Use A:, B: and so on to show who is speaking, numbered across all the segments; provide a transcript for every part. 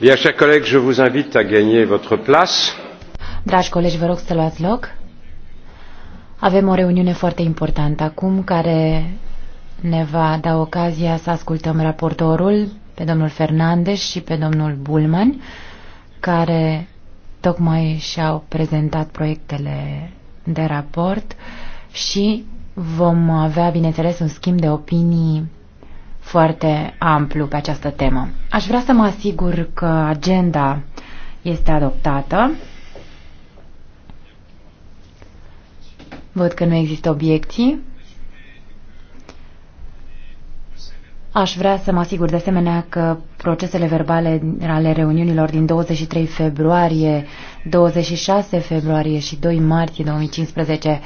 A: Bien, chers collègues, je vous invite à gagner votre place.
B: Dragi colegi, vă rog să luați loc. Avem o reuniune foarte importantă acum care ne va da ocazia să ascultăm raportorul pe domnul Fernandez și pe domnul Bulman, care tocmai și-au prezentat proiectele de raport și Vom avea, bineînțeles, un schimb de opinii foarte amplu pe această temă. Aș vrea să mă asigur că agenda este adoptată. Văd că nu există obiecții. Aș vrea să mă asigur de asemenea că procesele verbale ale reuniunilor din 23 februarie, 26 februarie și 2 martie 2015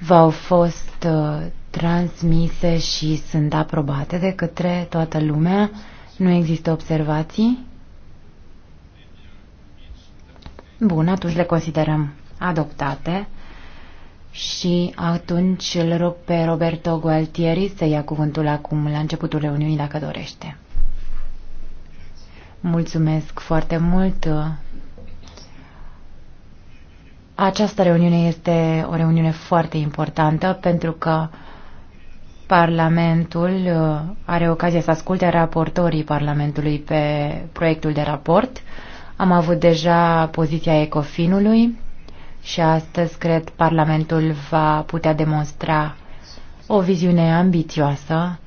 B: v-au fost uh, transmise și sunt aprobate de către toată lumea. Nu există observații? Bun, atunci le considerăm adoptate și atunci îl rog pe Roberto Gualtieri să ia cuvântul acum la începutul reuniunii dacă dorește. Mulțumesc foarte mult, uh, această reuniune este o reuniune foarte importantă pentru că Parlamentul uh, are ocazia să asculte raportorii Parlamentului pe proiectul de raport. Am avut deja poziția Ecofinului și astăzi cred Parlamentul va putea demonstra o viziune ambițioasă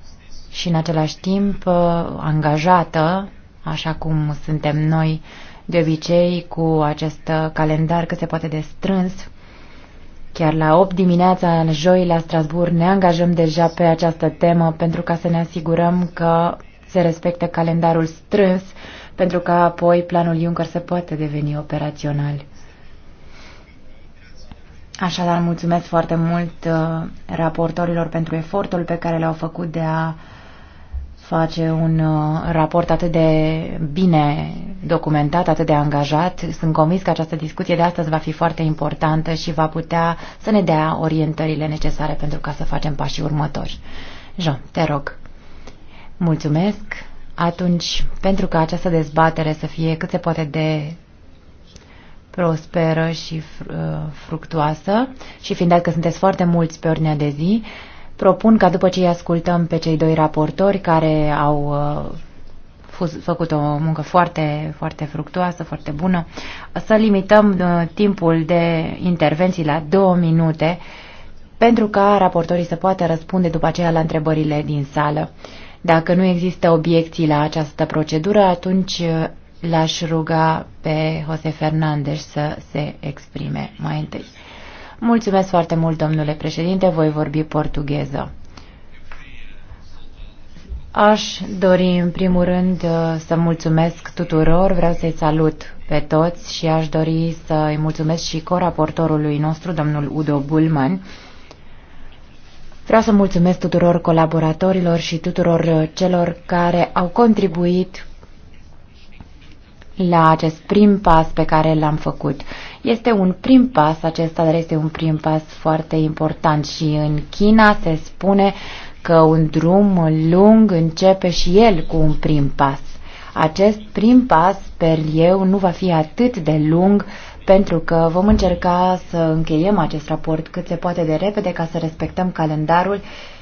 B: și în același timp uh, angajată, așa cum suntem noi de obicei cu acest calendar cât se poate de strâns. Chiar la 8 dimineața, în joi, la Strasbourg, ne angajăm deja pe această temă pentru ca să ne asigurăm că se respectă calendarul strâns pentru ca apoi planul Juncker să poată deveni operațional. Așadar, mulțumesc foarte mult uh, raportorilor pentru efortul pe care l-au făcut de a face un uh, raport atât de bine documentat, atât de angajat. Sunt convins că această discuție de astăzi va fi foarte importantă și va putea să ne dea orientările necesare pentru ca să facem pașii următori. Jean, te rog. Mulțumesc. Atunci, pentru ca această dezbatere să fie cât se poate de prosperă și uh, fructuoasă și fiind dat că sunteți foarte mulți pe ordinea de zi, Propun ca după ce îi ascultăm pe cei doi raportori care au uh, făcut o muncă foarte, foarte fructuoasă, foarte bună, să limităm uh, timpul de intervenții la două minute pentru ca raportorii să poată răspunde după aceea la întrebările din sală. Dacă nu există obiecții la această procedură, atunci uh, l-aș ruga pe Jose Fernandez să se exprime mai întâi. Mulțumesc foarte mult, domnule președinte, voi vorbi portugheză. Aș dori, în primul rând, uh, să mulțumesc tuturor, vreau să-i salut pe toți și aș dori să-i mulțumesc și coraportorului nostru, domnul Udo Bulman. Vreau să mulțumesc tuturor colaboratorilor și tuturor uh, celor care au contribuit la acest prim pas pe care l-am făcut. Este un prim pas, acesta dar este un prim pas foarte important și în China se spune că un drum lung începe și el cu un prim pas. Acest prim pas, sper eu, nu va fi atât de lung pentru că vom încerca să încheiem acest raport cât se poate de repede ca să respectăm calendarul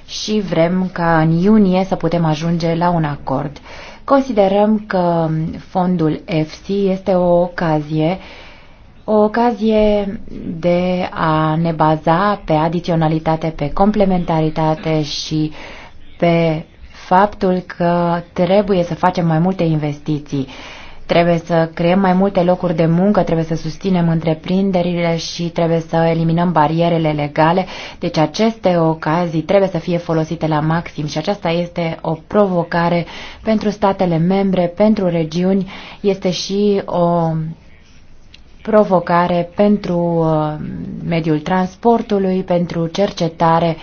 B: și vrem ca în iunie să putem ajunge la un acord. Considerăm că fondul EFSI este o ocazie o ocazie de a ne baza pe adiționalitate, pe complementaritate și pe faptul că trebuie să facem mai multe investiții. Trebuie să creăm mai multe locuri de muncă, trebuie să susținem întreprinderile și trebuie să eliminăm barierele legale. Deci aceste ocazii trebuie să fie folosite la maxim și aceasta este o provocare pentru statele membre, pentru regiuni, este și o provocare pentru uh, mediul transportului, pentru cercetare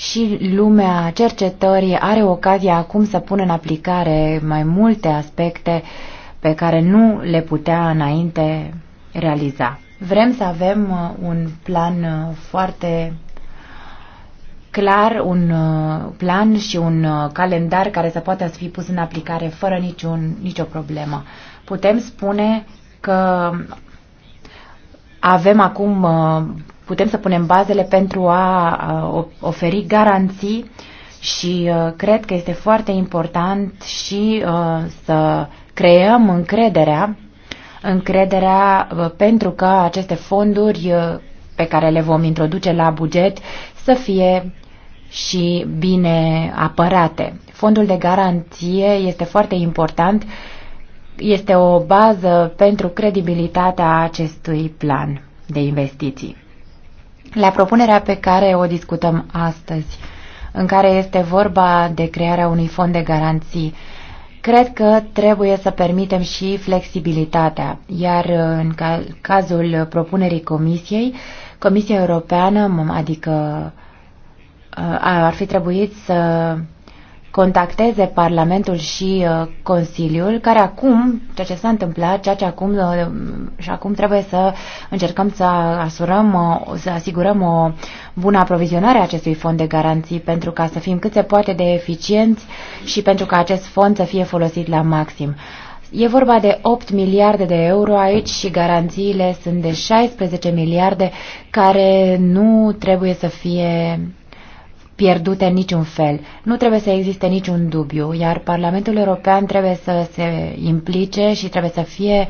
B: și lumea cercetării are ocazia acum să pună în aplicare mai multe aspecte pe care nu le putea înainte realiza. Vrem să avem uh, un plan uh, foarte clar, un uh, plan și un calendar care să poată fi pus în aplicare fără niciun, nicio problemă. Putem spune că avem acum putem să punem bazele pentru a oferi garanții și uh, cred că este foarte important și uh, să creăm încrederea, încrederea uh, pentru că aceste fonduri pe care le vom introduce la buget să fie și bine apărate. Fondul de garanție este foarte important, este o bază pentru credibilitatea acestui plan de investiții la propunerea pe care o discutăm astăzi, în care este vorba de crearea unui fond de garanții. Cred că trebuie să permitem și flexibilitatea, iar în cazul propunerii Comisiei, Comisia Europeană, adică ar fi trebuit să contacteze Parlamentul și uh, Consiliul, care acum, ceea ce s-a întâmplat, ceea ce acum uh, și acum trebuie să încercăm să asurăm, uh, să asigurăm o uh, bună aprovizionare a acestui fond de garanții pentru ca să fim cât se poate de eficienți și pentru ca acest fond să fie folosit la maxim. E vorba de 8 miliarde de euro aici și garanțiile sunt de 16 miliarde care nu trebuie să fie pierdute în niciun fel. Nu trebuie să existe niciun dubiu, iar Parlamentul European trebuie să se implice și trebuie să fie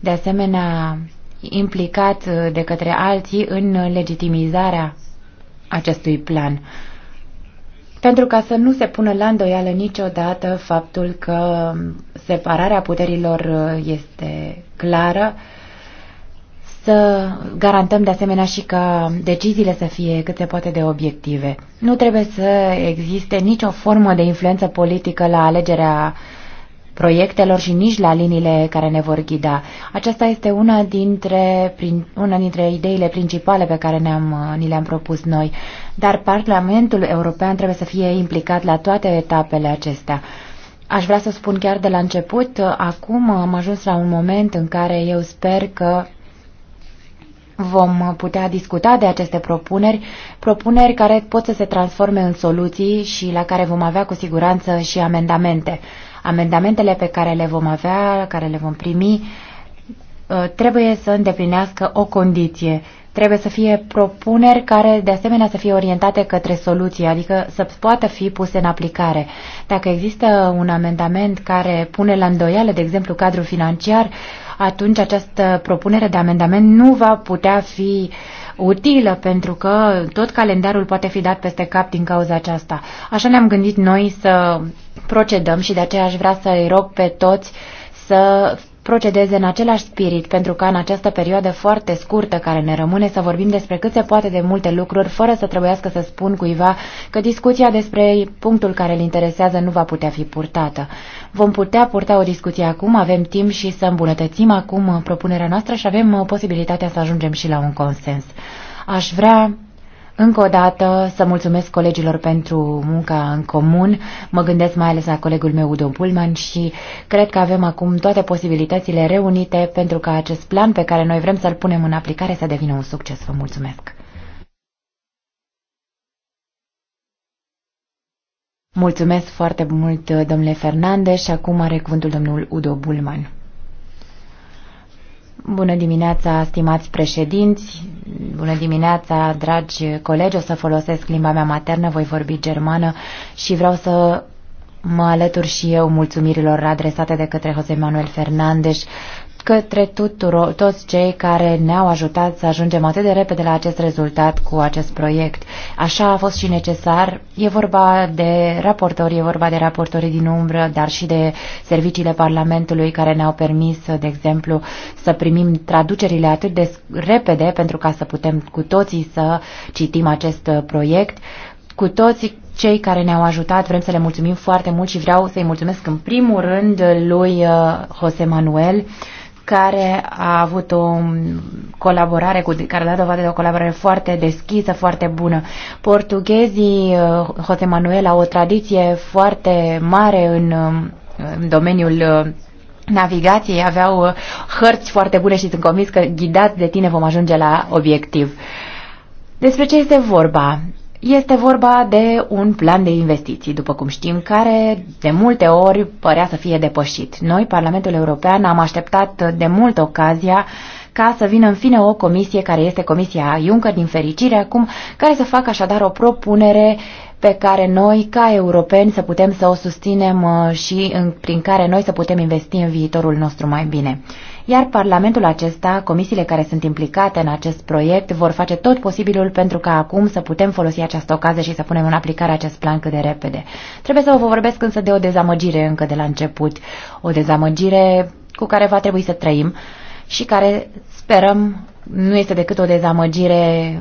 B: de asemenea implicat uh, de către alții în legitimizarea acestui plan. Pentru ca să nu se pună la îndoială niciodată faptul că separarea puterilor uh, este clară să garantăm de asemenea și ca deciziile să fie cât se poate de obiective. Nu trebuie să existe nicio formă de influență politică la alegerea proiectelor și nici la liniile care ne vor ghida. Aceasta este una dintre, prin, una dintre ideile principale pe care ne-am, ni le-am propus noi. Dar Parlamentul European trebuie să fie implicat la toate etapele acestea. Aș vrea să spun chiar de la început, acum am ajuns la un moment în care eu sper că vom putea discuta de aceste propuneri, propuneri care pot să se transforme în soluții și la care vom avea cu siguranță și amendamente. Amendamentele pe care le vom avea, care le vom primi, ă, trebuie să îndeplinească o condiție Trebuie să fie propuneri care de asemenea să fie orientate către soluții, adică să poată fi puse în aplicare. Dacă există un amendament care pune la îndoială, de exemplu, cadrul financiar, atunci această propunere de amendament nu va putea fi utilă pentru că tot calendarul poate fi dat peste cap din cauza aceasta. Așa ne-am gândit noi să procedăm și de aceea aș vrea să îi rog pe toți să procedeze în același spirit, pentru ca în această perioadă foarte scurtă care ne rămâne să vorbim despre cât se poate de multe lucruri, fără să trebuiască să spun cuiva că discuția despre punctul care îl interesează nu va putea fi purtată. Vom putea purta o discuție acum, avem timp și să îmbunătățim acum uh, propunerea noastră și avem uh, posibilitatea să ajungem și la un consens. Aș vrea încă o dată să mulțumesc colegilor pentru munca în comun. Mă gândesc mai ales la colegul meu Udo Pullman și cred că avem acum toate posibilitățile reunite pentru ca acest plan pe care noi vrem să-l punem în aplicare să devină un succes. Vă mulțumesc! Mulțumesc foarte mult, domnule Fernandez, și acum are cuvântul domnul Udo Bulman. Bună dimineața, stimați președinți! Bună dimineața, dragi colegi! O să folosesc limba mea maternă, voi vorbi germană și vreau să mă alătur și eu mulțumirilor adresate de către José Manuel Fernandes către tuturor, toți cei care ne-au ajutat să ajungem atât de repede la acest rezultat cu acest proiect. Așa a fost și necesar. E vorba de raportori, e vorba de raportorii din umbră, dar și de serviciile Parlamentului care ne-au permis, de exemplu, să primim traducerile atât de repede pentru ca să putem cu toții să citim acest proiect. Cu toții cei care ne-au ajutat, vrem să le mulțumim foarte mult și vreau să-i mulțumesc în primul rând lui uh, Jose Manuel care a avut o colaborare, cu, care a dat dovadă de o colaborare foarte deschisă, foarte bună. Portughezii, uh, José Manuel, au o tradiție foarte mare în, uh, în domeniul uh, navigației, aveau hărți foarte bune și sunt convins că ghidați de tine vom ajunge la obiectiv. Despre ce este vorba? Este vorba de un plan de investiții, după cum știm, care de multe ori părea să fie depășit. Noi, Parlamentul European, am așteptat de mult ocazia ca să vină în fine o comisie care este Comisia Juncker, din fericire acum, care să facă așadar o propunere pe care noi, ca europeni, să putem să o susținem uh, și în, prin care noi să putem investi în viitorul nostru mai bine iar Parlamentul acesta, comisiile care sunt implicate în acest proiect, vor face tot posibilul pentru ca acum să putem folosi această ocazie și să punem în aplicare acest plan cât de repede. Trebuie să vă vorbesc însă de o dezamăgire încă de la început, o dezamăgire cu care va trebui să trăim și care sperăm nu este decât o dezamăgire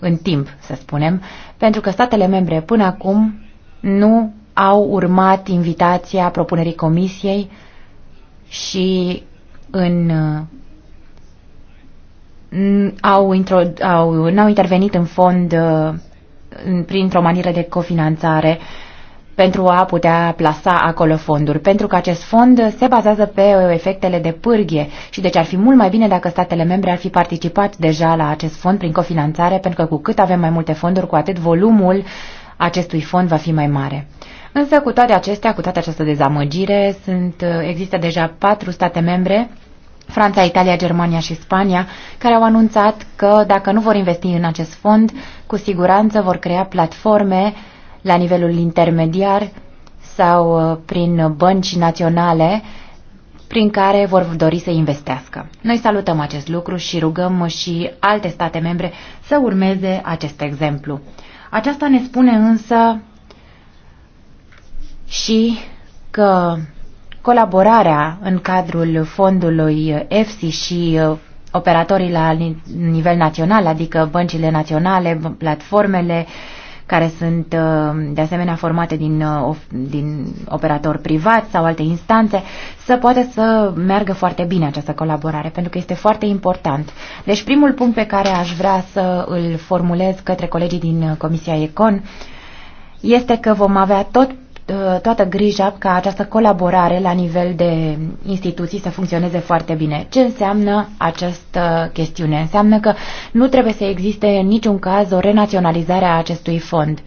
B: în timp, să spunem, pentru că statele membre până acum nu au urmat invitația propunerii comisiei și în uh, au, intro, au, n-au intervenit în fond uh, printr-o manieră de cofinanțare pentru a putea plasa acolo fonduri, pentru că acest fond se bazează pe efectele de pârghie și deci ar fi mult mai bine dacă statele membre ar fi participat deja la acest fond prin cofinanțare, pentru că cu cât avem mai multe fonduri, cu atât volumul acestui fond va fi mai mare. Însă, cu toate acestea, cu toată această dezamăgire, sunt, uh, există deja patru state membre Franța, Italia, Germania și Spania, care au anunțat că dacă nu vor investi în acest fond, cu siguranță vor crea platforme la nivelul intermediar sau uh, prin bănci naționale prin care vor dori să investească. Noi salutăm acest lucru și rugăm și alte state membre să urmeze acest exemplu. Aceasta ne spune însă și că colaborarea în cadrul fondului EFSI și uh, operatorii la nivel național, adică băncile naționale, platformele care sunt uh, de asemenea formate din, uh, din operatori privați sau alte instanțe, să poate să meargă foarte bine această colaborare, pentru că este foarte important. Deci primul punct pe care aș vrea să îl formulez către colegii din Comisia ECON este că vom avea tot Uh, toată grija ca această colaborare la nivel de instituții să funcționeze foarte bine. Ce înseamnă această chestiune? Înseamnă că nu trebuie să existe în niciun caz o renaționalizare a acestui fond.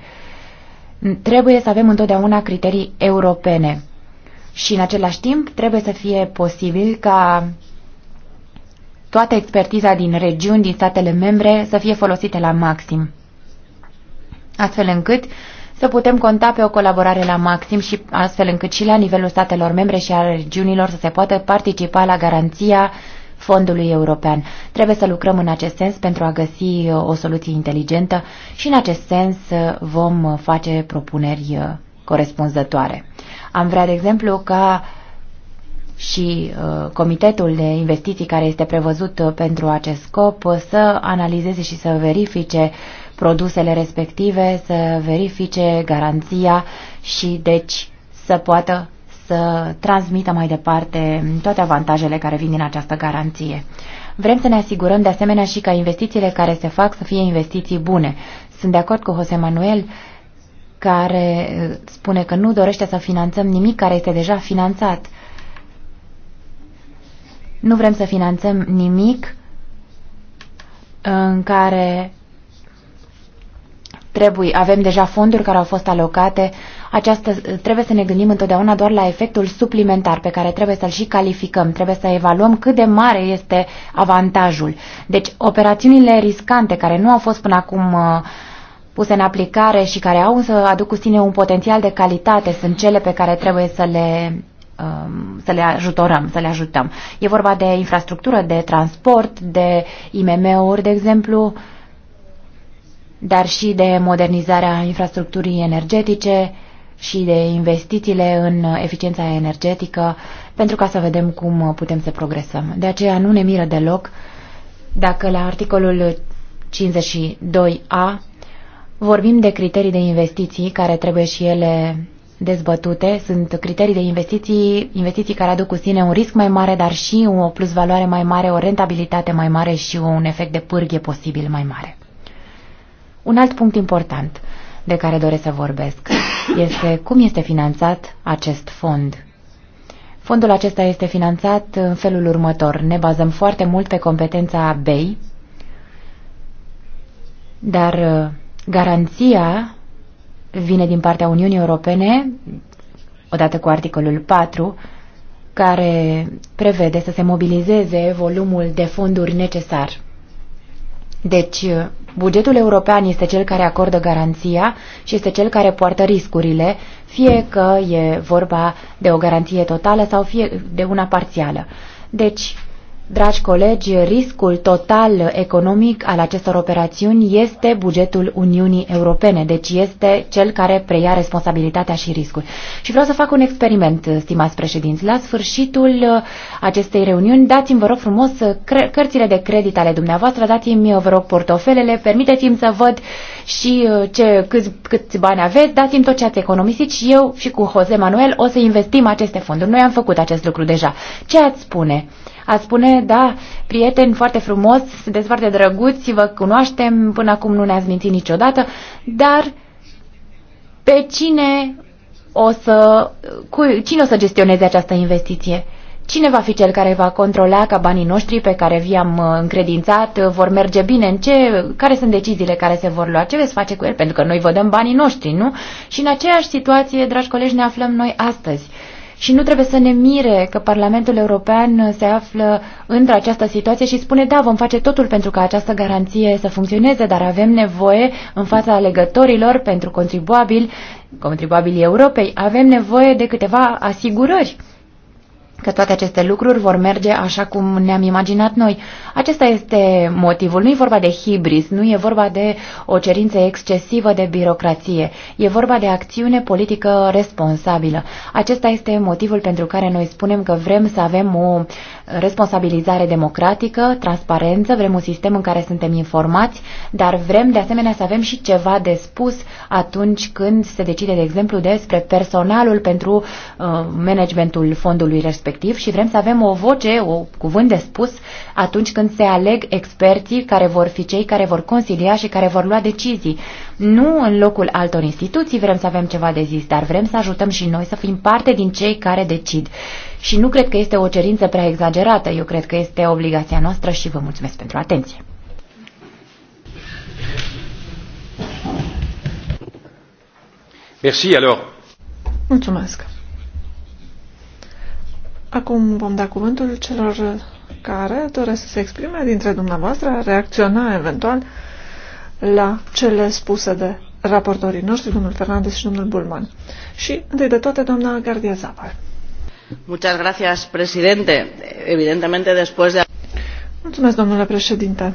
B: Trebuie să avem întotdeauna criterii europene și în același timp trebuie să fie posibil ca toată expertiza din regiuni, din statele membre să fie folosite la maxim. Astfel încât uh, să putem conta pe o colaborare la maxim și astfel încât și la nivelul statelor membre și a regiunilor să se poată participa la garanția fondului european. Trebuie să lucrăm în acest sens pentru a găsi uh, o soluție inteligentă și în acest sens uh, vom uh, face propuneri corespunzătoare. Am vrea, de exemplu, ca și uh, Comitetul de Investiții care este prevăzut pentru acest scop să analizeze și să verifice uh, produsele respective, să verifice garanția și deci să poată să transmită mai departe toate avantajele care vin din această garanție. Vrem să ne asigurăm de asemenea și ca investițiile care se fac să fie investiții bune. Sunt de acord cu Jose Manuel care uh, spune că nu dorește să finanțăm nimic care este deja finanțat. Nu vrem să finanțăm nimic în care Trebuie, avem deja fonduri care au fost alocate. Această, trebuie să ne gândim întotdeauna doar la efectul suplimentar pe care trebuie să-l și calificăm. Trebuie să evaluăm cât de mare este avantajul. Deci, operațiunile riscante care nu au fost până acum uh, puse în aplicare și care au să aduc cu sine un potențial de calitate sunt cele pe care trebuie să le um, să le ajutorăm, să le ajutăm. E vorba de infrastructură, de transport, de IMM-uri, de exemplu, dar și de modernizarea infrastructurii energetice și de investițiile în eficiența energetică, pentru ca să vedem cum putem să progresăm. De aceea nu ne miră deloc dacă la articolul 52a vorbim de criterii de investiții care trebuie și ele dezbătute. Sunt criterii de investiții, investiții care aduc cu sine un risc mai mare, dar și o plusvaloare mai mare, o rentabilitate mai mare și un efect de pârghie posibil mai mare. Un alt punct important de care doresc să vorbesc este cum este finanțat acest fond. Fondul acesta este finanțat în felul următor. Ne bazăm foarte mult pe competența BEI, dar uh, garanția vine din partea Uniunii Europene, odată cu articolul 4, care prevede să se mobilizeze volumul de fonduri necesar. Deci, uh, bugetul european este cel care acordă garanția și este cel care poartă riscurile, fie că e vorba de o garanție totală sau fie de una parțială. Deci, Dragi colegi, riscul total economic al acestor operațiuni este bugetul Uniunii Europene, deci este cel care preia responsabilitatea și riscul. Și vreau să fac un experiment, stimați președinți. La sfârșitul acestei reuniuni, dați-mi, vă rog frumos, cărțile de credit ale dumneavoastră, dați-mi, vă rog, portofelele, permiteți-mi să văd și uh, ce, câți, câți bani aveți, dați-mi tot ce ați economisit și eu și cu Jose Manuel o să investim aceste fonduri. Noi am făcut acest lucru deja. Ce ați spune? a spune, da, prieteni foarte frumos, sunteți foarte drăguți, vă cunoaștem, până acum nu ne-ați mințit niciodată, dar pe cine o să, cu, cine o să gestioneze această investiție? Cine va fi cel care va controla ca banii noștri pe care vi-am uh, încredințat uh, vor merge bine? În ce, care sunt deciziile care se vor lua? Ce veți face cu el? Pentru că noi vă dăm banii noștri, nu? Și în aceeași situație, dragi colegi, ne aflăm noi astăzi. Și nu trebuie să ne mire că Parlamentul European se află într această situație și spune da, vom face totul pentru ca această garanție să funcționeze, dar avem nevoie în fața alegătorilor pentru contribuabili, contribuabilii Europei, avem nevoie de câteva asigurări că toate aceste lucruri vor merge așa cum ne-am imaginat noi. Acesta este motivul. Nu e vorba de hibris, nu e vorba de o cerință excesivă de birocrație. E vorba de acțiune politică responsabilă. Acesta este motivul pentru care noi spunem că vrem să avem o responsabilizare democratică, transparență, vrem un sistem în care suntem informați, dar vrem de asemenea să avem și ceva de spus atunci când se decide, de exemplu, despre personalul pentru uh, managementul fondului respectiv respectiv și vrem să avem o voce, o cuvânt de spus atunci când se aleg experții care vor fi cei care vor consilia și care vor lua decizii. Nu în locul altor instituții vrem să avem ceva de zis, dar vrem să ajutăm și noi să fim parte din cei care decid. Și nu cred că este o cerință prea exagerată, eu cred că este obligația noastră și vă mulțumesc pentru atenție.
A: Merci alors.
C: Mulțumesc. Acum vom da cuvântul celor care doresc să se exprime dintre dumneavoastră, a reacționa eventual la cele spuse de raportorii noștri, domnul Fernandez și domnul Bulman. Și, întâi de toate, doamna Gardia Zapal. Muchas
A: gracias, presidente. Evidentemente, después de...
C: Mulțumesc, domnule președinte.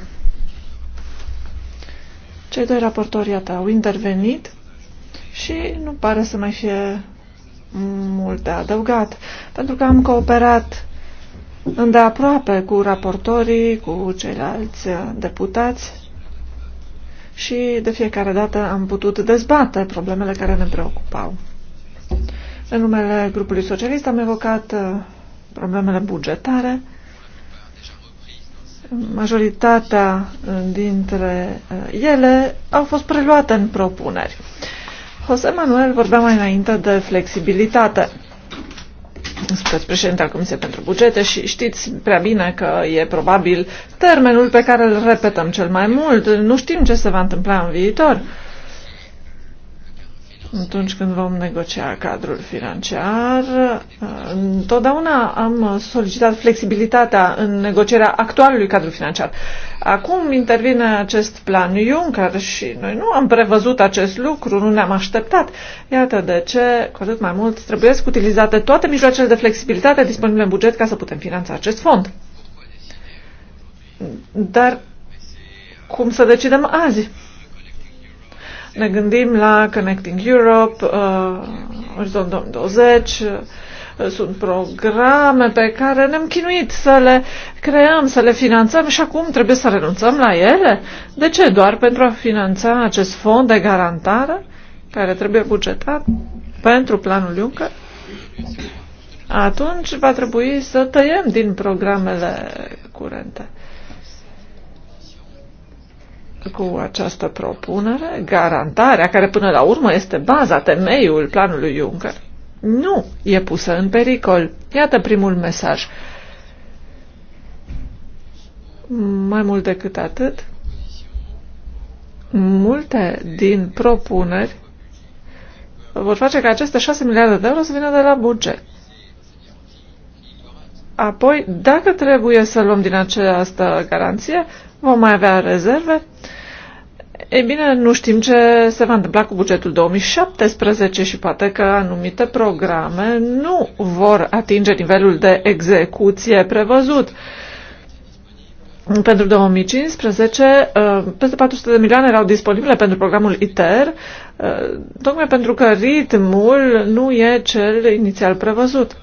C: Cei doi raportori, iată, au intervenit și nu pare să mai fie de adăugat, pentru că am cooperat îndeaproape cu raportorii, cu ceilalți uh, deputați și de fiecare dată am putut dezbate problemele care ne preocupau. În numele grupului socialist am evocat uh, problemele bugetare. Majoritatea uh, dintre ele au fost preluate în propuneri. José Manuel vorbea mai înainte de flexibilitate. Sunteți președinte al Comisiei pentru Bugete și știți prea bine că e probabil termenul pe care îl repetăm cel mai mult. Nu știm ce se va întâmpla în viitor. Uh, atunci când vom negocia cadrul financiar. Întotdeauna am solicitat flexibilitatea în negocierea actualului cadru financiar. Acum intervine acest plan Juncker și noi nu am prevăzut acest lucru, nu ne-am așteptat. Iată de ce, cu atât mai mult, trebuie să utilizate toate mijloacele de flexibilitate disponibile în buget ca să putem finanța acest fond. Dar cum să decidem azi? Ne gândim la Connecting Europe, uh, Orizont 2020, uh, sunt programe pe care ne-am chinuit să le creăm, să le finanțăm și acum trebuie să renunțăm la ele? De ce? Doar pentru a finanța acest fond de garantare care trebuie bugetat pentru planul Juncker? Atunci va trebui să tăiem din programele curente cu această propunere, garantarea, care până la urmă este baza, temeiul planului Juncker, nu e pusă în pericol. Iată primul mesaj. Mai mult decât atât, multe din propuneri vor face ca aceste 6 miliarde de euro să vină de la buget. Apoi, dacă trebuie să luăm din această garanție, Vom mai avea rezerve? Ei bine, nu știm ce se va întâmpla cu bugetul 2017 și poate că anumite programe nu vor atinge nivelul de execuție prevăzut. Pentru 2015, uh, peste 400 de milioane erau disponibile pentru programul ITER, uh, tocmai pentru că ritmul nu e cel inițial prevăzut.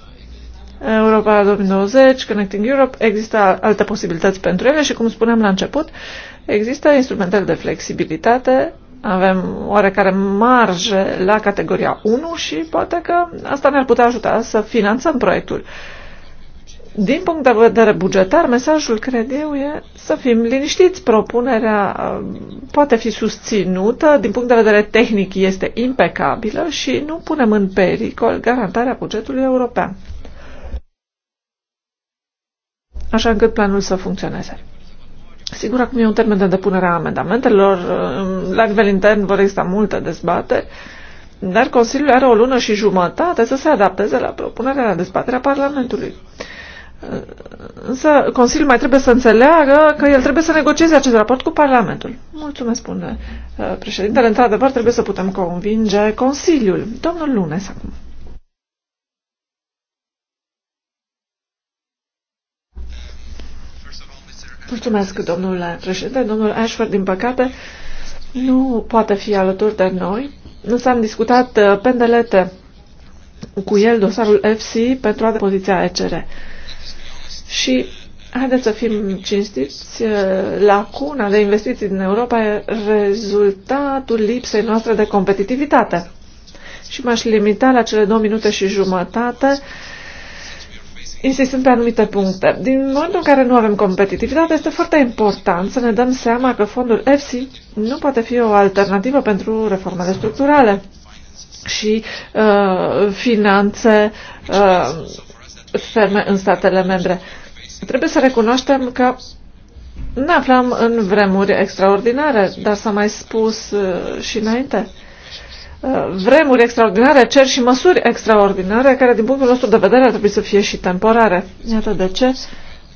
C: Europa 2020, Connecting Europe, există alte posibilități pentru ele și, cum spuneam la început, există instrumentele de flexibilitate, avem oarecare marjă la categoria 1 și poate că asta ne-ar putea ajuta să finanțăm proiectul. Din punct de vedere bugetar, mesajul, cred eu, e să fim liniștiți. Propunerea uh, poate fi susținută, din punct de vedere tehnic este impecabilă și nu punem în pericol garantarea bugetului european așa încât planul să funcționeze. Sigur, acum e un termen de depunere a amendamentelor. La nivel intern vor exista multe dezbate, dar Consiliul are o lună și jumătate să se adapteze la propunerea la dezbaterea Parlamentului. Însă Consiliul mai trebuie să înțeleagă că el trebuie să negocieze acest raport cu Parlamentul. Mulțumesc, spune uh, președintele. Într-adevăr, trebuie să putem convinge Consiliul. Domnul Lunes acum. Mulțumesc, domnule președinte. Domnul Ashford, din păcate, nu poate fi alături de noi. s am discutat uh, pendelete cu el dosarul FC pentru a depoziția ECR. Și haideți să fim cinstiți, uh, lacuna de investiții din Europa e rezultatul lipsei noastre de competitivitate. Și m-aș limita la cele două minute și jumătate insistând pe anumite puncte. Din momentul în care nu avem competitivitate, este foarte important să ne dăm seama că fondul EFSI nu poate fi o alternativă pentru reformele structurale și uh, finanțe uh, ferme în statele membre. Trebuie să recunoaștem că ne aflăm în vremuri extraordinare, dar s-a mai spus uh, și înainte. Uh, Uh, vremuri extraordinare cer și măsuri extraordinare care, din punctul nostru de vedere, ar trebui să fie și temporare. Iată de ce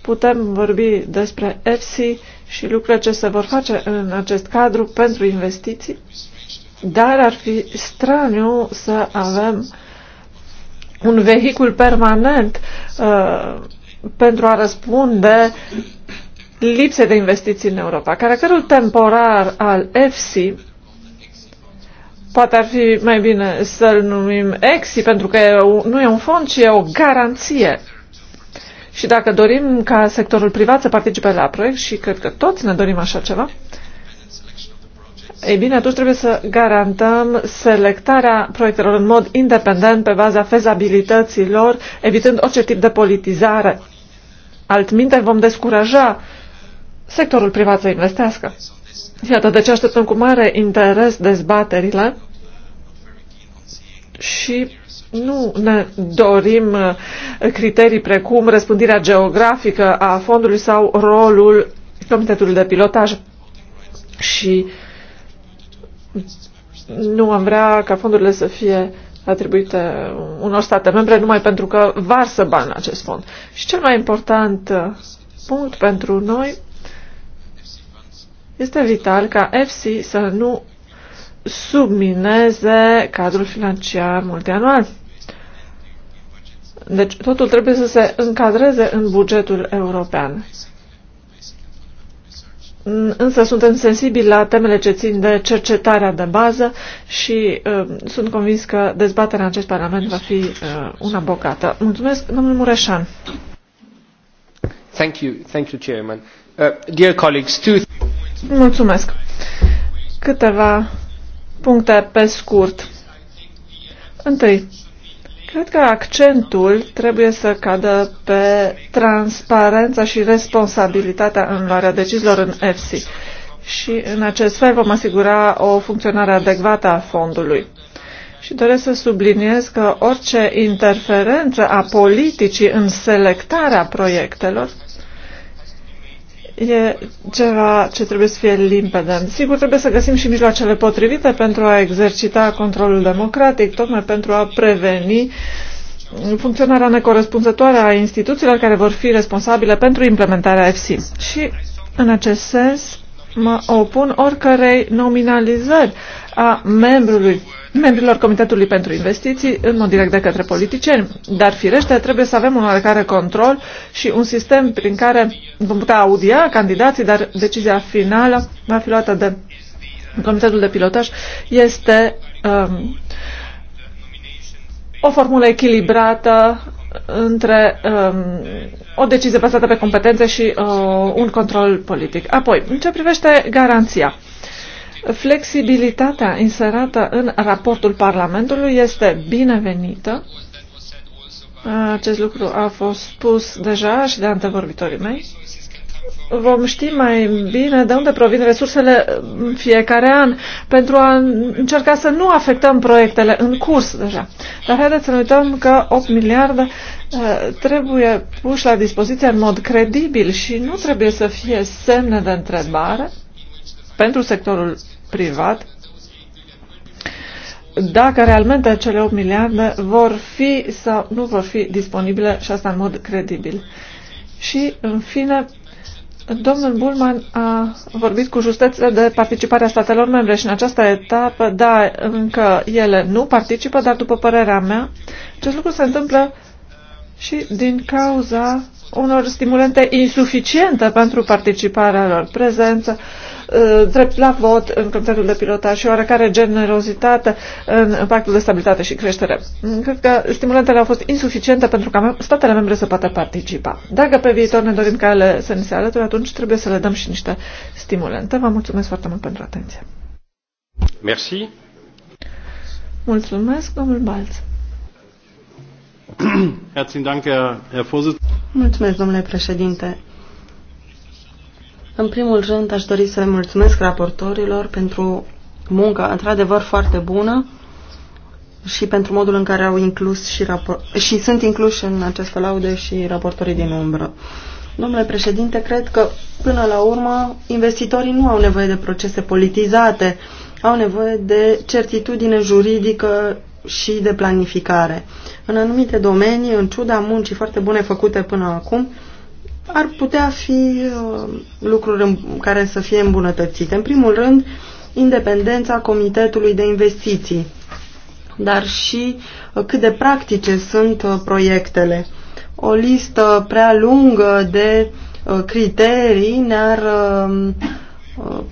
C: putem vorbi despre EFSI și lucrurile ce se vor face în acest cadru pentru investiții, dar ar fi straniu să avem un vehicul permanent uh, pentru a răspunde lipsei de investiții în Europa. Caracterul temporar al EFSI Poate ar fi mai bine să-l numim EXI, pentru că nu e un fond, ci e o garanție. Și dacă dorim ca sectorul privat să participe la proiect, și cred că toți ne dorim așa ceva, ei bine, atunci trebuie să garantăm selectarea proiectelor în mod independent pe baza fezabilității lor, evitând orice tip de politizare. Altminte vom descuraja sectorul privat să investească. Iată de deci ce așteptăm cu mare interes dezbaterile și nu ne dorim uh, criterii precum răspândirea geografică a fondului sau rolul comitetului de pilotaj și nu am vrea ca fondurile să fie atribuite unor state membre numai pentru că varsă bani acest fond. Și cel mai important uh, punct pentru noi este vital ca FC să nu submineze cadrul financiar multianual. Deci totul trebuie să se încadreze în bugetul european. Însă suntem sensibili la temele ce țin de cercetarea de bază și uh, sunt convins că dezbaterea în acest Parlament va fi uh, una bogată. Mulțumesc, domnul Mureșan.
A: Thank you, thank you, Chairman. Uh, dear colleagues, two
C: Mulțumesc. Câteva puncte pe scurt. Întâi, cred că accentul trebuie să cadă pe transparența și responsabilitatea în luarea deciziilor în EFSI și în acest fel vom asigura o funcționare adecvată a fondului. Și doresc să subliniez că orice interferență a politicii în selectarea proiectelor e ceva ce trebuie să fie limpede. Sigur, trebuie să găsim și mijloacele potrivite pentru a exercita controlul democratic, tocmai pentru a preveni funcționarea necorespunzătoare a instituțiilor care vor fi responsabile pentru implementarea EFSI. Și, în acest sens, mă opun oricărei nominalizări a membrului membrilor Comitetului pentru Investiții în mod direct de către politicieni. Dar, firește, trebuie să avem un oarecare control și un sistem prin care vom putea audia candidații, dar decizia finală va fi luată de Comitetul de Pilotaj. Este um, o formulă echilibrată între um, o decizie bazată pe competențe și uh, un control politic. Apoi, în ce privește garanția, Flexibilitatea inserată în raportul Parlamentului este binevenită. Acest lucru a fost spus deja și de antevorbitorii mei. Vom ști mai bine de unde provin resursele în fiecare an pentru a încerca să nu afectăm proiectele în curs deja. Dar haideți să ne uităm că 8 miliarde eh, trebuie puși la dispoziție în mod credibil și nu trebuie să fie semne de întrebare pentru sectorul privat dacă realmente cele 8 miliarde vor fi sau nu vor fi disponibile și asta în mod credibil. Și, în fine, domnul Bulman a vorbit cu justețe de participarea statelor membre și în această etapă, da, încă ele nu participă, dar după părerea mea, acest lucru se întâmplă și din cauza unor stimulente insuficiente pentru participarea lor, prezență, uh, drept la vot în Consiliul de pilotaj și oarecare generozitate în pactul de stabilitate și creștere. Mm, cred că stimulentele au fost insuficiente pentru ca statele membre să poată participa. Dacă pe viitor ne dorim ca ele să ne se alăture, atunci trebuie să le dăm și niște stimulente. Vă mulțumesc foarte mult pentru atenție. Merci. Mulțumesc, domnul Balț.
A: Herzlichen Dank, Herr Vorsitzender. Mulțumesc, domnule președinte. În primul rând, aș dori să mulțumesc raportorilor pentru munca într-adevăr foarte bună și pentru modul în care au inclus și, și sunt incluși în această laude și raportorii din umbră. Domnule președinte, cred că până la urmă investitorii nu au nevoie de procese politizate, au nevoie de certitudine juridică și de planificare. În anumite domenii, în ciuda muncii foarte bune făcute până acum, ar putea fi uh, lucruri care să fie îmbunătățite. În primul rând, independența Comitetului de Investiții, dar și uh, cât de practice sunt uh, proiectele. O listă prea lungă de criterii ne-ar um,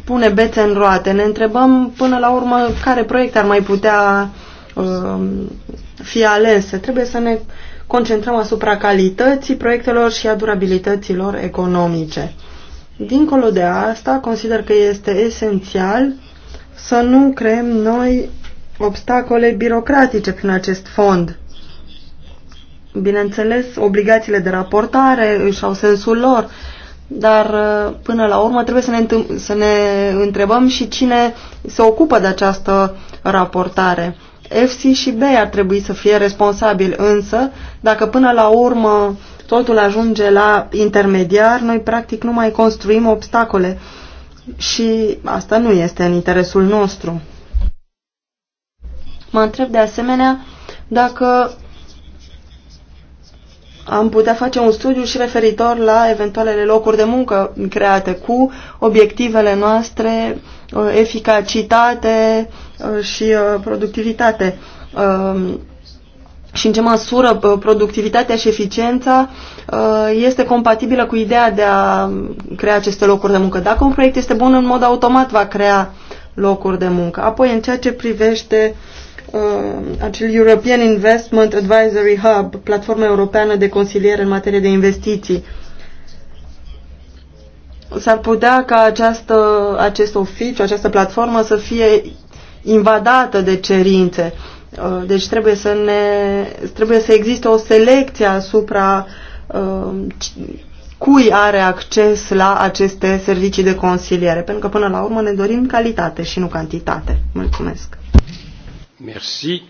A: pune bețe în roate. Ne întrebăm până la urmă care proiect ar mai putea Um, fie alese. Trebuie să ne concentrăm asupra calității proiectelor și a durabilităților economice. Dincolo de asta, consider că este esențial să nu creăm noi obstacole birocratice prin acest fond. Bineînțeles, obligațiile de raportare își au sensul lor, dar uh, până la urmă trebuie să ne, să ne întrebăm și cine se ocupă de această raportare FC și B ar trebui să fie responsabili, însă dacă până la urmă totul ajunge la intermediar, noi practic nu mai construim obstacole și asta nu este în interesul nostru. Mă întreb de asemenea dacă am putea face un studiu și referitor la eventualele locuri de muncă create cu obiectivele noastre, eficacitate, Uh, și uh, productivitate. Um, și în ce măsură uh, productivitatea și eficiența este compatibilă cu ideea de a crea aceste locuri de muncă. Dacă un proiect este bun, în mod automat va crea locuri de muncă. Apoi, în ceea ce privește acel European Investment Advisory Hub, platforma europeană de consiliere în materie de investiții, s-ar putea ca această, acest oficiu, această platformă să fie invadată de cerințe. Uh, deci trebuie să, ne, trebuie să existe o selecție asupra uh, cui are acces la aceste servicii de consiliere, pentru că până la urmă ne dorim calitate și nu cantitate. Mulțumesc.
B: Merci.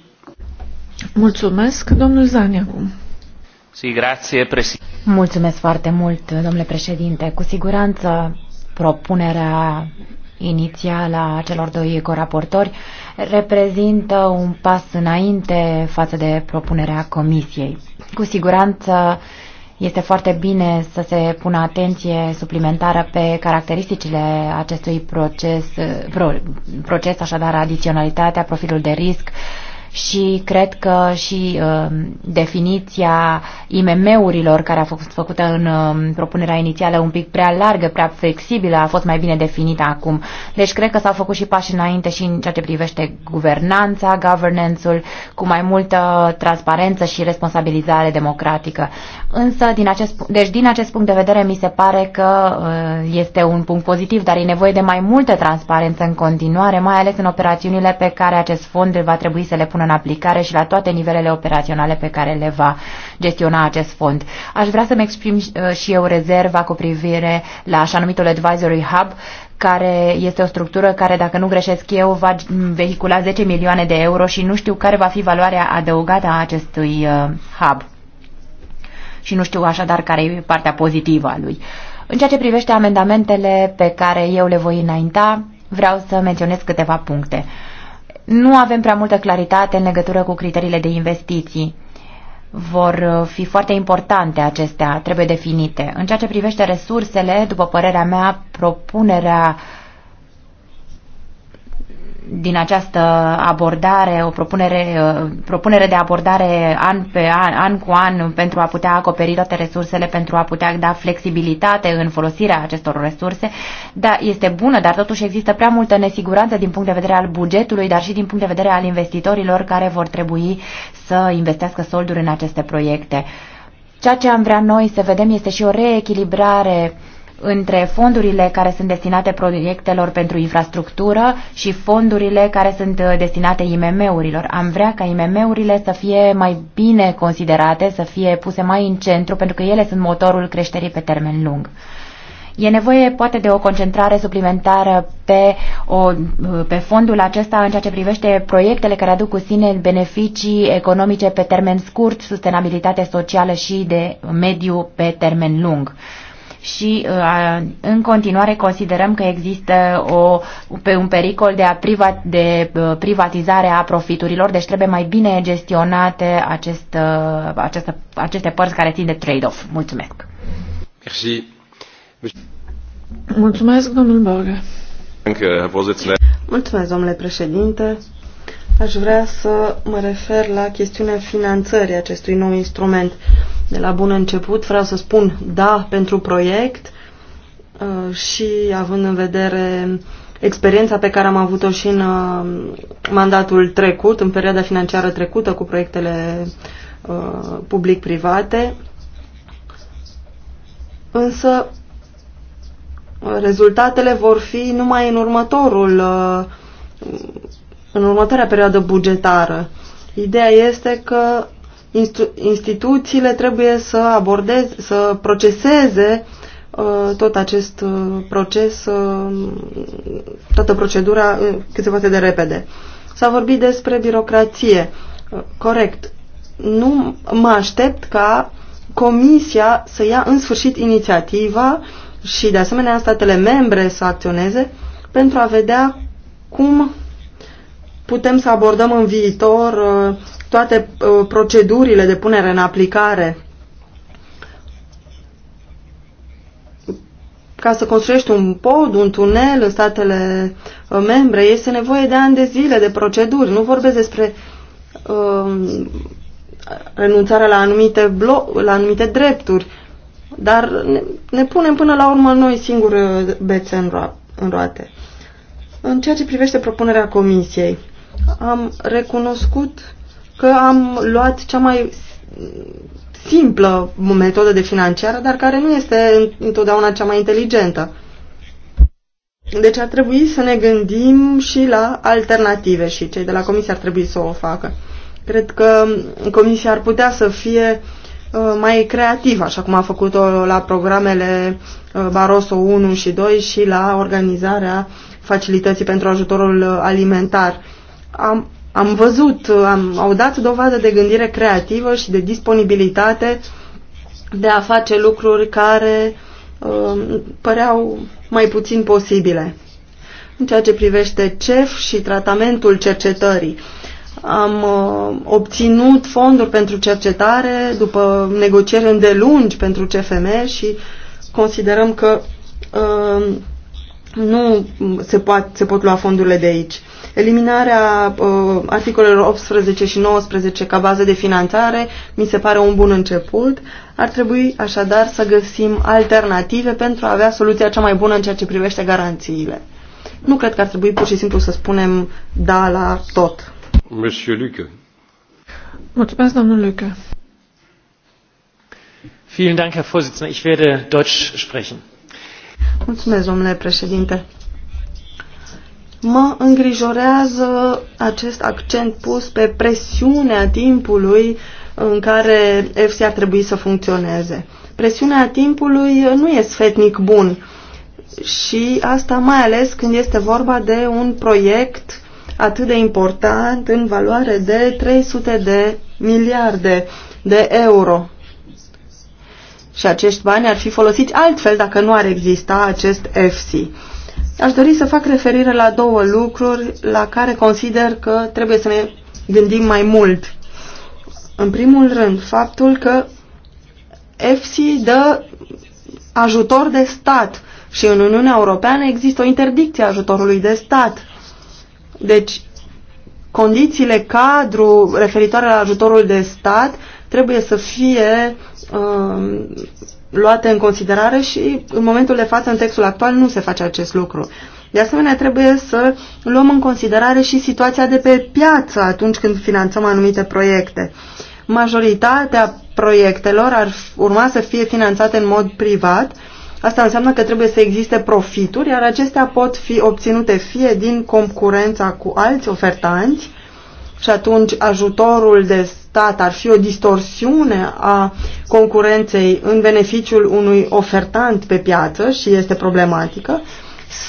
B: Mulțumesc, domnul Zani, acum. Si, grazie, Mulțumesc foarte mult, domnule președinte. Cu siguranță propunerea inițială a celor doi coraportori reprezintă un pas înainte față de propunerea Comisiei. Cu siguranță este foarte bine să se pună atenție suplimentară pe caracteristicile acestui proces, pro, proces așadar adiționalitatea, profilul de risc, uh, și cred că și uh, definiția IMM-urilor care a fost făcută în uh, propunerea inițială un pic prea largă, prea flexibilă, a fost mai bine definită acum. Deci cred că s-au făcut și pași înainte și în ceea ce privește guvernanța, governance-ul, cu mai multă transparență și responsabilizare democratică. Însă, din acest, deci din acest punct de vedere, mi se pare că uh, este un punct pozitiv, dar e nevoie de mai multă transparență în continuare, mai ales în operațiunile pe care acest fond va trebui să le pună pună în aplicare și la toate nivelele operaționale pe care le va gestiona acest fond. Aș vrea să-mi exprim uh, și eu rezerva cu privire la așa numitul Advisory Hub, care este o structură care, dacă nu greșesc eu, va vehicula 10 milioane de euro și nu știu care va fi valoarea adăugată a acestui uh, hub. Și nu știu așadar care e partea pozitivă a lui. În ceea ce privește amendamentele pe care eu le voi înainta, vreau să menționez câteva puncte. Nu avem prea multă claritate în legătură cu criteriile de investiții. Vor uh, fi foarte importante acestea, trebuie definite. În ceea ce privește resursele, după părerea mea, propunerea uh, din această abordare, o propunere, uh, propunere de abordare an, pe an, an cu an pentru a putea acoperi toate resursele, pentru a putea da flexibilitate în folosirea acestor resurse. Da, este bună, dar totuși există prea multă nesiguranță din punct de vedere al bugetului, dar și din punct de vedere al investitorilor care vor trebui să investească solduri în aceste proiecte. Ceea ce am vrea noi să vedem este și o reechilibrare uh, între fondurile care sunt destinate proiectelor pentru infrastructură și fondurile care sunt uh, destinate IMM-urilor. Am vrea ca IMM-urile să fie mai bine considerate, să fie puse mai în centru, pentru că ele sunt motorul creșterii pe termen lung. E nevoie poate de o concentrare suplimentară pe, o, uh, pe fondul acesta în ceea ce privește proiectele care aduc cu sine beneficii economice pe termen scurt, sustenabilitate socială și de mediu pe termen lung și uh, în continuare considerăm că există o, pe un pericol de, a priva, de uh, privatizare a profiturilor, deci trebuie mai bine gestionate acest, uh, aceste, aceste părți care țin de trade-off. Mulțumesc! Merci. Mulțumesc, domnul Borghe.
C: Mulțumesc, domnule președinte. Aș vrea să
A: mă refer la chestiunea finanțării acestui nou instrument. De la bun început vreau să spun da pentru proiect uh, și având în vedere experiența pe care am avut-o și în uh, mandatul trecut, în perioada financiară trecută cu proiectele uh, public-private, însă rezultatele vor fi numai în următorul în următoarea perioadă bugetară. Ideea este că instituțiile trebuie să abordeze, să proceseze uh, tot acest uh, proces, uh, toată procedura uh, cât se poate de repede. S-a vorbit despre birocrație. Uh, corect. Nu mă aștept ca Comisia să ia în sfârșit inițiativa și de asemenea statele membre să acționeze pentru a vedea cum putem să abordăm în viitor uh, toate uh, procedurile de punere în aplicare ca să construiești un pod, un tunel în statele uh, membre, este nevoie de ani de zile de proceduri. Nu vorbesc despre uh, renunțarea la anumite, la anumite drepturi, dar ne, ne punem până la urmă noi singuri bețe în, ro- în roate. În ceea ce privește propunerea Comisiei, am recunoscut că am luat cea mai simplă metodă de financiară, dar care nu este întotdeauna cea mai inteligentă. Deci ar trebui să ne gândim și la alternative și cei de la comisie ar trebui să o facă. Cred că comisia ar putea să fie uh, mai creativă, așa cum a făcut-o la programele uh, Barroso 1 și 2 și la organizarea facilității pentru ajutorul uh, alimentar am, am văzut, am, au dat dovadă de gândire creativă și de disponibilitate de a face lucruri care uh, păreau mai puțin posibile. În ceea ce privește CEF și tratamentul cercetării, am uh, obținut fonduri pentru cercetare după negocieri îndelungi pentru CFM și considerăm că uh, nu se, poate se pot lua fondurile de aici. Eliminarea uh, articolelor 18 și 19 ca bază de finanțare mi se pare un bun început. Ar trebui așadar să găsim alternative pentru a avea soluția cea mai bună în ceea ce privește garanțiile. Nu cred că ar trebui pur și simplu să spunem da la tot. Monsieur Lucă. Mulțumesc, domnul Lucă.
C: Vielen Dank, Herr Vorsitzender. Ich werde Deutsch sprechen.
A: Mulțumesc, domnule președinte. Mă îngrijorează acest accent pus pe presiunea timpului în care FC ar trebui să funcționeze. Presiunea timpului nu e sfetnic bun și asta mai ales când este vorba de un proiect atât de important în valoare de 300 de miliarde de euro. Și acești bani ar fi folosiți altfel dacă nu ar exista acest FC. Aș dori să fac referire la două lucruri la care consider că trebuie să ne gândim mai mult. În primul rând, faptul că EFSI dă ajutor de stat și în Uniunea Europeană există o interdicție a ajutorului de stat. Deci, condițiile cadru referitoare la ajutorul de stat trebuie să fie uh, luate în considerare și în momentul de față, în textul actual, nu se face acest lucru. De asemenea, trebuie să luăm în considerare și situația de pe piață atunci când finanțăm anumite proiecte. Majoritatea proiectelor ar urma să fie finanțate în mod privat. Asta înseamnă că trebuie să existe profituri, iar acestea pot fi obținute fie din concurența cu alți ofertanți, și atunci ajutorul de stat ar fi o distorsiune a concurenței în beneficiul unui ofertant pe piață și este problematică,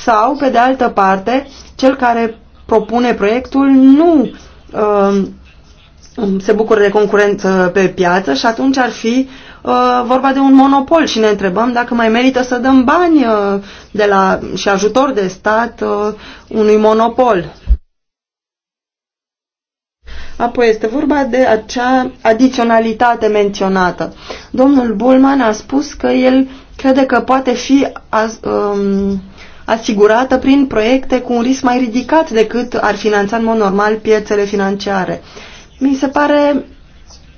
A: sau, pe de altă parte, cel care propune proiectul nu uh, se bucură de concurență pe piață și atunci ar fi uh, vorba de un monopol și ne întrebăm dacă mai merită să dăm bani uh, de la, și ajutor de stat uh, unui monopol. Apoi este vorba de acea adiționalitate menționată. Domnul Bulman a spus că el crede că poate fi az, um, asigurată prin proiecte cu un risc mai ridicat decât ar finanța în mod normal piețele financiare. Mi se pare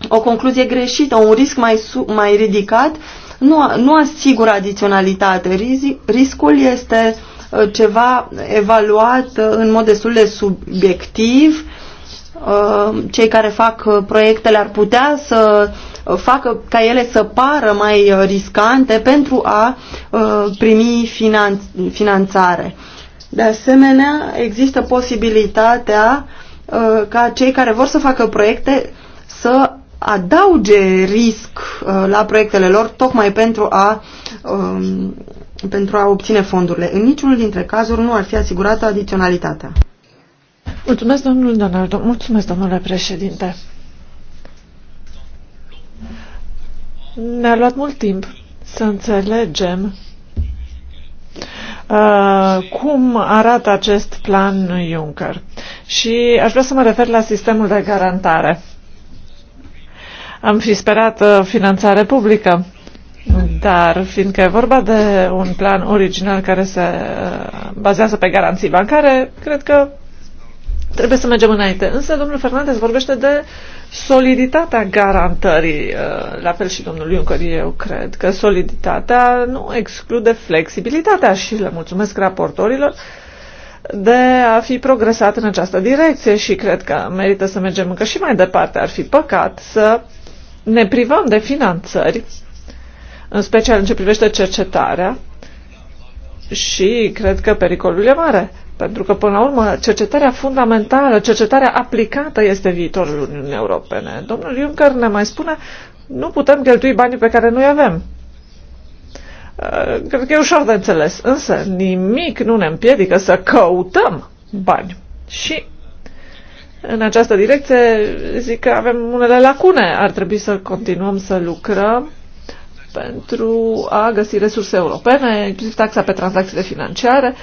A: o concluzie greșită, un risc mai, mai ridicat nu, nu asigură adiționalitate. Riz, riscul este uh, ceva evaluat uh, în mod destul de subiectiv Uh, cei care fac uh, proiectele ar putea să facă ca ele să pară mai uh, riscante pentru a primi finanțare. De asemenea, există posibilitatea ca cei care vor să facă proiecte să adauge risc la proiectele lor tocmai pentru a, um, pentru a obține fondurile. În niciunul dintre cazuri nu ar fi
C: asigurată adiționalitatea. Mulțumesc, domnul Donaldo. Mulțumesc, domnule președinte. Ne-a luat mult timp să înțelegem Uh, cum arată acest plan Juncker? Și aș vrea să mă refer la sistemul de garantare. Am fi sperat uh, finanțare publică, dar fiindcă e vorba de un plan original care se uh, bazează pe garanții bancare, cred că Trebuie să mergem înainte. Însă domnul Fernandez vorbește de soliditatea garantării. Uh, la fel și domnul Juncker, eu cred că soliditatea nu exclude flexibilitatea și le mulțumesc raportorilor de a fi progresat în această direcție și cred că merită să mergem încă și mai departe. Ar fi păcat să ne privăm de finanțări, în special în ce privește cercetarea, și cred că pericolul e mare, pentru că, până la urmă, cercetarea fundamentală, cercetarea aplicată este viitorul Uniunii Europene. Domnul Juncker ne mai spune, nu putem cheltui banii pe care nu-i avem. Uh, cred că e ușor de înțeles, însă nimic nu ne împiedică să căutăm bani. Și în această direcție zic că avem unele lacune. Ar trebui să continuăm să lucrăm pentru a găsi resurse europene, inclusiv taxa pe tranzacțiile financiare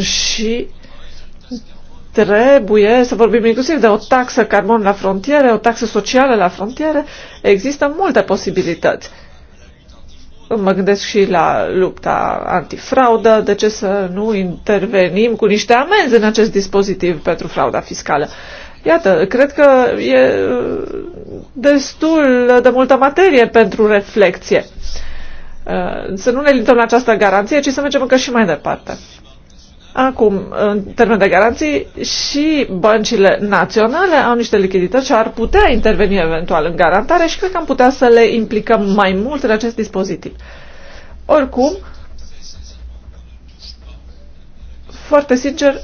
C: și trebuie să vorbim inclusiv de o taxă carbon la frontiere, o taxă socială la frontiere. Există multe posibilități. Mă gândesc și la lupta antifraudă, de ce să nu intervenim cu niște amenzi în acest dispozitiv pentru frauda fiscală. Iată, cred că e uh, destul de multă materie pentru reflexie. Uh, să nu ne limităm la această garanție, ci să mergem încă și mai departe. Acum, în termen de garanții, și băncile naționale au niște lichidități și ar putea interveni eventual în garantare și cred că am putea să le implicăm mai mult în acest dispozitiv. Oricum, foarte sincer,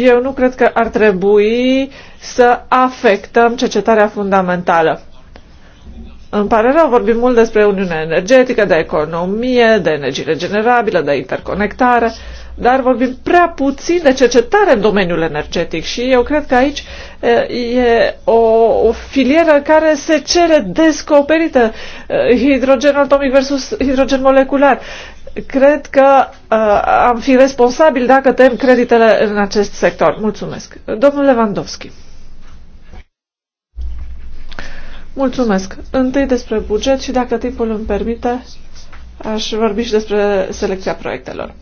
C: eu nu cred că ar trebui să afectăm cercetarea fundamentală. În pare rău, vorbim mult despre Uniunea Energetică, de economie, de energie regenerabilă, de interconectare, dar vorbim prea puțin de cercetare în domeniul energetic și eu cred că aici e o, o filieră care se cere descoperită, hidrogen atomic versus hidrogen molecular cred că uh, am fi responsabil dacă tem creditele în acest sector. Mulțumesc. Domnul Lewandowski. Mulțumesc. Întâi despre buget și dacă timpul îmi permite, aș vorbi și despre selecția proiectelor.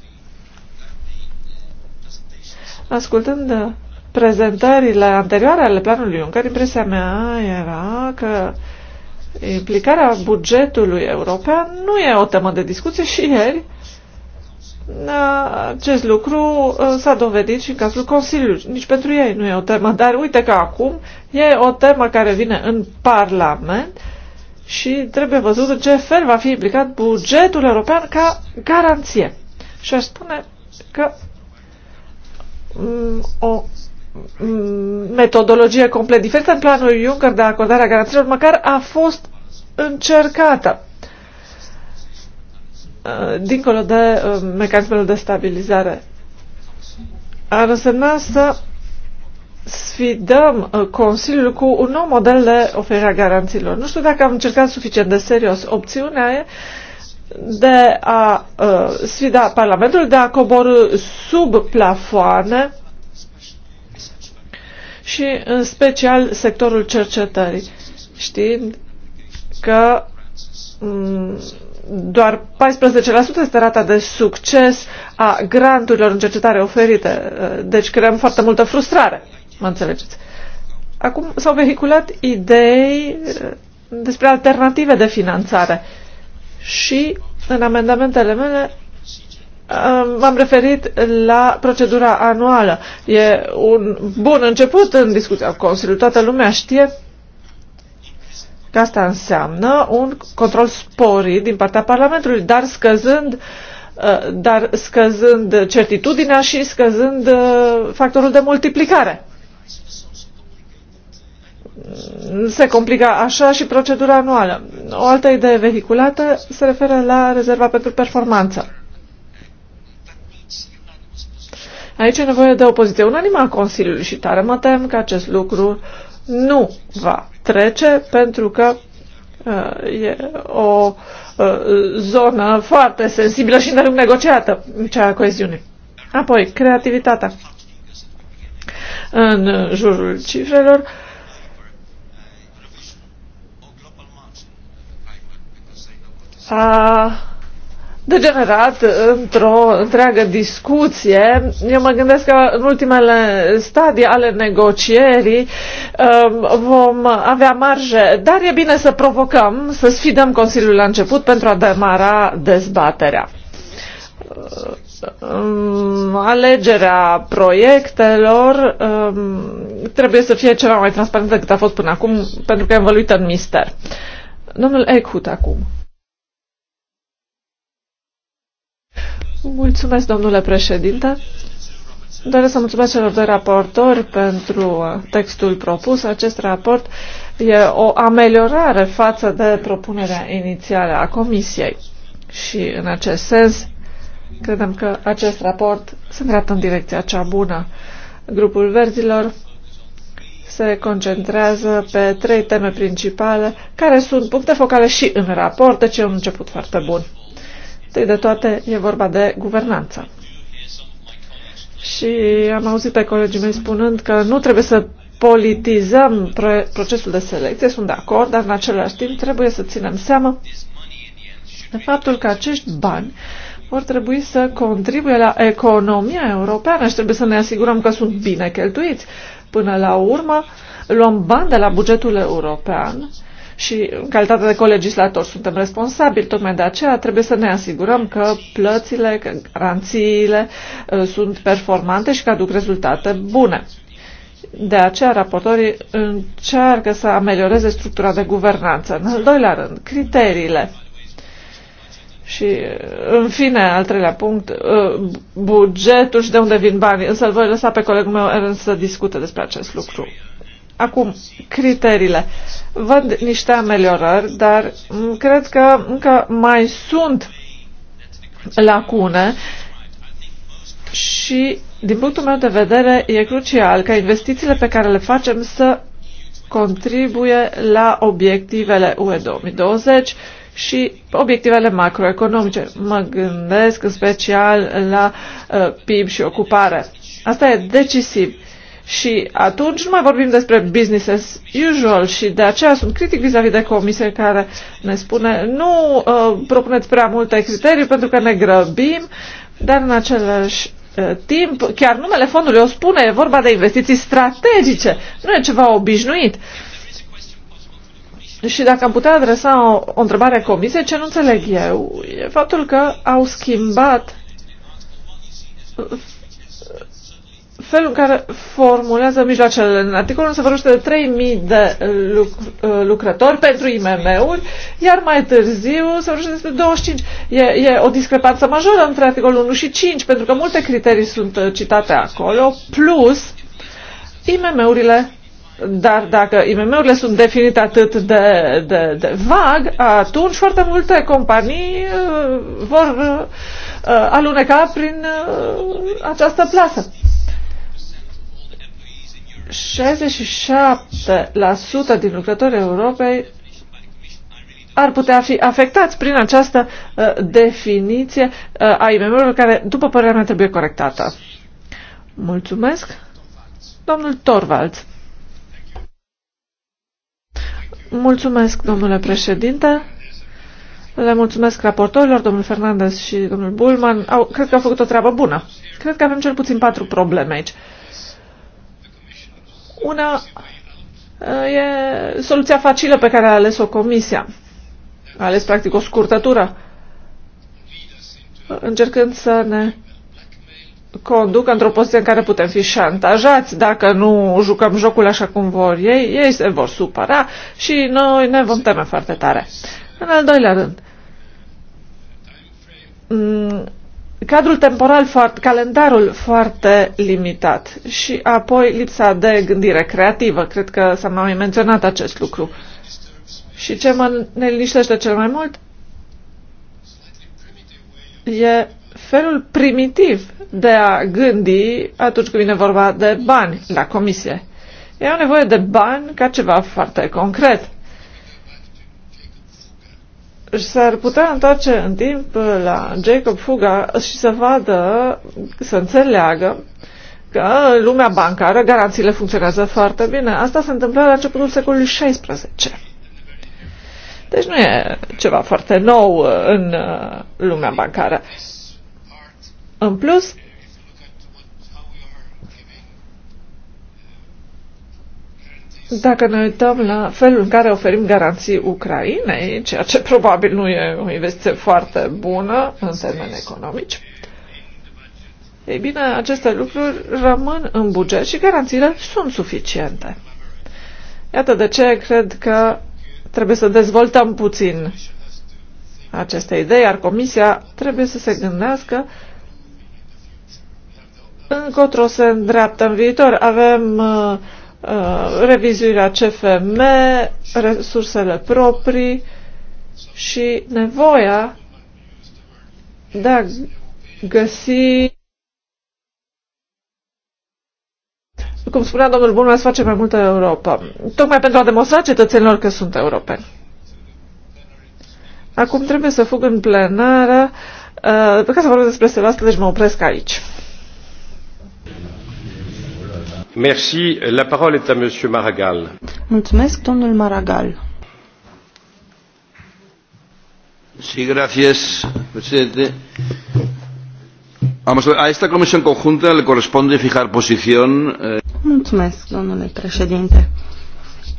C: Ascultând prezentările anterioare ale planului Juncker, impresia mea era că uh, Implicarea bugetului european nu e o temă de discuție și ieri acest lucru s-a dovedit și în cazul Consiliului. Nici pentru ei nu e o temă, dar uite că acum e o temă care vine în Parlament și trebuie văzut în ce fel va fi implicat bugetul european ca garanție. Și aș spune că o metodologie complet diferită în planul Juncker de a garanțiilor, măcar a fost încercată uh, dincolo de uh, mecanismele de stabilizare. Ar însemna să sfidăm uh, Consiliul cu un nou model de oferire a garanțiilor. Nu știu dacă am încercat suficient de serios. Opțiunea e de a uh, sfida Parlamentul, de a coborâ sub plafoane și în special sectorul cercetării. Știind că mm, doar 14% este rata de succes a granturilor în cercetare oferite. Deci creăm foarte multă frustrare, mă înțelegeți. Acum s-au vehiculat idei eh, despre alternative de finanțare și în amendamentele mele M-am referit la procedura anuală. E un bun început în discuția cu Consiliul. Toată lumea știe că asta înseamnă un control sporit din partea Parlamentului, dar scăzând uh, dar scăzând certitudinea și scăzând uh, factorul de multiplicare. Se complica așa și procedura anuală. O altă idee vehiculată se referă la rezerva pentru performanță Aici e nevoie de o poziție unanimă a Consiliului și tare mă tem că acest lucru nu va trece pentru că uh, e o uh, zonă foarte sensibilă și îndelung negociată, cea a coeziunii. Apoi, creativitatea în jurul cifrelor. A degenerat într-o întreagă discuție. Eu mă gândesc că în ultimele stadii ale negocierii um, vom avea marge, dar e bine să provocăm, să sfidăm Consiliul la început pentru a demara dezbaterea um, alegerea proiectelor um, trebuie să fie ceva mai transparentă decât a fost până acum, pentru că e învăluită în mister. Domnul Eichhut acum. Mulțumesc, domnule președinte. Doresc să mulțumesc celor doi raportori pentru uh, textul propus. Acest raport e o ameliorare față de propunerea inițială a Comisiei. Și în acest sens, credem că acest raport se îndreaptă în direcția cea bună. Grupul Verzilor se concentrează pe trei teme principale, care sunt puncte focale și în raport, deci e un început foarte bun. Întâi de toate e vorba de guvernanță. Și am auzit pe colegii mei spunând că nu trebuie să politizăm procesul de selecție, sunt de acord, dar în același timp trebuie să ținem seama de faptul că acești bani vor trebui să contribuie la economia europeană și trebuie să ne asigurăm că sunt bine cheltuiți. Până la urmă, luăm bani de la bugetul european și în calitate de colegislator suntem responsabili. Tocmai de aceea trebuie să ne asigurăm că plățile, că garanțiile uh, sunt performante și că aduc rezultate bune. De aceea, raportorii încearcă să amelioreze structura de guvernanță. În al doilea rând, criteriile. Și, uh, în fine, al treilea punct, uh, bugetul și de unde vin banii. Însă îl voi lăsa pe colegul meu Ernst să discute despre acest lucru. Acum, criteriile. Văd niște ameliorări, dar cred că încă mai sunt lacune și, din punctul meu de vedere, e crucial ca investițiile pe care le facem să contribuie la obiectivele UE 2020 și obiectivele macroeconomice. Mă gândesc în special la uh, PIB și ocupare. Asta e decisiv. Și atunci nu mai vorbim despre business as usual și de aceea sunt critic vis-a-vis -vis de comisie care ne spune nu uh, propuneți prea multe criterii pentru că ne grăbim, dar în același uh, timp, chiar numele fondului o spune, e vorba de investiții strategice, nu e ceva obișnuit. Și dacă am putea adresa o, o întrebare comisie, ce nu înțeleg eu e faptul că au schimbat felul în care formulează mijloacele în articolul se vorbește de 3000 de luc- uh, lucrători pentru IMM-uri, iar mai târziu se vorbește despre 25. E, e o discrepanță majoră între articolul 1 și 5, pentru că multe criterii sunt uh, citate acolo, plus IMM-urile dar dacă IMM-urile sunt definite atât de, de, de vag, atunci foarte multe companii uh, vor aluneca prin această plasă. 67% din lucrătorii Europei ar putea fi afectați prin această uh, definiție uh, a IMM-urilor care, după părerea mea, trebuie corectată. Mulțumesc. Domnul Torvalds. Mulțumesc, domnule președinte. Le mulțumesc raportorilor, domnul Fernandez și domnul Bulman. Au, cred că au făcut o treabă bună. Cred că avem cel puțin patru probleme aici. Uh, una uh, e soluția facilă pe care a ales-o Comisia. A ales, practic, o scurtătură, încercând să ne conducă într-o poziție în care putem fi șantajați dacă nu jucăm jocul așa cum vor ei, ei se vor supăra și noi ne vom teme foarte tare. În al doilea rând, cadrul temporal, foarte, calendarul foarte limitat și apoi lipsa de gândire creativă. Cred că s-a mai menționat acest lucru. Și ce mă neliniștește cel mai mult e felul primitiv de a gândi atunci când vine vorba de bani la comisie. E o nevoie de bani ca ceva foarte concret s-ar putea întoarce în timp uh, la Jacob Fuga și să vadă, să înțeleagă că în lumea bancară garanțiile funcționează foarte bine. Asta se întâmplă la începutul secolului XVI. Deci nu e ceva foarte nou uh, în uh, lumea bancară. În plus, Dacă ne uităm la felul în care oferim garanții Ucrainei, ceea ce probabil nu e o investiție foarte bună în termeni economici, ei bine, aceste lucruri rămân în buget și garanțiile sunt suficiente. Iată de ce cred că trebuie să dezvoltăm puțin aceste idei, iar Comisia trebuie să se gândească încotro se îndreaptă în viitor. Avem uh, Uh, revizuirea CFM, resursele proprii și nevoia de a găsi cum spunea domnul Bun, să facem mai multă Europa. Tocmai pentru a demonstra cetățenilor că sunt europeni. Acum trebuie să fug în plenară. Uh, ca să vorbesc despre Sevastă, deci mă opresc aici.
B: Merci. La parole est
A: à Monsieur Maragall. Mulțumesc, domnul Maragall. Sí, gracias, presidente. Vamos
C: a, ver, a esta comisión conjunta le corresponde fijar posición. Eh...
A: Mulțumesc, domnule președinte.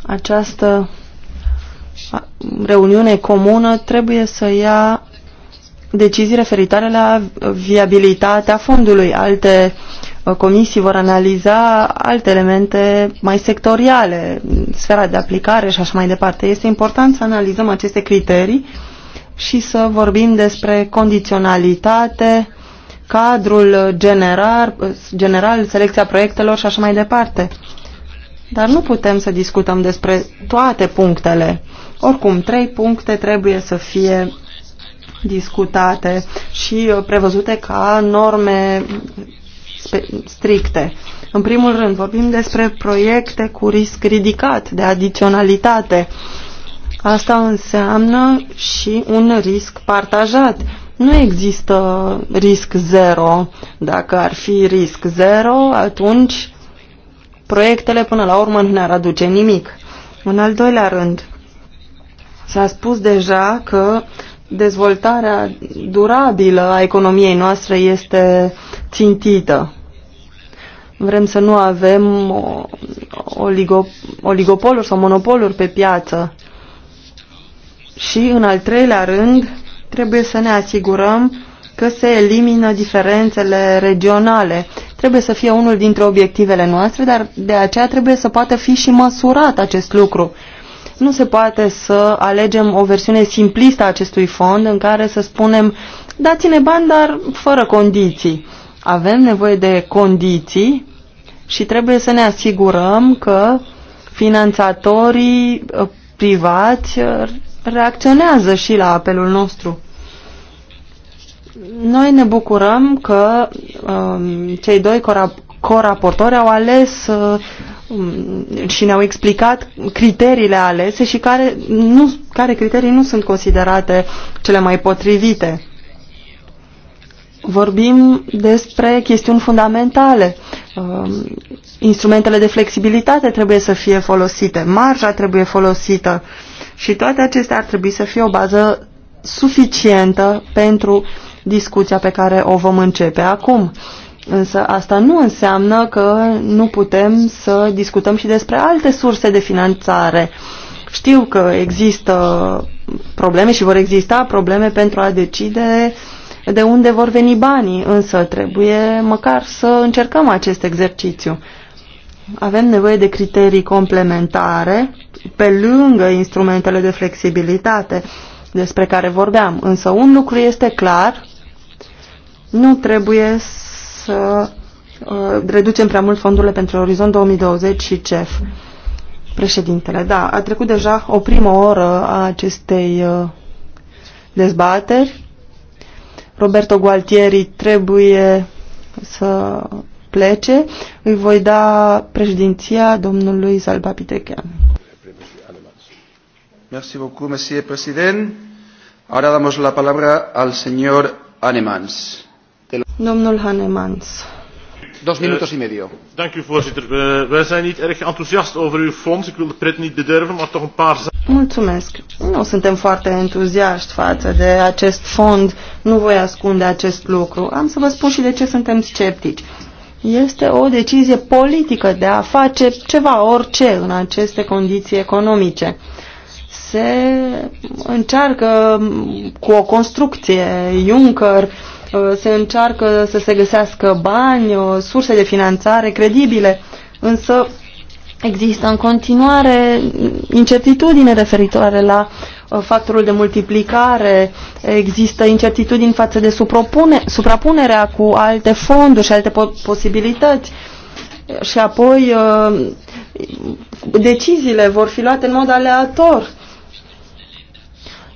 A: Această reuniune comună trebuie să ia decizii referitoare la viabilitatea fondului. Alte comisii vor analiza alte elemente mai sectoriale, sfera de aplicare și așa mai departe. Este important să analizăm aceste criterii și să vorbim despre condiționalitate, cadrul general, general selecția proiectelor și așa mai departe. Dar nu putem să discutăm despre toate punctele. Oricum, trei puncte trebuie să fie discutate și uh, prevăzute ca norme stricte. În primul rând, vorbim despre proiecte cu risc ridicat de adiționalitate. Asta înseamnă și un risc partajat. Nu există risc zero. Dacă ar fi risc zero, atunci proiectele până la urmă nu ne-ar aduce nimic. În al doilea rând, s-a spus deja că dezvoltarea durabilă a economiei noastre este țintită. Vrem să nu avem oligopoluri sau monopoluri pe piață. Și, în al treilea rând, trebuie să ne asigurăm că se elimină diferențele regionale. Trebuie să fie unul dintre obiectivele noastre, dar de aceea trebuie să poată fi și măsurat acest lucru. Nu se poate să alegem o versiune simplistă a acestui fond în care să spunem dați-ne bani, dar fără condiții. Avem nevoie de condiții și trebuie să ne asigurăm că finanțatorii uh, privați uh, reacționează și la apelul nostru. Noi ne bucurăm că um, cei doi coraportori au ales uh, Mm, și ne-au explicat criteriile alese și care, nu, care criterii nu sunt considerate cele mai potrivite. Vorbim despre chestiuni fundamentale. Um, instrumentele de flexibilitate trebuie să fie folosite, marja trebuie folosită și toate acestea ar trebui să fie o bază suficientă pentru discuția pe care o vom începe acum. Însă asta nu înseamnă că nu putem să discutăm și despre alte surse de finanțare. Știu că există probleme și vor exista probleme pentru a decide de unde vor veni banii, însă trebuie măcar să încercăm acest exercițiu. Avem nevoie de criterii complementare pe lângă instrumentele de flexibilitate despre care vorbeam, însă un lucru este clar, nu trebuie să uh, reducem prea mult fondurile pentru Orizont 2020 și CEF. Președintele, da, a trecut deja o primă oră a acestei uh, dezbateri. Roberto Gualtieri trebuie să plece. Îi voi da președinția domnului Salva Pitechean.
C: Merci beaucoup, monsieur le président.
A: Ahora damos la palabra al señor Anemans. Domnul Hanemans.
C: Dos minuten en eh, medio. voorzitter. wij zijn niet erg enthousiast over uw fonds. Ik wil de pret niet bederven, maar toch een paar
A: Mulțumesc. Nu suntem foarte entuziaști față de acest fond. Nu voi ascunde acest lucru. Am să vă spun și de ce suntem sceptici. Este o decizie politică de a face ceva, orice, în aceste condiții economice. Se încearcă cu o construcție Juncker, uh, Uh, se încearcă să se găsească bani, uh, surse de finanțare credibile, însă există în continuare incertitudine referitoare la uh, factorul de multiplicare, există incertitudini față de suprapunerea cu alte fonduri și alte po posibilități și apoi deciziile vor fi luate în mod aleator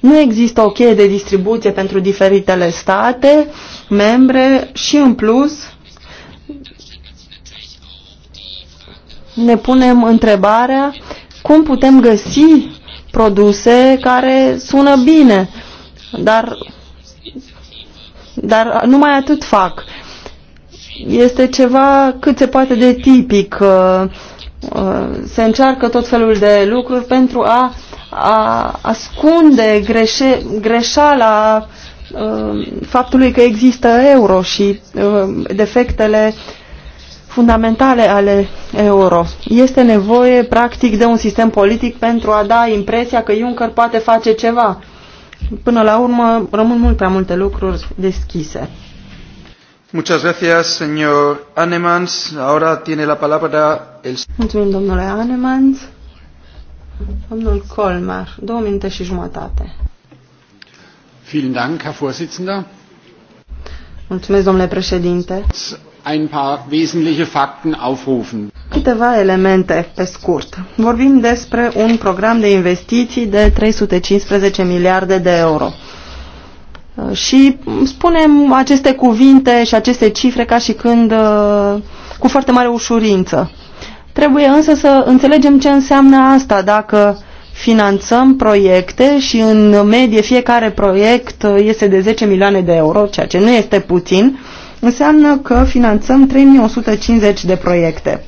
A: nu există o cheie de distribuție pentru diferitele state, membre și în plus ne punem întrebarea cum putem găsi produse care sună bine, dar, dar numai atât fac. Este ceva cât se poate de tipic. Uh, uh, se încearcă tot felul de lucruri pentru a a ascunde greșe, greșeala uh, faptului că există euro și uh, defectele fundamentale ale euro. Este nevoie, practic, de un sistem politic pentru a da impresia că Juncker poate face ceva. Până la urmă, rămân mult prea multe lucruri deschise. Muchas gracias, señor Anemans. Ahora tiene la palabra el... Mulțumim, domnule Anemans. Domnul Colmar, două minute și jumătate.
C: Vielen Dank, Herr Vorsitzender.
A: Mulțumesc, domnule președinte.
B: Ein paar wesentliche Fakten aufrufen.
A: Câteva elemente pe scurt. Vorbim despre un program de investiții de 315 miliarde de euro. Și spunem aceste cuvinte și aceste cifre ca și când uh, cu foarte mare ușurință. Trebuie însă să înțelegem ce înseamnă asta, dacă finanțăm proiecte și în medie fiecare proiect este de 10 milioane de euro, ceea ce nu este puțin, înseamnă că finanțăm 3150 de proiecte.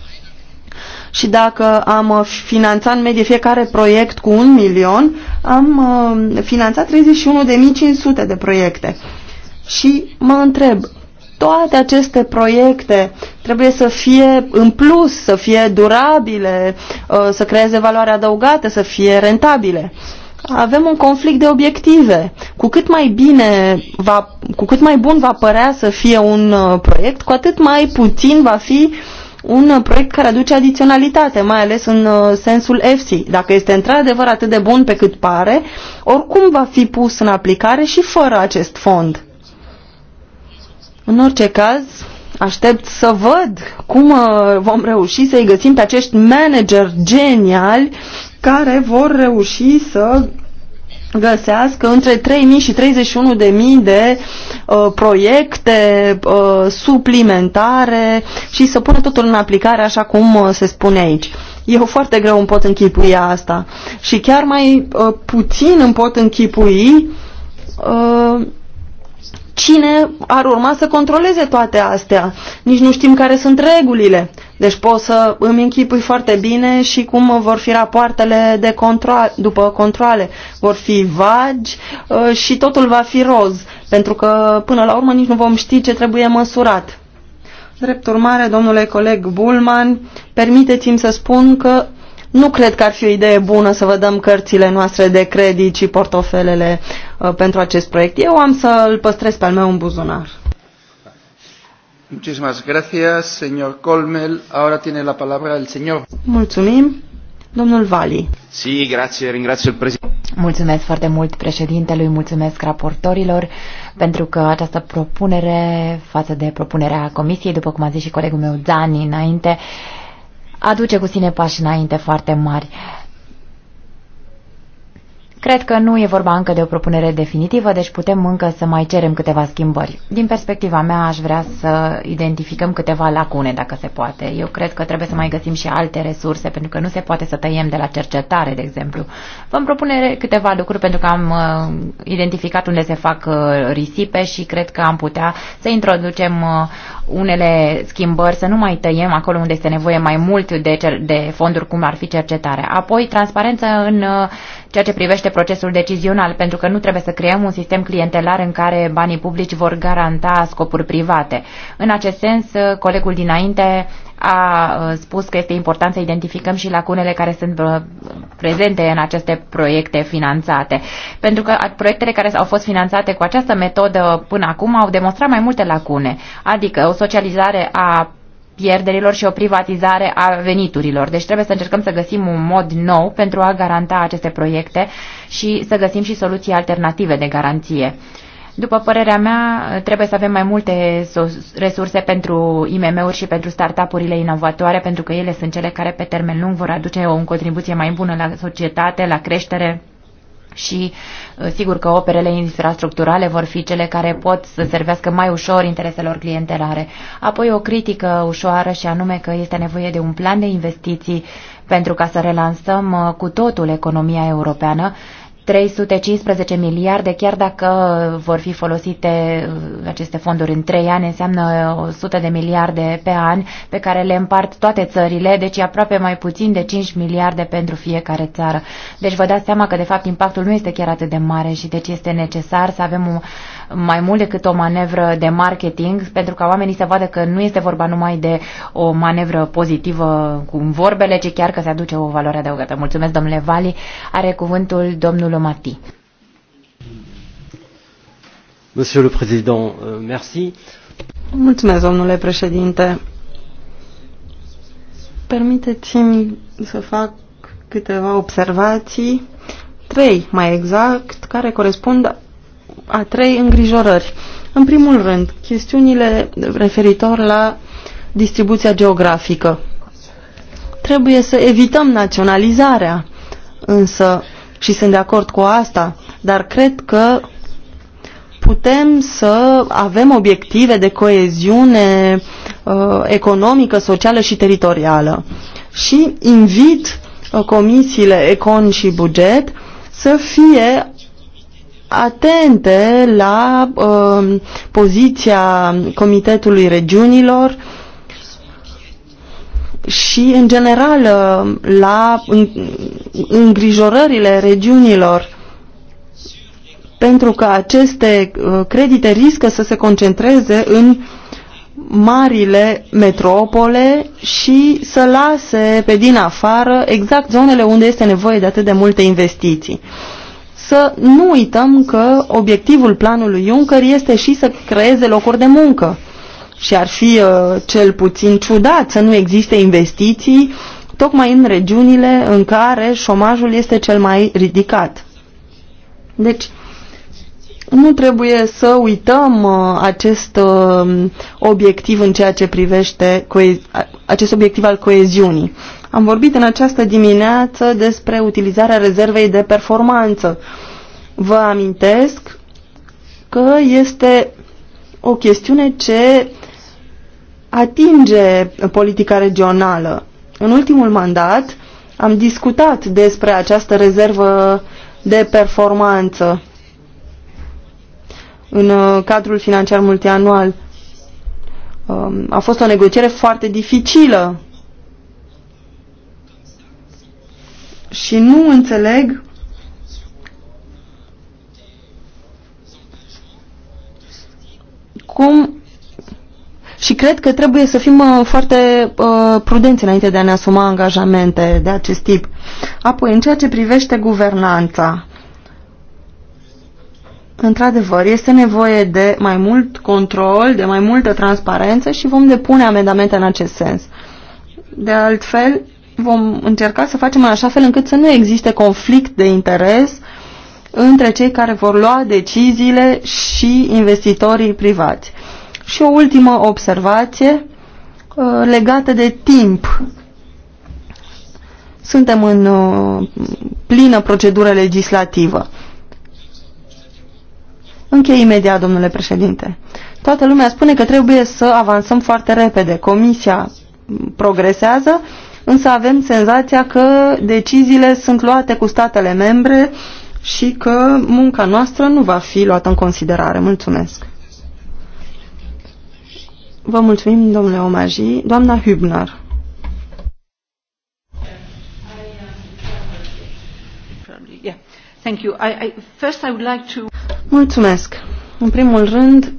A: Și dacă am finanțat în medie fiecare proiect cu un milion, am uh, finanțat 31.500 de proiecte. Și mă întreb, toate aceste proiecte trebuie să fie în plus, să fie durabile, uh, să creeze valoare adăugată, să fie rentabile. Avem un conflict de obiective. Cu cât mai bine, va, cu cât mai bun va părea să fie un uh, proiect, cu atât mai puțin va fi un uh, proiect care aduce adiționalitate, mai ales în sensul FC. Dacă este într-adevăr atât de bun pe cât pare, oricum va fi pus în aplicare și fără acest fond. În orice caz, aștept să văd cum uh, vom reuși să-i găsim pe acești manager geniali care vor reuși să găsească între 3.000 și 31.000 de uh, proiecte uh, suplimentare și să pună totul în aplicare așa cum uh, se spune aici. Eu foarte greu îmi pot închipui asta și chiar mai uh, puțin îmi pot închipui uh, cine ar urma să controleze toate astea? Nici nu știm care sunt regulile. Deci pot să îmi închipui foarte bine și cum vor fi rapoartele de control, după controle. Vor fi vagi uh, și totul va fi roz, pentru că până la urmă nici nu vom ști ce trebuie măsurat. Drept urmare, domnule coleg Bulman, permiteți-mi să spun că nu cred că ar fi o idee bună să vă dăm cărțile noastre de credit și portofelele uh, pentru acest proiect. Eu am să l păstrez pe al meu în buzunar. Muchísimas gracias, señor Colmel. Ahora tiene la palabra el señor.
B: Mulțumim. Domnul Vali. Sí, grazie, ringrazio il presidente. Mulțumesc foarte mult președintelui, mulțumesc raportorilor pentru că această propunere față de propunerea comisiei, după cum a zis și colegul meu Dani înainte, aduce cu sine pași înainte foarte mari. Cred că nu e vorba încă de o propunere definitivă, deci putem încă să mai cerem câteva schimbări. Din perspectiva mea, aș vrea să identificăm câteva lacune, dacă se poate. Eu cred că trebuie să mai găsim și alte resurse, pentru că nu se poate să tăiem de la cercetare, de exemplu. Vom propune câteva lucruri, pentru că am uh, identificat unde se fac uh, risipe și cred că am putea să introducem uh, unele schimbări, să nu mai tăiem acolo unde este nevoie mai mult de, de fonduri, cum ar fi cercetarea. Apoi, transparență în uh, ceea ce privește procesul decizional, pentru că nu trebuie să creăm un sistem clientelar în care banii publici vor garanta scopuri private. În acest sens, uh, colegul dinainte a uh, spus că este important să identificăm și lacunele care sunt uh, prezente în aceste proiecte finanțate. Pentru că proiectele care au fost finanțate cu această metodă până acum au demonstrat mai multe lacune, adică o socializare a pierderilor și o privatizare a veniturilor. Deci trebuie să încercăm să găsim un mod nou pentru a garanta aceste proiecte și să găsim și soluții alternative de garanție. După părerea mea, trebuie să avem mai multe resurse pentru IMM-uri și pentru startup-urile inovatoare, pentru că ele sunt cele care pe termen lung vor aduce o contribuție mai bună la societate, la creștere și uh, sigur că operele infrastructurale vor fi cele care pot să servească mai ușor intereselor clientelare. Apoi o critică ușoară și anume că este nevoie de un plan de investiții pentru ca să relansăm uh, cu totul economia europeană 315 miliarde, chiar dacă vor fi folosite uh, aceste fonduri în 3 ani, înseamnă 100 de miliarde pe an pe care le împart toate țările, deci aproape mai puțin de 5 miliarde pentru fiecare țară. Deci vă dați seama că de fapt impactul nu este chiar atât de mare și deci este necesar să avem mai mult decât o manevră de marketing, pentru ca oamenii să vadă că nu este vorba numai de o manevră pozitivă cu vorbele, ci chiar că se aduce o valoare adăugată. Mulțumesc, domnule Vali. Are cuvântul domnul Mati. Monsieur le Président, euh, merci. Mulțumesc, domnule
A: președinte. Permiteți-mi să fac câteva observații, trei mai exact, care corespund a trei îngrijorări. În primul rând, chestiunile referitor la distribuția geografică. Trebuie să evităm naționalizarea, însă, și sunt de acord cu asta, dar cred că putem să avem obiective de coeziune uh, economică, socială și teritorială. Și invit uh, comisiile Econ și Buget să fie atente la uh, poziția Comitetului Regiunilor și, în general, um, la îngrijorările regiunilor, pentru că aceste uh, credite riscă să se concentreze în marile metropole și să lase pe din afară exact zonele unde este nevoie de atât de multe investiții. Uh, să nu uităm că obiectivul planului Juncker este și să creeze locuri de muncă. Și ar fi uh, cel puțin ciudat să nu existe investiții tocmai în regiunile în care șomajul este cel mai ridicat. Deci, nu trebuie să uităm uh, acest uh, obiectiv în ceea ce privește acest obiectiv al coeziunii. Am vorbit în această dimineață despre utilizarea rezervei de performanță. Vă amintesc că este o chestiune ce atinge politica regională. În ultimul mandat am discutat despre această rezervă de performanță în uh, cadrul financiar multianual. Um, a fost o negociere foarte dificilă și nu înțeleg cum și cred că trebuie să fim uh, foarte uh, prudenți înainte de a ne asuma angajamente de acest tip. Apoi, în ceea ce privește guvernanța, într-adevăr, este nevoie de mai mult control, de mai multă transparență și vom depune amendamente în acest sens. De altfel, vom încerca să facem în așa fel încât să nu existe conflict de interes între cei care vor lua deciziile și investitorii privați. Și o ultimă observație uh, legată de timp. Suntem în uh, plină procedură legislativă. Închei imediat, domnule președinte. Toată lumea spune că trebuie să avansăm foarte repede. Comisia mm, progresează, însă avem senzația că deciziile sunt luate cu statele membre și că munca noastră nu va fi luată în considerare. Mulțumesc! Vă mulțumim, domnule Omaji. Doamna Hübner. Mulțumesc. În primul rând,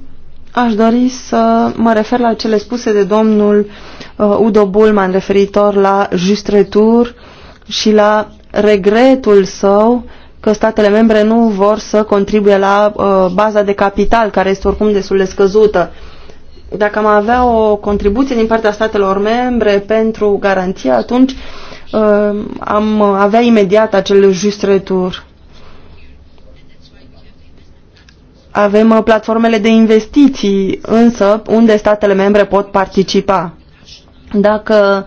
A: Aș dori să mă refer la cele spuse de domnul uh, Udo Bullman referitor la justretur și la regretul său că statele membre nu vor să contribuie la uh, baza de capital, care este oricum destul de scăzută. Dacă am avea o contribuție din partea statelor membre pentru garanție, atunci uh, am avea imediat acel justretur. Avem uh, platformele de investiții, însă, unde statele membre pot participa. Dacă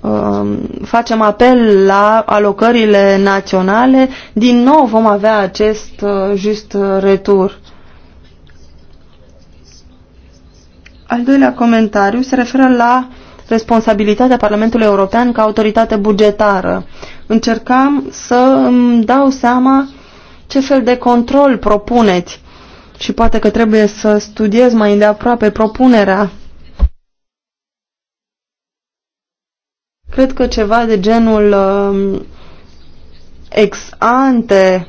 A: um, facem apel la alocările naționale, din nou vom avea acest uh, just retur. Al doilea comentariu se referă la responsabilitatea Parlamentului European ca autoritate bugetară. Încercam să îmi dau seama ce fel de control propuneți și poate că trebuie să studiez mai îndeaproape propunerea. Cred că ceva de genul um, ex ante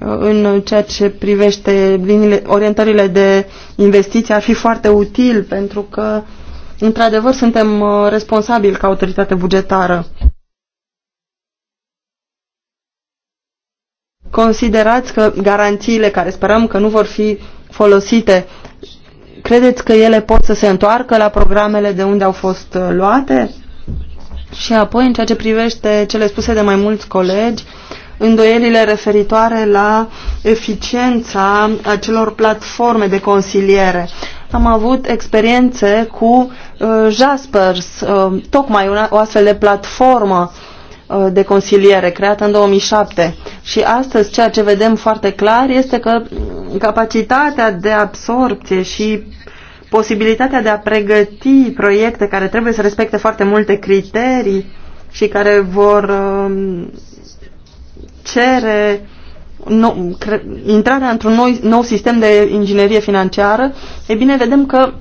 A: uh, în ceea ce privește liniile, orientările de investiții ar fi foarte util pentru că într-adevăr suntem uh, responsabili ca autoritate bugetară. Considerați că garanțiile care sperăm că nu vor fi folosite, credeți că ele pot să se întoarcă la programele de unde au fost uh, luate? Și apoi, în ceea ce privește cele spuse de mai mulți colegi, îndoielile referitoare la eficiența acelor platforme de consiliere. Am avut experiențe cu uh, Jaspers, uh, tocmai una, o astfel de platformă uh, Uh, de consiliere creată în 2007 și astăzi ceea ce vedem foarte clar este că capacitatea de absorpție și posibilitatea de a pregăti proiecte care trebuie să respecte foarte multe criterii și care vor um, cere no, intrarea într-un nou, nou sistem de inginerie financiară, e bine, vedem că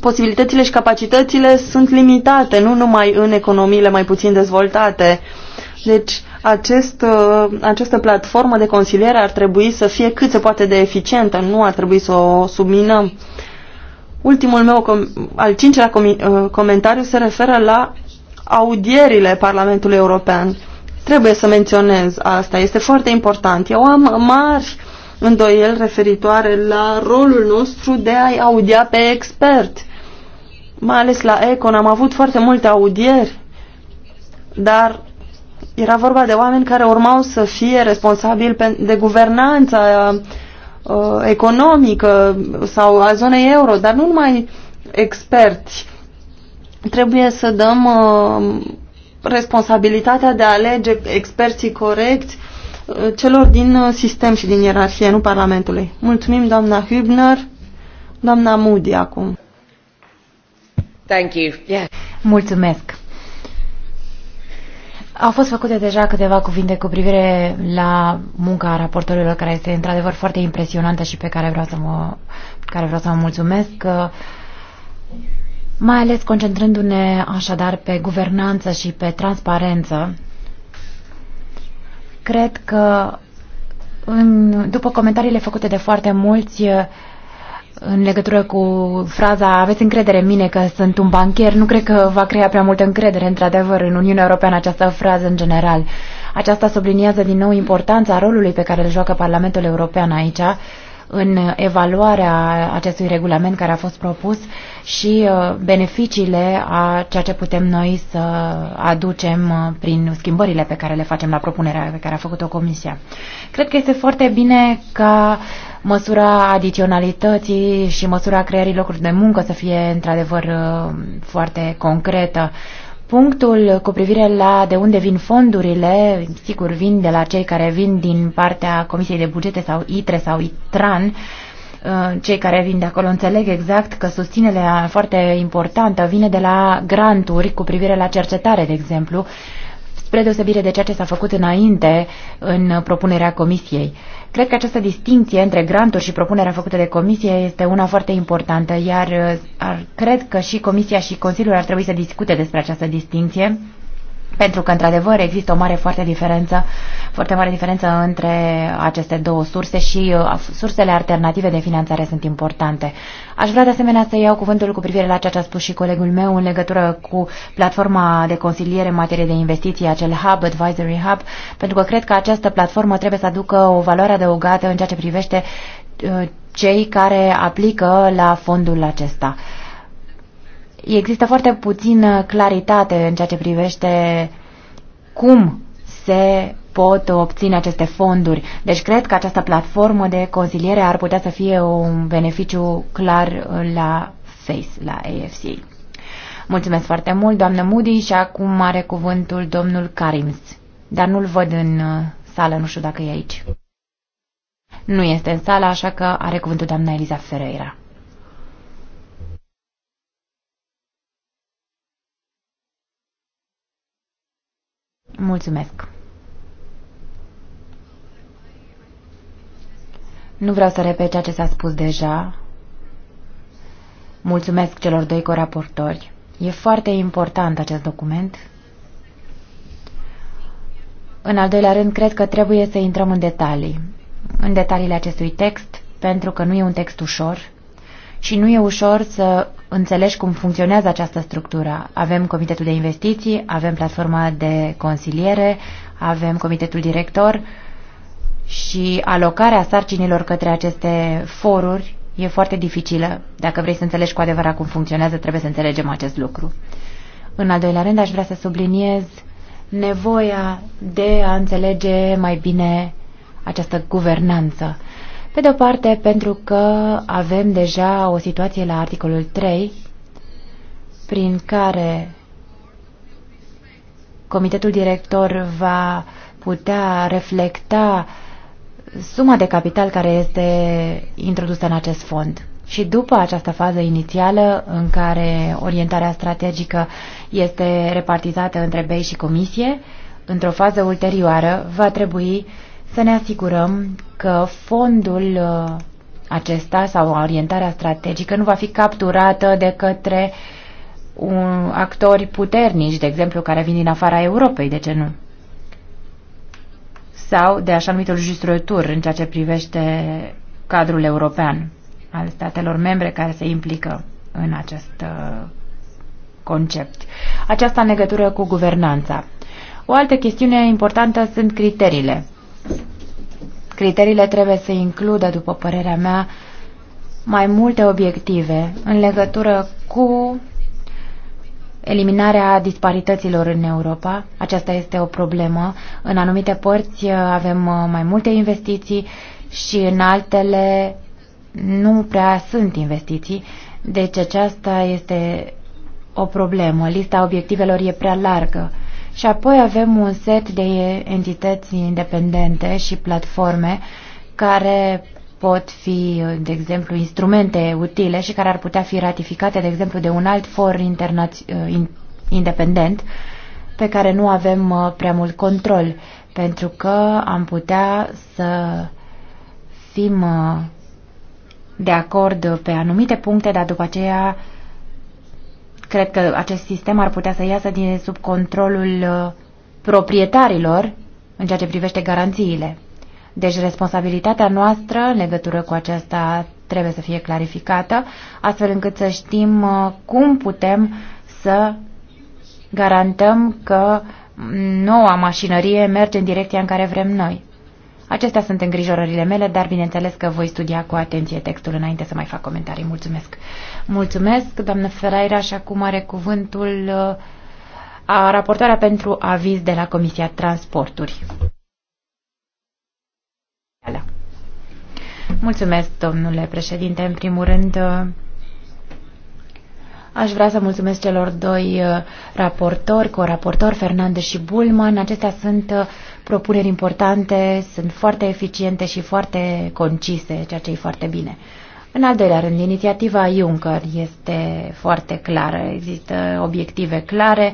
A: posibilitățile și capacitățile sunt limitate, nu numai în economiile mai puțin dezvoltate. Deci acest, uh, această platformă de consiliere ar trebui să fie cât se poate de eficientă, nu ar trebui să o subminăm. Ultimul meu, al cincilea uh, comentariu se referă la audierile Parlamentului European. Trebuie să menționez asta, este foarte important. Eu am mari îndoiel referitoare la rolul nostru de a-i audia pe expert. Mai ales la Econ am avut foarte multe audieri, dar era vorba de oameni care urmau să fie responsabili de guvernanța uh, economică sau a zonei euro, dar nu numai experți. Trebuie să dăm uh, responsabilitatea de a alege experții corecți celor din uh, sistem și din ierarhie, nu Parlamentului. Mulțumim, doamna Hübner. Doamna Moody acum.
B: Thank you. Yeah. Mulțumesc. Au fost făcute deja câteva cuvinte cu privire la munca raportorilor, care este într-adevăr foarte impresionantă și pe care vreau să mă, care vreau să mă mulțumesc. Uh, mai ales concentrându-ne așadar pe guvernanță și pe transparență, Cred că în, după comentariile făcute de foarte mulți uh, în legătură cu fraza aveți încredere în mine că sunt un bancher, nu cred că va crea prea multă încredere, într-adevăr, în Uniunea Europeană această frază în general. Aceasta subliniază din nou importanța rolului pe care îl joacă Parlamentul European aici în evaluarea acestui regulament care a fost propus și uh, beneficiile a ceea ce putem noi să aducem uh, prin schimbările pe care le facem la propunerea pe care a făcut-o Comisia. Cred că este foarte bine ca măsura adiționalității și măsura creării locurilor de muncă să fie într-adevăr uh, foarte concretă Punctul cu privire la de unde vin fondurile, sigur, vin de la cei care vin din partea Comisiei de Bugete sau ITRE sau ITRAN, uh, cei care vin de acolo înțeleg exact că susținele foarte importantă vine de la granturi cu privire la cercetare, de exemplu, spre deosebire de ceea ce s-a făcut înainte în propunerea Comisiei. Cred că această distinție între granturi și propunerea făcută de comisie este una foarte importantă, iar uh, ar, cred că și comisia și Consiliul ar trebui să discute despre această distinție pentru că, într-adevăr, există o mare foarte diferență, foarte mare diferență între aceste două surse și uh, sursele alternative de finanțare sunt importante. Aș vrea de asemenea să iau cuvântul cu privire la ceea ce a spus și colegul meu în legătură cu platforma de consiliere în materie de investiții, acel Hub, Advisory Hub, pentru că cred că această platformă trebuie să aducă o valoare adăugată în ceea ce privește uh, cei care aplică la fondul acesta. Uh, Există foarte puțină uh, claritate în ceea ce privește cum se pot obține aceste fonduri. Deci cred că această platformă de consiliere ar putea să fie un beneficiu clar uh, la FACE, la AFC. Mulțumesc foarte mult, doamnă Moody, și acum are cuvântul domnul Karims. Dar nu-l văd în uh, sală, nu știu dacă e aici. Nu este în sală, așa că are cuvântul doamna Eliza Ferreira. Mulțumesc. Nu vreau să repet ceea ce s-a spus deja. Mulțumesc celor doi coraportori. E foarte important acest document. În al doilea rând, cred că trebuie să intrăm în detalii. În detaliile acestui text, pentru că nu e un text ușor și nu e ușor să înțelegi cum funcționează această structură. Avem Comitetul de Investiții, avem platforma de consiliere, avem Comitetul Director și alocarea sarcinilor către aceste foruri e foarte dificilă. Dacă vrei să înțelegi cu adevărat cum funcționează, trebuie să înțelegem acest lucru. În al doilea rând, aș vrea să subliniez nevoia de a înțelege mai bine această guvernanță. Pe de o parte, pentru că avem deja o situație la articolul 3, prin care comitetul director va putea reflecta suma de capital care este introdusă în acest fond. Și după această fază inițială în care orientarea strategică este repartizată între BEI și Comisie, într-o fază ulterioară va trebui să ne asigurăm că fondul uh, acesta sau orientarea strategică nu va fi capturată de către un, actori puternici, de exemplu, care vin din afara Europei, de ce nu? Sau de așa numitul justrătur în ceea ce privește cadrul european al statelor membre care se implică în acest uh, concept. Aceasta în legătură cu guvernanța. O altă chestiune importantă sunt criteriile. Criteriile trebuie să includă, după părerea mea, mai multe obiective în legătură cu eliminarea disparităților în Europa. Aceasta este o problemă. În anumite părți uh, avem uh, mai multe investiții și în altele nu prea sunt investiții. Deci aceasta este o problemă. Lista obiectivelor e prea largă. Și apoi avem un set de entități independente și platforme care pot fi, de exemplu, instrumente utile și care ar putea fi ratificate, de exemplu, de un alt for independent pe care nu avem uh, prea mult control, pentru că am putea să fim uh, de acord pe anumite puncte, dar după aceea Cred că acest sistem ar putea să iasă din sub controlul uh, proprietarilor în ceea ce privește garanțiile. Deci responsabilitatea noastră în legătură cu aceasta trebuie să fie clarificată, astfel încât să știm uh, cum putem să garantăm că noua mașinărie merge în direcția în care vrem noi. Acestea sunt îngrijorările mele, dar bineînțeles că voi studia cu atenție textul înainte să mai fac comentarii. Mulțumesc! Mulțumesc, doamnă Ferreira, și acum are cuvântul uh, a raportarea pentru aviz de la Comisia Transporturi. Mulțumesc, domnule președinte. În primul rând, uh, Aș vrea să mulțumesc celor doi uh, raportori, co-raportori, Fernandez și Bulman. Acestea sunt propuneri importante, sunt foarte eficiente și foarte concise, ceea ce e foarte bine. În al doilea rând, inițiativa Juncker este foarte clară, există obiective clare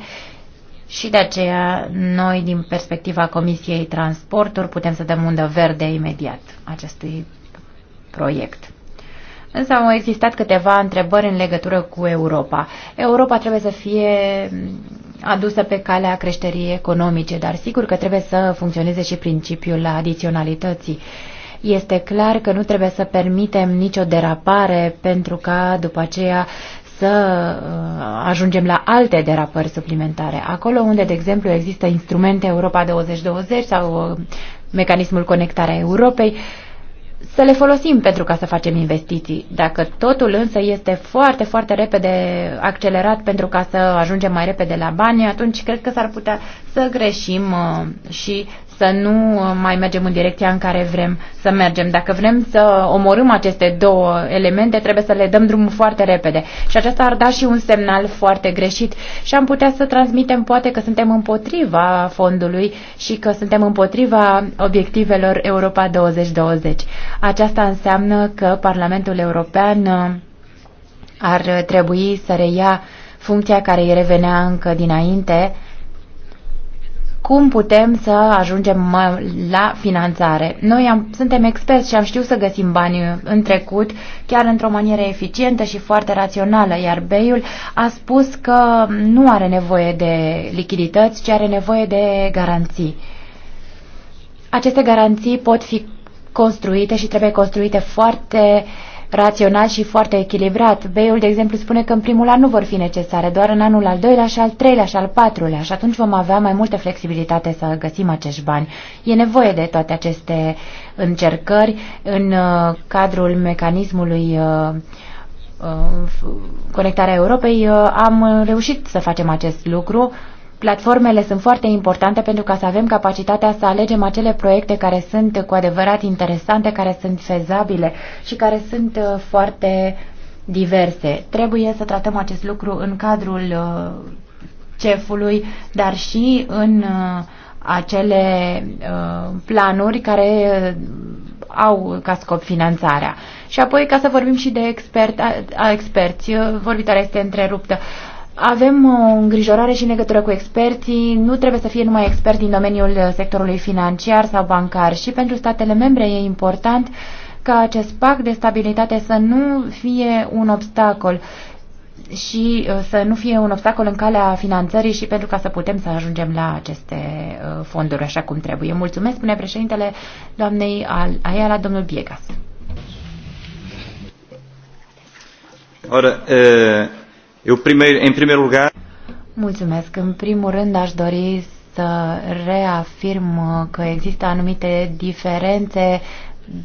B: și de aceea noi, din perspectiva Comisiei Transporturi, putem să dăm undă verde imediat acestui proiect. Însă au existat câteva întrebări în legătură cu Europa. Europa trebuie să fie adusă pe calea creșterii economice, dar sigur că trebuie să funcționeze și principiul adiționalității. Este clar că nu trebuie să permitem nicio derapare pentru ca după aceea să uh, ajungem la alte derapări suplimentare. Acolo unde, de exemplu, există instrumente Europa 2020 sau uh, mecanismul conectarea Europei, să le folosim pentru ca să facem investiții. Dacă totul însă este foarte, foarte repede accelerat pentru ca să ajungem mai repede la bani, atunci cred că s-ar putea să greșim uh, și să nu uh, mai mergem în direcția în care vrem să mergem. Dacă vrem să omorâm aceste două elemente, trebuie să le dăm drumul foarte repede. Și aceasta ar da și un semnal foarte greșit și am putea să transmitem poate că suntem împotriva fondului și că suntem împotriva obiectivelor Europa 2020. Aceasta înseamnă că Parlamentul European uh, ar trebui să reia funcția care îi revenea încă dinainte cum putem să ajungem la finanțare. Noi am, suntem experți și am știut să găsim bani în trecut, chiar într-o manieră eficientă și foarte rațională, iar Beiul a spus că nu are nevoie de lichidități, ci are nevoie de garanții. Aceste garanții pot fi construite și trebuie construite foarte uh, rațional și foarte echilibrat. Beiul, de exemplu, spune că în primul an nu vor fi necesare, doar în anul al doilea și al treilea și al patrulea și atunci vom avea mai multă flexibilitate să găsim acești bani. E nevoie de toate aceste încercări în uh, cadrul mecanismului uh, uh, Conectarea Europei. Am reușit să facem acest lucru Platformele sunt foarte importante pentru ca să avem capacitatea să alegem acele proiecte care sunt cu adevărat interesante, care sunt fezabile și care sunt uh, foarte diverse. Trebuie să tratăm acest lucru în cadrul uh, cefului, dar și în uh, acele planuri care au ca scop finanțarea. Și apoi, ca să vorbim și de expert, a, a experți, vorbitoarea este întreruptă. Avem o îngrijorare și în legătură cu experții. Nu trebuie să fie numai experți din domeniul sectorului financiar sau bancar. Și pentru statele membre e important ca acest pact de stabilitate să nu fie un obstacol și uh, să nu fie un obstacol în calea finanțării și pentru ca să putem să ajungem la aceste uh, fonduri așa cum trebuie. Mulțumesc, spune președintele doamnei Ayala, domnul Biegas. Ora, e... Eh, eu primeir, în primul lugar... Mulțumesc. În primul rând aș dori să reafirm că există anumite diferențe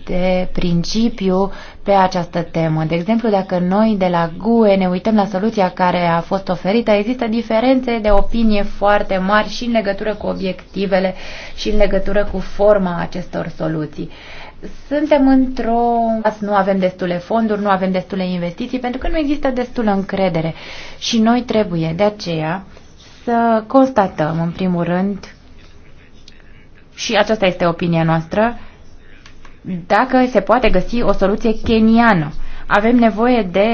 B: de principiu pe această temă. De exemplu, dacă noi de la GUE ne uităm la soluția care a fost oferită, există diferențe de opinie foarte mari și în legătură cu obiectivele și în legătură cu forma acestor soluții suntem într-o... nu avem destule fonduri, nu avem destule investiții, pentru că nu există destulă încredere. Și noi trebuie de aceea să constatăm, în primul rând, și aceasta este opinia noastră, dacă se poate găsi o soluție keniană. Avem nevoie de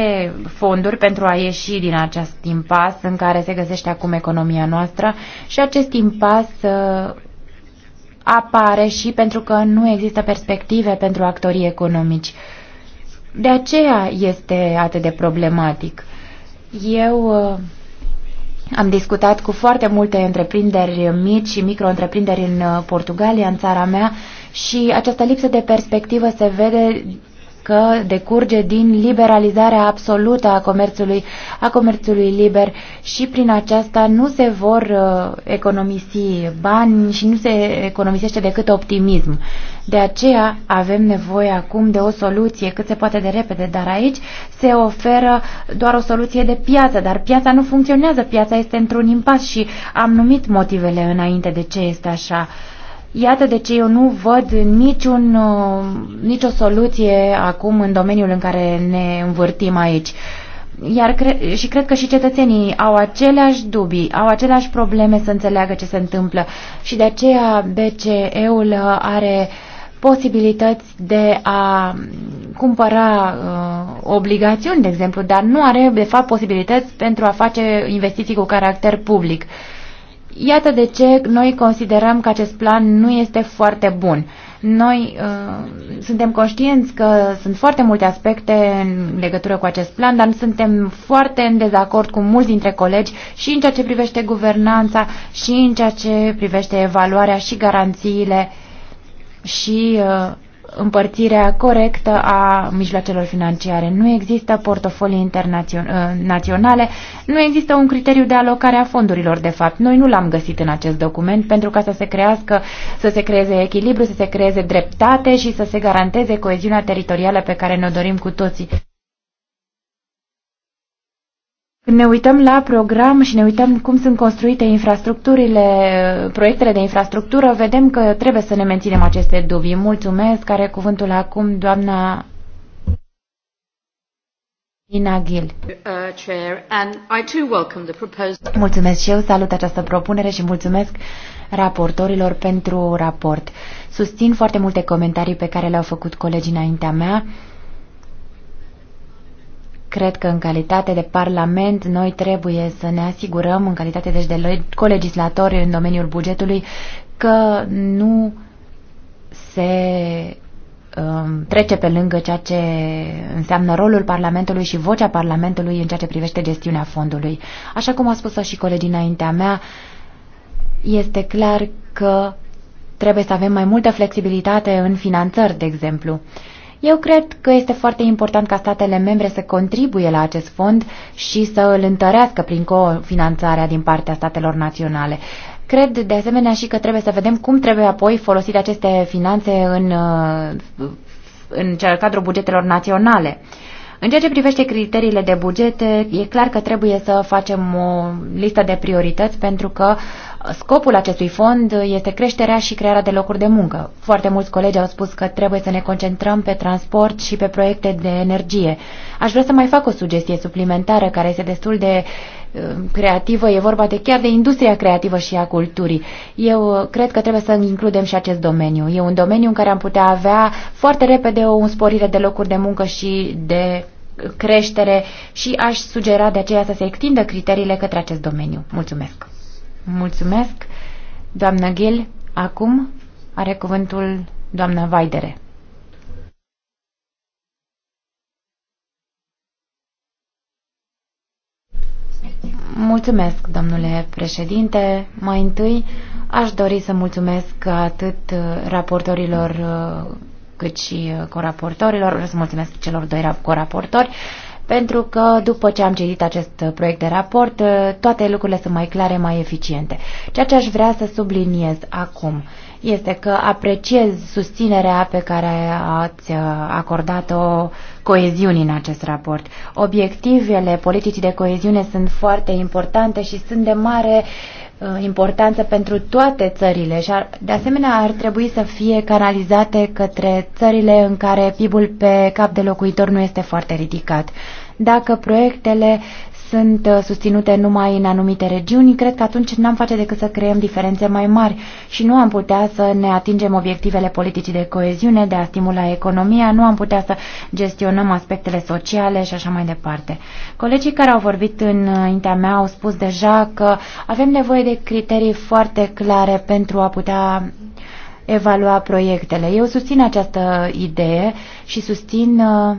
B: fonduri pentru a ieși din acest impas în care se găsește acum economia noastră și acest impas uh, apare și pentru că nu există perspective pentru actorii economici. De aceea este atât de problematic. Eu uh, am discutat cu foarte multe întreprinderi mici și micro-întreprinderi în uh, Portugalia, în țara mea, și această lipsă de perspectivă se vede că decurge din liberalizarea absolută a comerțului, a comerțului liber și prin aceasta nu se vor uh, economisi bani și nu se economisește decât optimism. De aceea avem nevoie acum de o soluție cât se poate de repede, dar aici se oferă doar o soluție de piață, dar piața nu funcționează, piața este într-un impas și am numit motivele înainte de ce este așa. Uh, Iată de ce eu nu văd niciun, uh, nicio soluție acum în domeniul în care ne învârtim aici. Iar cre- și cred că și cetățenii au aceleași dubii, au aceleași probleme să înțeleagă ce se întâmplă și de aceea BCE-ul are posibilități de a cumpăra uh, obligațiuni, de exemplu, dar nu are, de fapt, posibilități pentru a face investiții cu caracter public. Uh, Iată de ce noi considerăm că acest plan nu este foarte bun. Noi uh, suntem conștienți că sunt foarte multe aspecte în legătură cu acest plan, dar suntem foarte în dezacord cu mulți dintre colegi și în ceea ce privește guvernanța, și în ceea ce privește evaluarea și garanțiile și uh, împărțirea corectă a mijloacelor financiare. Nu există portofolii internaționale, ă, nu există un criteriu de alocare a fondurilor, de fapt. Noi nu l-am găsit în acest document pentru ca să se crească, să se creeze echilibru, să se creeze dreptate și să se garanteze coeziunea teritorială pe care ne-o dorim cu toții. Când ne uităm la program și ne uităm cum sunt construite infrastructurile, proiectele de infrastructură, vedem că trebuie să ne menținem aceste dubii. Mulțumesc. Care cuvântul acum, doamna Ina uh, Mulțumesc și eu, salut această propunere și mulțumesc raportorilor pentru raport. Susțin foarte multe comentarii pe care le-au făcut colegii înaintea mea Cred că în calitate de Parlament noi trebuie să ne asigurăm, în calitate deci de colegislatori în domeniul bugetului, că nu se um, trece pe lângă ceea ce înseamnă rolul Parlamentului și vocea Parlamentului în ceea ce privește gestiunea fondului. Așa cum a spus-o și colegii înaintea mea, este clar că trebuie să avem mai multă flexibilitate în finanțări, de exemplu. Uh, eu cred că este foarte important ca statele membre să contribuie la acest fond și să îl întărească prin cofinanțarea din partea statelor naționale. Cred de asemenea și că trebuie să vedem cum trebuie apoi folosite aceste finanțe în, uh, în cadrul bugetelor naționale. În ceea ce privește criteriile de bugete, e clar că trebuie să facem o listă de priorități pentru că Scopul acestui fond este creșterea și crearea de locuri de muncă. Foarte mulți colegi au spus că trebuie să ne concentrăm pe transport și pe proiecte de energie. Aș vrea să mai fac o sugestie suplimentară care este destul de uh, creativă, e vorba de chiar de industria creativă și a culturii. Eu uh, cred că trebuie să includem și acest domeniu. E un domeniu în care am putea avea foarte repede o sporire de locuri de muncă și de uh, creștere și aș sugera de aceea să se extindă criteriile către acest domeniu. Mulțumesc! Mulțumesc. Doamna Ghil, acum are cuvântul doamna Vaidere. Mulțumesc, domnule președinte. Mai întâi aș dori să mulțumesc atât uh, raportorilor uh, cât și uh, coraportorilor. Vreau să mulțumesc celor doi coraportori pentru că după ce am citit acest proiect de raport, toate lucrurile sunt mai clare, mai eficiente. Ceea ce aș vrea să subliniez acum este că apreciez susținerea pe care ați acordat-o coeziunii în acest raport. Obiectivele politicii de coeziune sunt foarte importante și sunt de mare uh, Uh, importanță pentru toate țările și ar, de asemenea ar trebui să fie canalizate către țările în care PIB-ul pe cap de locuitor nu este foarte ridicat. Dacă proiectele sunt uh, susținute numai în anumite regiuni, cred că atunci n-am face decât să creăm diferențe mai mari și nu am putea să ne atingem obiectivele politicii de coeziune, de a stimula economia, nu am putea să gestionăm aspectele sociale și așa mai departe. Colegii care au vorbit înaintea uh, mea au spus deja că avem nevoie de criterii foarte clare pentru a putea evalua proiectele. Eu susțin această idee și susțin uh,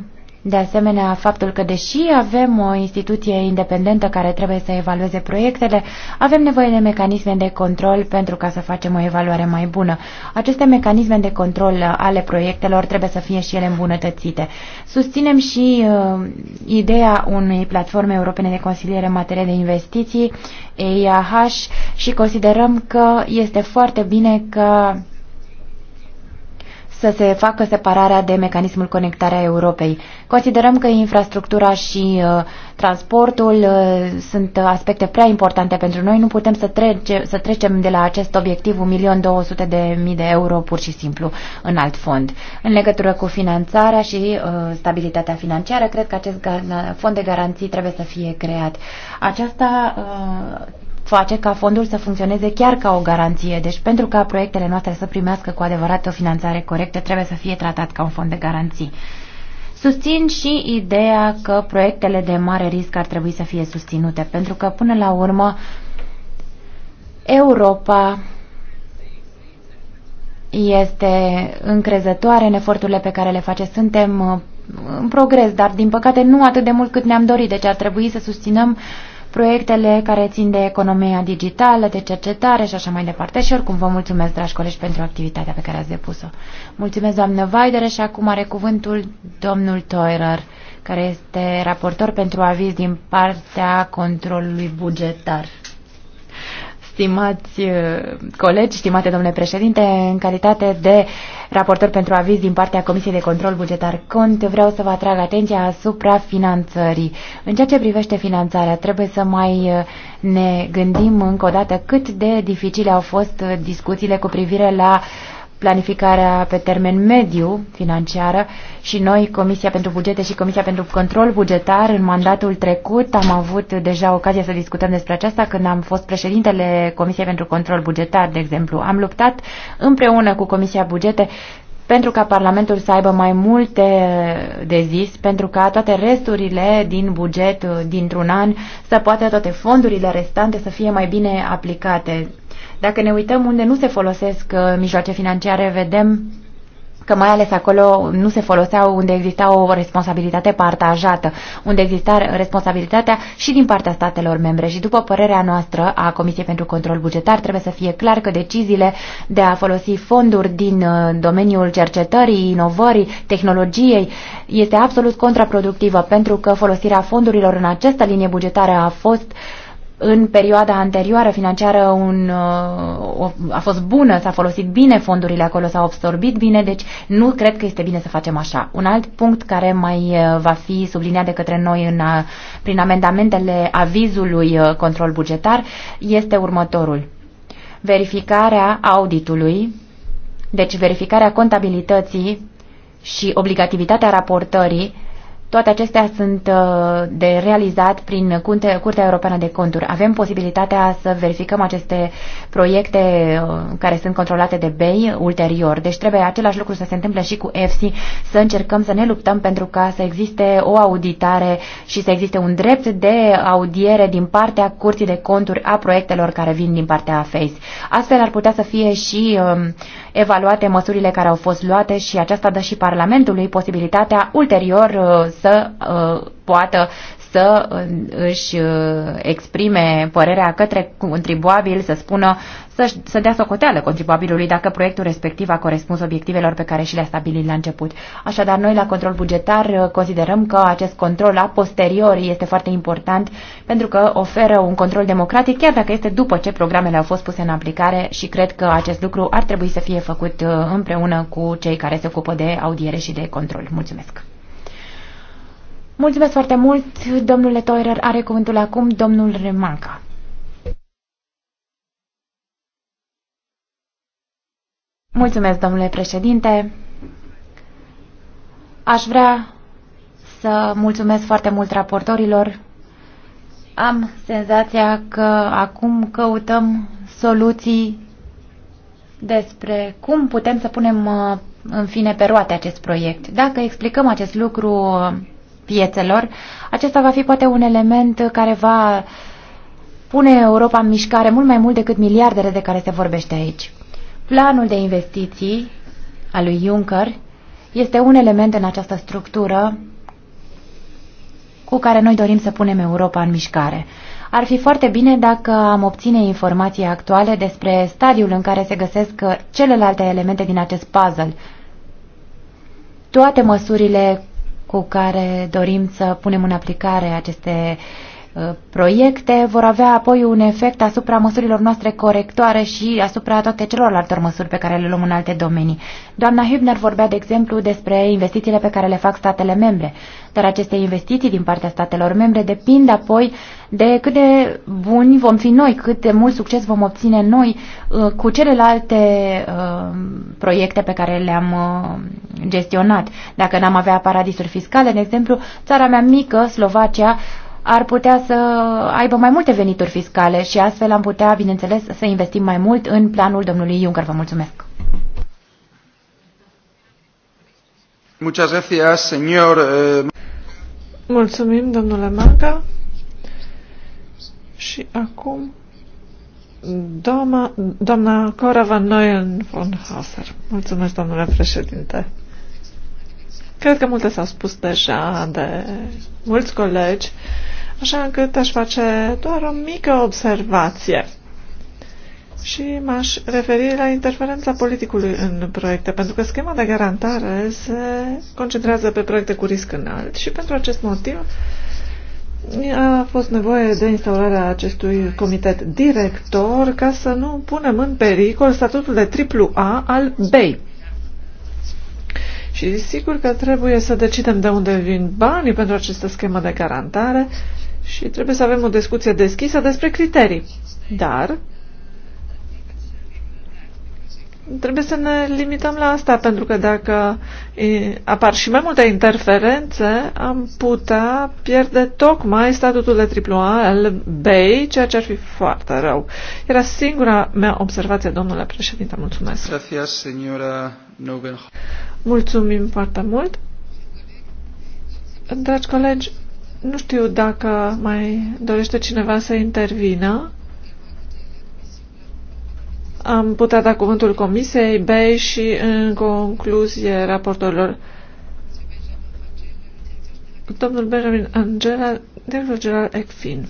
B: de asemenea, faptul că deși avem o instituție independentă care trebuie să evalueze proiectele, avem nevoie de mecanisme de control pentru ca să facem o evaluare mai bună. Aceste mecanisme de control ale proiectelor trebuie să fie și ele îmbunătățite. Susținem și uh, ideea unei platforme europene de consiliere în materie de investiții, EIAH, și considerăm că este foarte bine că să se facă separarea de mecanismul conectarea Europei. Considerăm că infrastructura și uh, transportul uh, sunt aspecte prea importante pentru noi. Nu putem să, trece, să trecem de la acest obiectiv 1.200.000 de de euro pur și simplu în alt fond. În legătură cu finanțarea și uh, stabilitatea financiară, cred că acest fond de garanții trebuie să fie creat. Aceasta uh, face ca fondul să funcționeze chiar ca o garanție. Deci pentru ca proiectele noastre să primească cu adevărat o finanțare corectă, trebuie să fie tratat ca un fond de garanții. Susțin și ideea că proiectele de mare risc ar trebui să fie susținute, pentru că până la urmă Europa este încrezătoare în eforturile pe care le face. Suntem uh, în progres, dar din păcate nu atât de mult cât ne-am dorit, deci ar trebui să susținem uh, proiectele care țin de economia digitală, de cercetare și așa mai departe. Și oricum vă mulțumesc, dragi colegi, pentru activitatea pe care ați depus-o. Mulțumesc, doamnă Vaidere, și acum are cuvântul domnul Toirer, care este raportor pentru aviz din partea controlului bugetar. Stimați uh, colegi, stimate domnule președinte, în calitate de raportor pentru aviz din partea Comisiei de Control Bugetar Cont, vreau să vă atrag atenția asupra finanțării. În ceea ce privește finanțarea, trebuie să mai uh, ne gândim încă o dată cât de dificile au fost uh, discuțiile cu privire la uh, planificarea pe termen mediu financiară și noi, Comisia pentru Bugete și Comisia pentru Control Bugetar, în mandatul trecut am avut deja ocazia să discutăm despre aceasta când am fost președintele Comisiei pentru Control Bugetar, de exemplu. Am luptat împreună cu Comisia Bugete pentru ca Parlamentul să aibă mai multe de zis, pentru ca toate resturile din buget dintr-un an să poată toate fondurile restante să fie mai bine aplicate dacă ne uităm unde nu se folosesc uh, mijloace financiare, vedem că mai ales acolo nu se foloseau unde exista o responsabilitate partajată, unde exista responsabilitatea și din partea statelor membre. Și după părerea noastră a Comisiei pentru Control Bugetar, trebuie să fie clar că deciziile de a folosi fonduri din uh, domeniul cercetării, inovării, tehnologiei este absolut contraproductivă, pentru că folosirea fondurilor în această linie bugetară a fost uh, în perioada anterioară financiară un, uh, a fost bună, s-a folosit bine fondurile acolo, s-au absorbit bine, deci nu cred că este bine să facem așa. Un alt punct care mai uh, va fi subliniat de către noi în, prin amendamentele avizului uh, control bugetar este următorul. Verificarea auditului, deci verificarea contabilității și obligativitatea raportării toate acestea sunt uh, de realizat prin Curtea Europeană de Conturi. Avem posibilitatea să verificăm aceste proiecte uh, care sunt controlate de BEI ulterior. Deci trebuie același lucru să se întâmple și cu EFSI, să încercăm să ne luptăm pentru ca să existe o auditare și să existe un drept de audiere din partea Curții de Conturi a proiectelor care vin din partea FACE. Astfel ar putea să fie și um, evaluate măsurile care au fost luate și aceasta dă și Parlamentului posibilitatea ulterior uh, să uh, poată să uh, își uh, exprime părerea către contribuabil, să spună, să, să dea socoteală contribuabilului dacă proiectul respectiv a corespuns obiectivelor pe care și le-a stabilit la început. Așadar, noi la control bugetar considerăm că acest control a posteriori este foarte important pentru că oferă un control democratic chiar dacă este după ce programele au fost puse în aplicare și cred că acest lucru ar trebui să fie făcut împreună cu cei care se ocupă de audiere și de control. Mulțumesc! Mulțumesc foarte mult, domnule Toirer. Are cuvântul acum domnul Remanca. Mulțumesc, domnule președinte. Aș vrea să mulțumesc foarte mult raportorilor. Am senzația că acum căutăm soluții despre cum putem să punem uh, în fine pe roate acest proiect. Dacă explicăm acest lucru uh, piețelor. Acesta va fi poate un element care va pune Europa în mișcare mult mai mult decât miliardele de care se vorbește aici. Planul de investiții al lui Juncker este un element în această structură cu care noi dorim să punem Europa în mișcare. Ar fi foarte bine dacă am obține informații actuale despre stadiul în care se găsesc celelalte elemente din acest puzzle. Toate măsurile cu care dorim să punem în aplicare aceste proiecte vor avea apoi un efect asupra măsurilor noastre corectoare și asupra toate celorlalte măsuri pe care le luăm în alte domenii. Doamna Hübner vorbea, de exemplu, despre investițiile pe care le fac statele membre, dar aceste investiții din partea statelor membre depind apoi de cât de buni vom fi noi, cât de mult succes vom obține noi uh, cu celelalte uh, proiecte pe care le-am uh, gestionat. Dacă n-am avea paradisuri fiscale, de exemplu, țara mea mică, Slovacia, ar putea să aibă mai multe venituri fiscale și astfel am putea, bineînțeles, să investim mai mult în planul domnului Juncker. Vă mulțumesc!
A: Eh,
C: Mulțumim, domnule maga. Și acum, doamna, Cora van von Hauser. Mulțumesc, domnule președinte. Cred că multe s-au spus deja de mulți colegi, așa încât aș face doar o mică observație și m-aș referi la interferența politicului în proiecte, pentru că schema de garantare se concentrează pe proiecte cu risc înalt și pentru acest motiv a fost nevoie de instaurarea acestui comitet director ca să nu punem în pericol statutul de triplu A al BEI. Și sigur că trebuie să decidem de unde vin banii pentru această schemă de garantare și trebuie să avem o discuție deschisă despre criterii. Dar trebuie să ne limităm la asta, pentru că dacă apar și mai multe interferențe, am putea pierde tocmai statutul de triplu A al BEI, ceea ce ar fi foarte rău. Era singura mea observație, domnule președinte. Mulțumesc. Gracias,
B: señora
C: Mulțumim foarte mult. Dragi colegi, nu știu dacă mai dorește cineva să intervină. Am putea da cuvântul Comisiei B și, în concluzie, raportorilor. Domnul Benjamin Angela, director general ECFIN.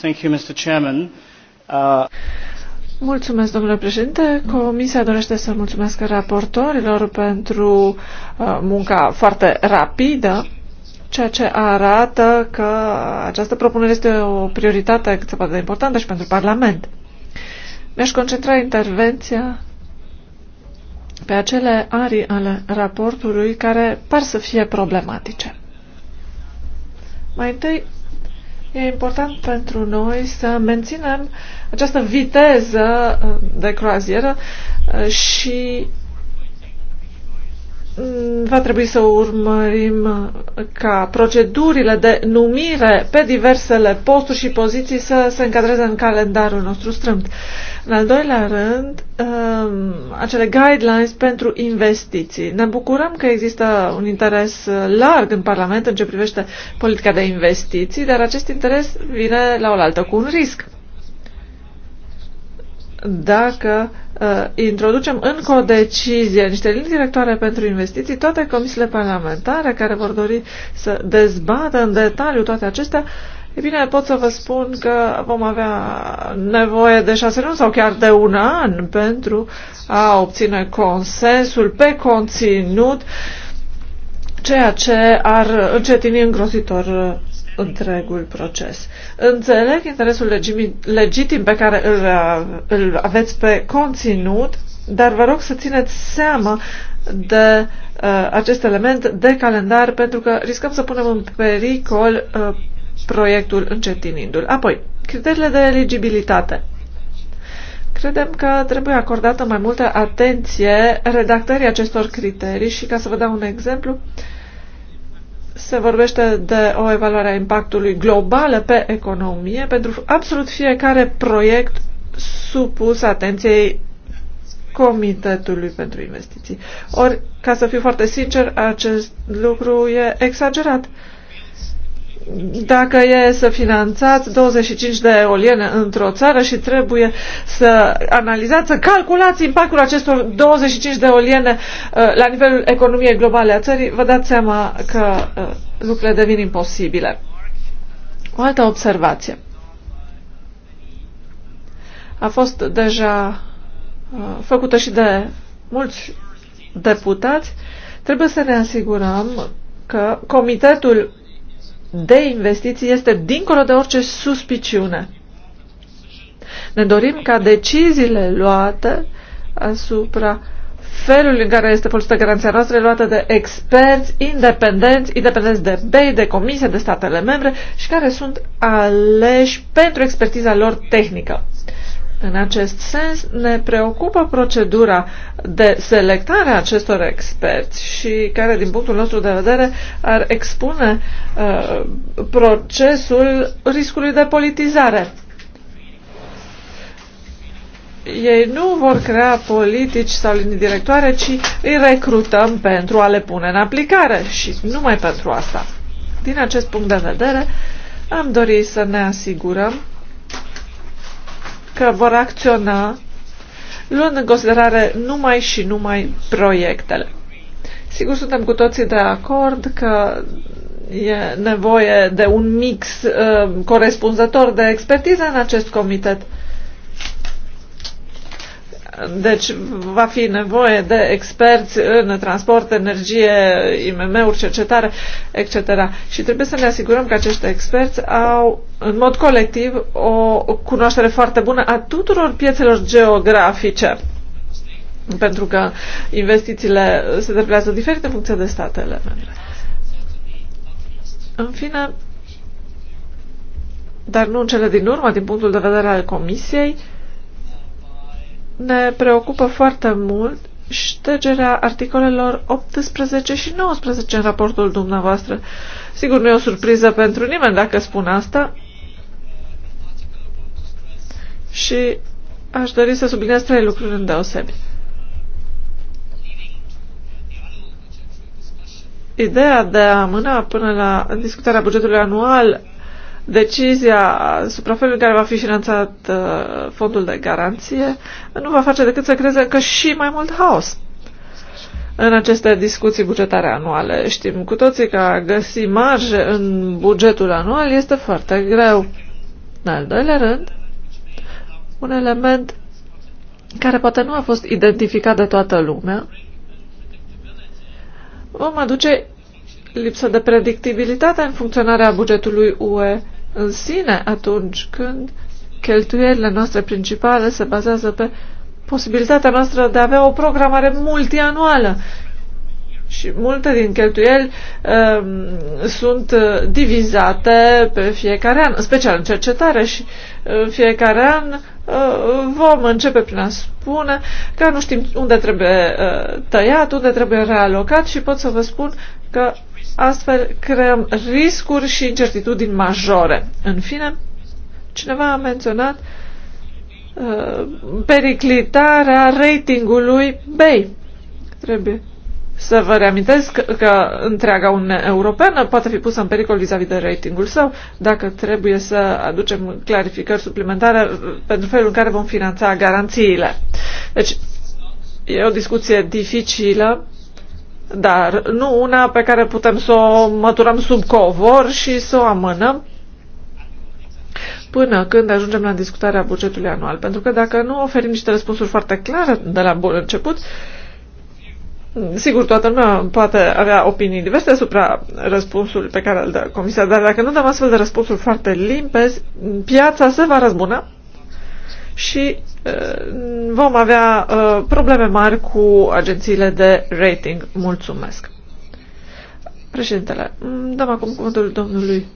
C: Thank you, Mr. Chairman. Uh... Mulțumesc, domnule președinte. Comisia dorește să mulțumesc raportorilor pentru uh, munca foarte rapidă ceea ce arată că această propunere este o prioritate cât se poate de importantă și pentru Parlament. Mi-aș concentra intervenția pe acele arii ale raportului care par să fie problematice. Mai întâi, e important pentru noi să menținem această viteză uh, de croazieră uh, și Mm, va trebui să urmărim uh, ca procedurile de numire pe diversele posturi și poziții să se încadreze în calendarul nostru strâmt. În al doilea rând, um, acele guidelines pentru investiții. Ne bucurăm că există un interes uh, larg în Parlament în ce privește politica de investiții, dar acest interes vine la oaltă cu un risc. Dacă uh, introducem o decizie, niște linii directoare pentru investiții, toate comisiile parlamentare care vor dori să dezbată în detaliu toate acestea, E bine, pot să vă spun că vom avea nevoie de șase luni sau chiar de un an pentru a obține consensul pe conținut, ceea ce ar încetini îngrozitor întregul proces. Înțeleg interesul legitim pe care îl, îl aveți pe conținut, dar vă rog să țineți seama de uh, acest element de calendar, pentru că riscăm să punem în pericol uh, proiectul încetinindu-l. Apoi, criteriile de eligibilitate. Credem că trebuie acordată mai multă atenție redactării acestor criterii și ca să vă dau un exemplu, uh, se vorbește de o evaluare a impactului globală pe economie pentru absolut fiecare proiect supus atenției Comitetului pentru Investiții. Ori, ca să fiu foarte sincer, acest lucru e exagerat. Uh, dacă e să finanțați 25 de eoliene într-o țară și trebuie să analizați, să calculați impactul acestor 25 de eoliene uh, la nivelul economiei globale a țării, vă dați seama că uh, lucrurile devin imposibile. O altă observație. A fost deja uh, făcută și de mulți deputați. Trebuie să ne asigurăm că Comitetul de investiții este dincolo de orice suspiciune. Ne dorim ca deciziile luate asupra felul în care este folosită garanția noastră luată de experți independenți, independenți de BEI, de comisie, de statele membre și care sunt aleși pentru expertiza lor tehnică. În acest sens, ne preocupă procedura de selectare a acestor experți și care, din punctul nostru de vedere, ar expune uh, procesul riscului de politizare. Ei nu vor crea politici sau linii directoare, ci îi recrutăm pentru a le pune în aplicare și numai pentru asta. Din acest punct de vedere, am dorit să ne asigurăm că vor acționa luând în considerare numai și numai proiectele. Sigur, suntem cu toții de acord că e nevoie de un mix uh, corespunzător de expertiză în acest comitet. Uh, deci va fi nevoie de experți în transport, energie, IMM-uri, cercetare, etc. Și trebuie să ne asigurăm că acești experți au, în mod colectiv, o cunoaștere foarte bună a tuturor piețelor geografice. Pentru că investițiile se derulează diferit în funcție de statele membre. În fine, dar nu în cele din urmă, din punctul de vedere al Comisiei, uh, ne preocupă foarte mult ștergerea articolelor 18 și 19 în raportul dumneavoastră. Sigur, nu e o surpriză pentru nimeni dacă spun asta. Și aș dori să subliniez trei lucruri îndeosebi. Ideea de a amâna până la discutarea bugetului anual decizia asupra felului care va fi finanțat uh, fondul de garanție nu va face decât să creeze că și mai mult haos. În aceste discuții bugetare anuale știm cu toții că a găsi marge în bugetul anual este foarte greu. În al doilea rând, un element care poate nu a fost identificat de toată lumea, vom aduce lipsă de predictibilitate în funcționarea bugetului UE în sine atunci când cheltuielile noastre principale se bazează pe posibilitatea noastră de a avea o programare multianuală. Și multe din cheltuieli um, uh, sunt divizate pe fiecare an, în special în cercetare și uh, fiecare an uh, vom începe prin a spune că nu știm unde trebuie uh, tăiat, unde trebuie realocat și pot să vă spun că Astfel creăm riscuri și incertitudini majore. În fine, cineva a menționat uh, periclitarea ratingului BEI. Trebuie să vă reamintesc că întreaga Uniune Europeană poate fi pusă în pericol vis-a-vis -vis de ratingul său dacă trebuie să aducem clarificări suplimentare pentru felul în care vom finanța garanțiile. Deci e o discuție dificilă dar nu una pe care putem să o măturăm sub covor și să o amânăm până când ajungem la discutarea bugetului anual. Pentru că dacă nu oferim niște răspunsuri foarte clare de la bun început, sigur, toată lumea poate avea opinii diverse asupra răspunsului pe care îl dă Comisia, dar dacă nu dăm astfel de răspunsuri foarte limpezi, piața se va răzbuna și uh, vom avea uh, probleme mari cu agențiile de rating. Mulțumesc. Președintele, mm, dăm acum cuvântul domnului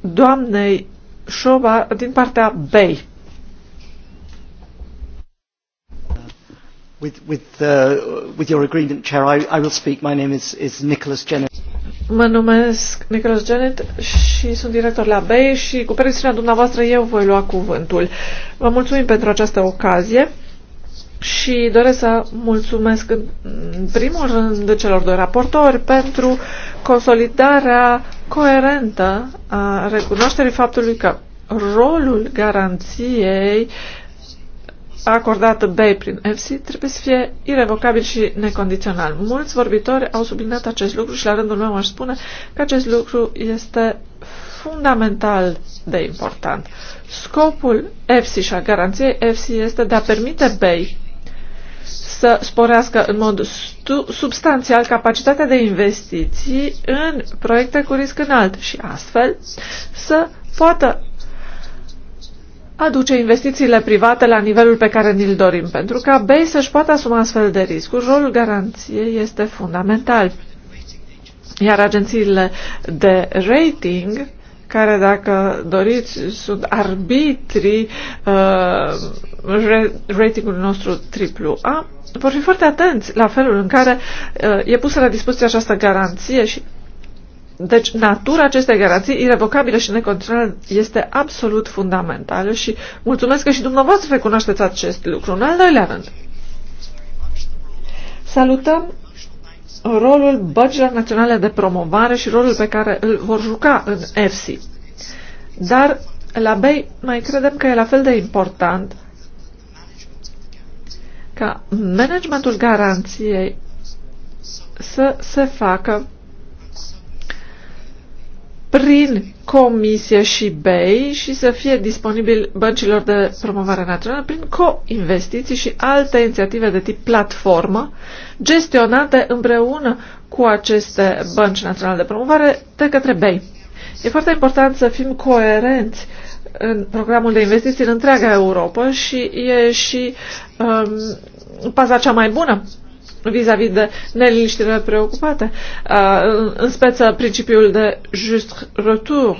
C: doamnei Șoba din partea BEI. With, with,
B: uh, with your agreement, Chair, I, I will speak. My name is, is Nicholas Jenner.
C: Mă numesc Nicolae Janet și sunt director la BEI și cu permisiunea dumneavoastră eu voi lua cuvântul. Vă mulțumim pentru această ocazie și doresc să mulțumesc în primul rând celor doi raportori pentru consolidarea coerentă a recunoașterii faptului că rolul garanției acordată B prin EFSI trebuie să fie irevocabil și necondițional. Mulți vorbitori au subliniat acest lucru și la rândul meu aș spune că acest lucru este fundamental de important. Scopul EFSI și a garanției EFSI este de a permite BEI să sporească în mod substanțial capacitatea de investiții în proiecte cu risc înalt și astfel să poată aduce investițiile private la nivelul pe care ni-l dorim. Pentru ca BEI să-și poată asuma astfel de riscuri, rolul garanției este fundamental. Iar agențiile de rating, care, dacă doriți, sunt arbitrii uh, ratingul nostru AAA, vor fi foarte atenți la felul în care uh, e pusă la dispoziție această garanție și deci, natura acestei garanții, irrevocabile și necondiționale este absolut fundamentală și mulțumesc că și dumneavoastră recunoașteți acest lucru. În al doilea rând, salutăm rolul băgilor naționale de promovare și rolul pe care îl vor juca în EFSI. Dar la BEI mai credem că e la fel de important ca managementul garanției să se facă prin Comisie și BEI și să fie disponibil băncilor de promovare națională prin co-investiții și alte inițiative de tip platformă gestionate împreună cu aceste bănci naționale de promovare de către BEI. E foarte important să fim coerenți în programul de investiții în întreaga Europa și e și um, paza cea mai bună vis-a-vis -vis de neliniștile preocupate, în speță principiul de just retour.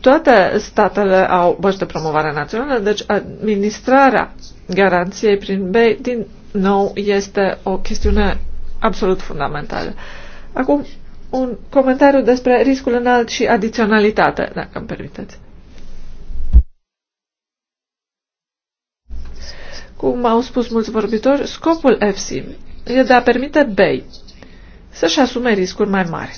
C: Toate statele au băști de promovare națională, deci administrarea garanției prin BEI, din nou, este o chestiune absolut fundamentală. Acum, un comentariu despre riscul înalt și adiționalitate, dacă îmi permiteți. cum au spus mulți vorbitori, scopul EFSI e de a permite BEI să-și asume riscuri mai mari.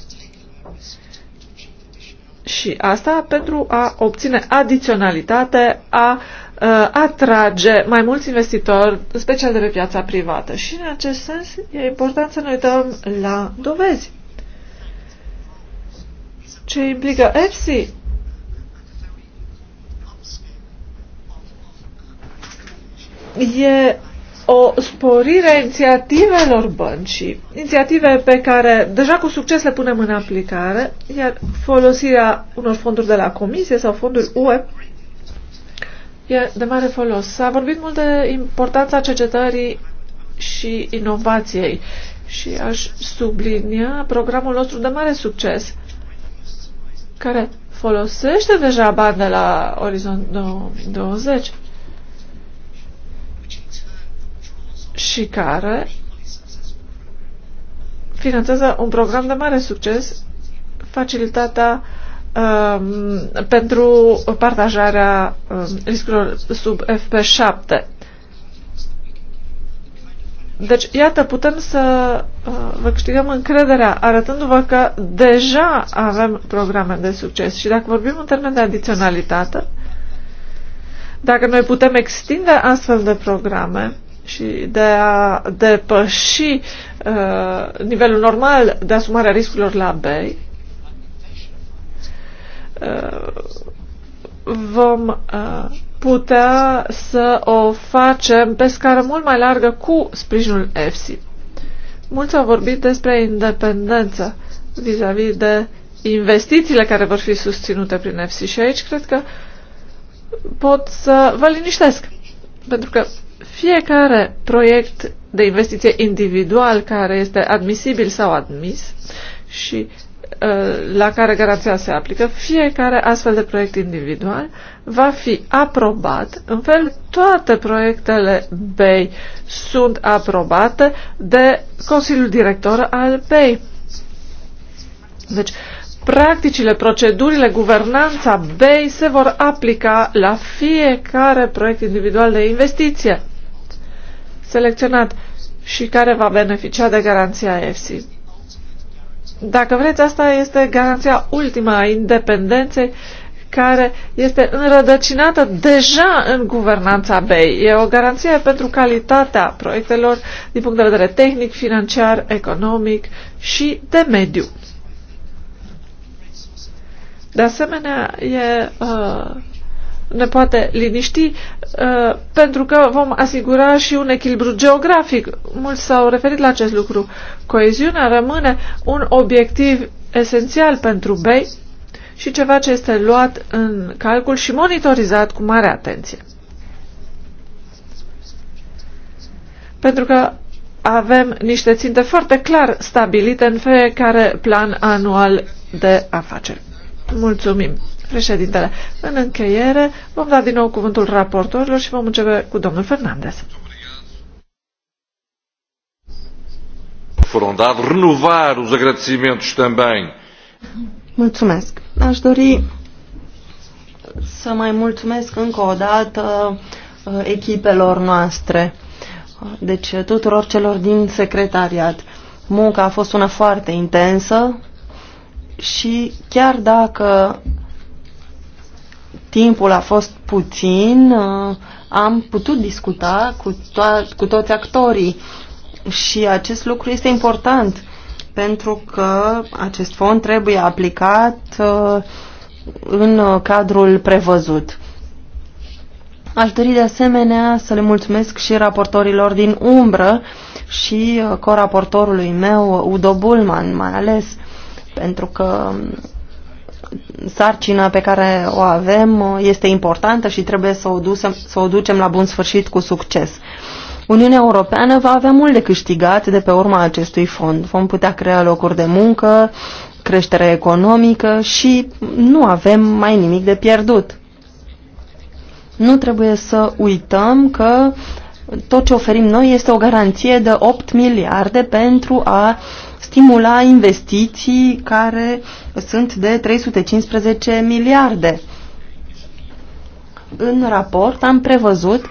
C: Și asta pentru a obține adiționalitate, a uh, atrage mai mulți investitori, în special de pe piața privată. Și în acest sens e important să ne uităm la dovezi. Ce implică EFSI e o sporire a inițiativelor băncii, inițiative pe care deja cu succes le punem în aplicare, iar folosirea unor fonduri de la Comisie sau fonduri UE e de mare folos. S-a vorbit mult de importanța cercetării și inovației și aș sublinia programul nostru de mare succes care folosește deja bani de la Orizont 2020 și care finanțează un program de mare succes, facilitatea um, pentru partajarea um, riscurilor sub FP7. Deci, iată, putem să uh, vă câștigăm încrederea arătându-vă că deja avem programe de succes și dacă vorbim în termen de adiționalitate, dacă noi putem extinde astfel de programe, și de a depăși uh, nivelul normal de asumare a riscurilor la BEI, uh, vom uh, putea să o facem pe scară mult mai largă cu sprijinul EFSI. Mulți au vorbit despre independență vis-a-vis -vis de investițiile care vor fi susținute prin EFSI și aici cred că pot să vă liniștesc. Pentru că fiecare proiect de investiție individual care este admisibil sau admis și uh, la care garanția se aplică, fiecare astfel de proiect individual va fi aprobat. În fel, toate proiectele BEI sunt aprobate de Consiliul Director al BEI. Deci, practicile, procedurile, guvernanța BEI se vor aplica la fiecare proiect individual de investiție selecționat și care va beneficia de garanția EFSI. Dacă vreți, asta este garanția ultima a independenței care este înrădăcinată deja în guvernanța BEI. E o garanție pentru calitatea proiectelor din punct de vedere tehnic, financiar, economic și de mediu. De asemenea, e uh, ne poate liniști uh, pentru că vom asigura și un echilibru geografic. Mulți s-au referit la acest lucru. Coeziunea rămâne un obiectiv esențial pentru BEI și ceva ce este luat în calcul și monitorizat cu mare atenție. Pentru că avem niște ținte foarte clar stabilite în fiecare plan anual de afaceri. Mulțumim! Președintele, în încheiere vom da din nou cuvântul raportorilor și vom începe cu domnul Fernandez. Foram dados renovar os agradecimentos também.
A: Mulțumesc. Aș dori să mai mulțumesc încă o dată uh, echipelor noastre, uh, deci tuturor celor din secretariat. Munca a fost una foarte intensă și chiar dacă timpul a fost puțin, uh, am putut discuta cu, to- cu toți actorii și acest lucru este important pentru că acest fond trebuie aplicat uh, în uh, cadrul prevăzut. Aș dori de asemenea să le mulțumesc și raportorilor din umbră și coraportorului meu, Udo Bulman, mai ales, pentru că um, sarcina pe care o avem este importantă și trebuie să o, ducem, să o ducem la bun sfârșit cu succes. Uniunea Europeană va avea mult de câștigat de pe urma acestui fond. Vom putea crea locuri de muncă, creștere economică și nu avem mai nimic de pierdut. Nu trebuie să uităm că tot ce oferim noi este o garanție de 8 miliarde pentru a stimula investiții care sunt de 315 miliarde. În raport am prevăzut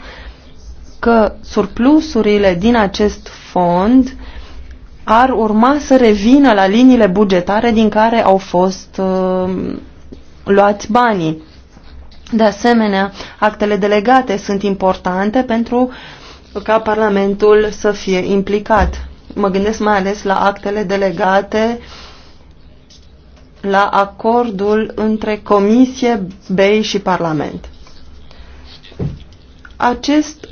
A: că surplusurile din acest fond ar urma să revină la liniile bugetare din care au fost uh, luați banii. De asemenea, actele delegate sunt importante pentru uh, ca Parlamentul să fie implicat. Mă gândesc mai ales la actele delegate, la acordul între Comisie, BEI și Parlament. Acest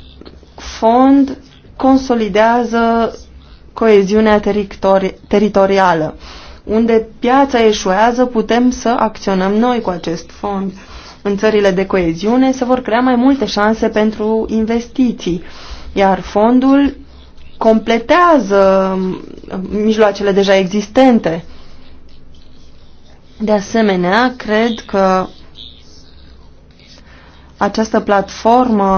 A: fond consolidează coeziunea teritori teritorială. Unde piața eșuează, putem să acționăm noi cu acest fond. În țările de coeziune se vor crea mai multe șanse pentru investiții iar fondul completează mijloacele deja existente. De asemenea, cred că această platformă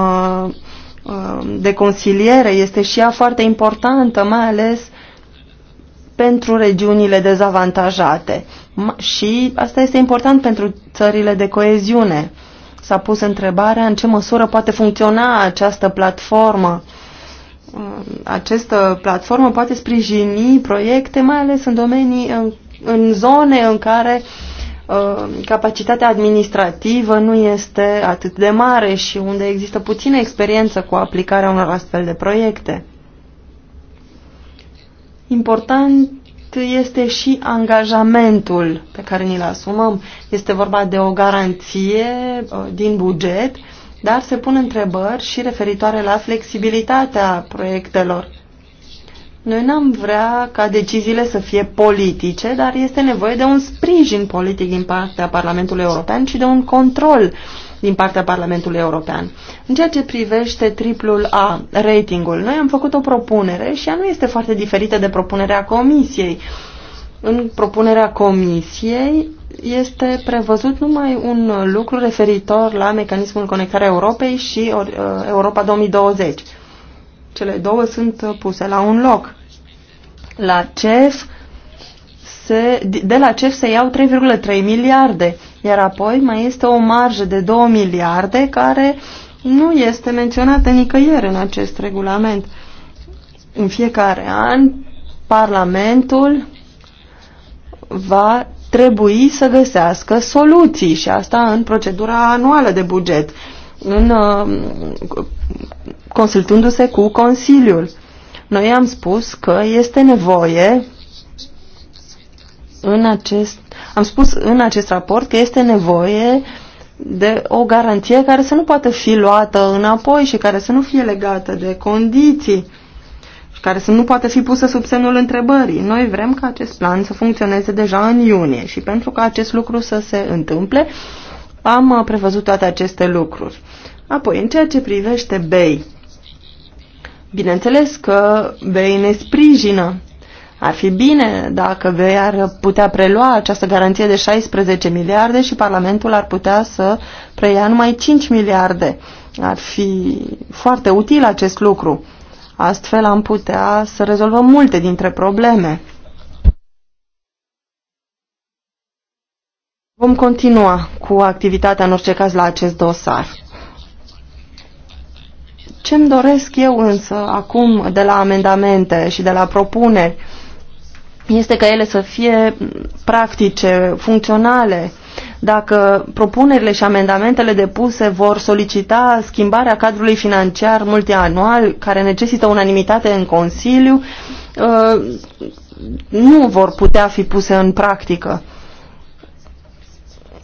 A: uh, de consiliere este și ea foarte importantă, mai ales pentru regiunile dezavantajate. Și asta este important pentru țările de coeziune s-a pus întrebarea în ce măsură poate funcționa această platformă. Mm, această platformă poate sprijini proiecte, mai ales în domenii, în, în zone în care uh, capacitatea administrativă nu este atât de mare și unde există puțină experiență cu aplicarea unor astfel de proiecte. Important este și angajamentul pe care ni-l asumăm. Este vorba de o garanție uh, din buget, dar se pun întrebări și referitoare la flexibilitatea proiectelor. Noi n-am vrea ca deciziile să fie politice, dar este nevoie de un sprijin politic din partea Parlamentului European și de un control din partea Parlamentului European. În ceea ce privește triplul A, ratingul, noi am făcut o propunere și ea nu este foarte diferită de propunerea Comisiei. În propunerea Comisiei este prevăzut numai un lucru referitor la mecanismul conectarea Europei și uh, Europa 2020. Cele două sunt puse la un loc. La CEF se, de la CEF se iau 3,3 miliarde, iar apoi mai este o marjă de 2 miliarde care nu este menționată nicăieri în acest regulament. În fiecare an, Parlamentul va trebui să găsească soluții și asta în procedura anuală de buget, în, uh, consultându-se cu Consiliul. Noi am spus că este nevoie în acest, am spus în acest raport că este nevoie de o garanție care să nu poată fi luată înapoi și care să nu fie legată de condiții și care să nu poată fi pusă sub semnul întrebării. Noi vrem ca acest plan să funcționeze deja în iunie și pentru ca acest lucru să se întâmple am uh, prevăzut toate aceste lucruri. Apoi, în ceea ce privește BEI, bineînțeles că BEI ne sprijină ar fi bine dacă vei ar putea prelua această garanție de 16 miliarde și Parlamentul ar putea să preia numai 5 miliarde. Ar fi foarte util acest lucru. Astfel am putea să rezolvăm multe dintre probleme. Vom continua cu activitatea în orice caz la acest dosar. Ce-mi doresc eu însă acum de la amendamente și de la propuneri este ca ele să fie practice, funcționale. Dacă propunerile și amendamentele depuse vor solicita schimbarea cadrului financiar multianual, care necesită unanimitate în Consiliu, uh, nu vor putea fi puse în practică.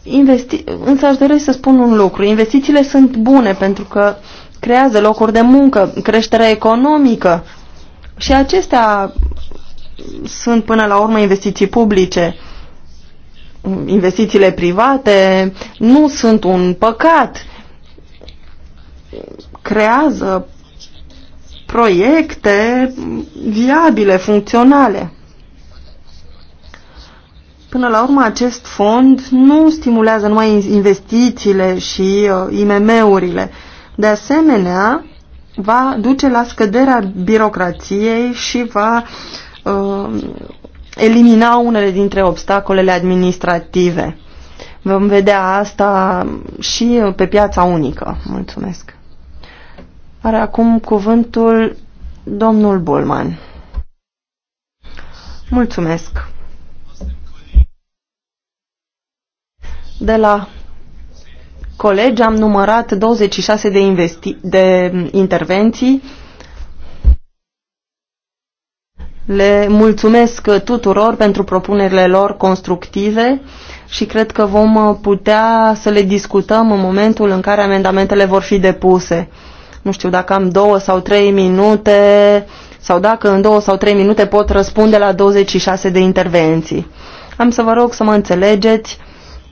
A: Investi... Însă aș dori să spun un lucru. Investițiile sunt bune pentru că creează locuri de muncă, creștere economică și acestea sunt până la urmă investiții publice. Investițiile private nu sunt un păcat. Creează proiecte viabile, funcționale. Până la urmă, acest fond nu stimulează numai investițiile și uh, IMM-urile. De asemenea, va duce la scăderea birocrației și va uh, uh, elimina unele dintre obstacolele administrative. Vom vedea asta și pe piața unică. Mulțumesc. Are acum cuvântul domnul Bulman. Mulțumesc. De la colegi am numărat 26 de, de intervenții le mulțumesc tuturor pentru propunerile lor constructive și cred că vom putea să le discutăm în momentul în care amendamentele vor fi depuse. Nu știu dacă am două sau trei minute sau dacă în două sau trei minute pot răspunde la 26 de intervenții. Am să vă rog să mă înțelegeți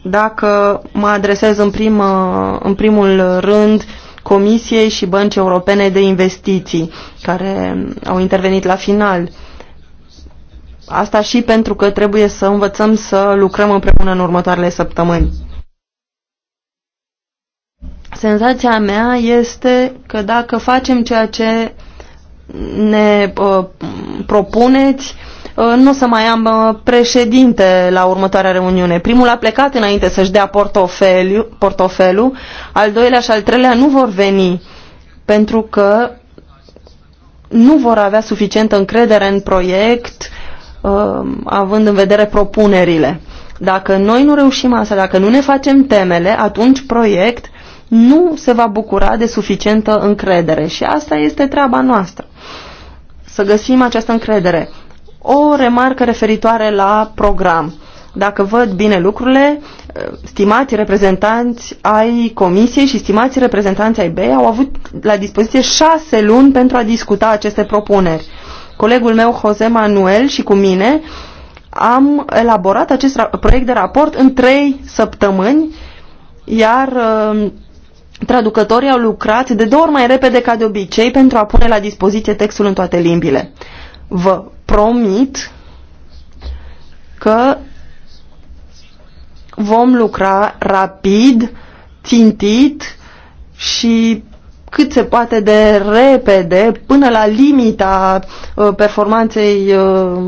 A: dacă mă adresez în, primă, în primul rând Comisiei și Băncii Europene de Investiții, care au intervenit la final Asta și pentru că trebuie să învățăm să lucrăm împreună în următoarele săptămâni. Senzația mea este că dacă facem ceea ce ne uh, propuneți, uh, nu o să mai am uh, președinte la următoarea reuniune. Primul a plecat înainte să-și dea portofeliu, portofelul, al doilea și al treilea nu vor veni pentru că nu vor avea suficientă încredere în proiect Uh, având în vedere propunerile. Dacă noi nu reușim asta, dacă nu ne facem temele, atunci proiect nu se va bucura de suficientă încredere și asta este treaba noastră. Să găsim această încredere. O remarcă referitoare la program. Dacă văd bine lucrurile, uh, stimați reprezentanți ai Comisiei și stimați reprezentanți ai BEI au avut la dispoziție șase luni pentru a discuta aceste propuneri colegul meu Jose Manuel și cu mine am elaborat acest proiect de raport în trei săptămâni, iar uh, traducătorii au lucrat de două ori mai repede ca de obicei pentru a pune la dispoziție textul în toate limbile. Vă promit că vom lucra rapid, țintit și cât se poate de repede până la limita uh, performanței uh,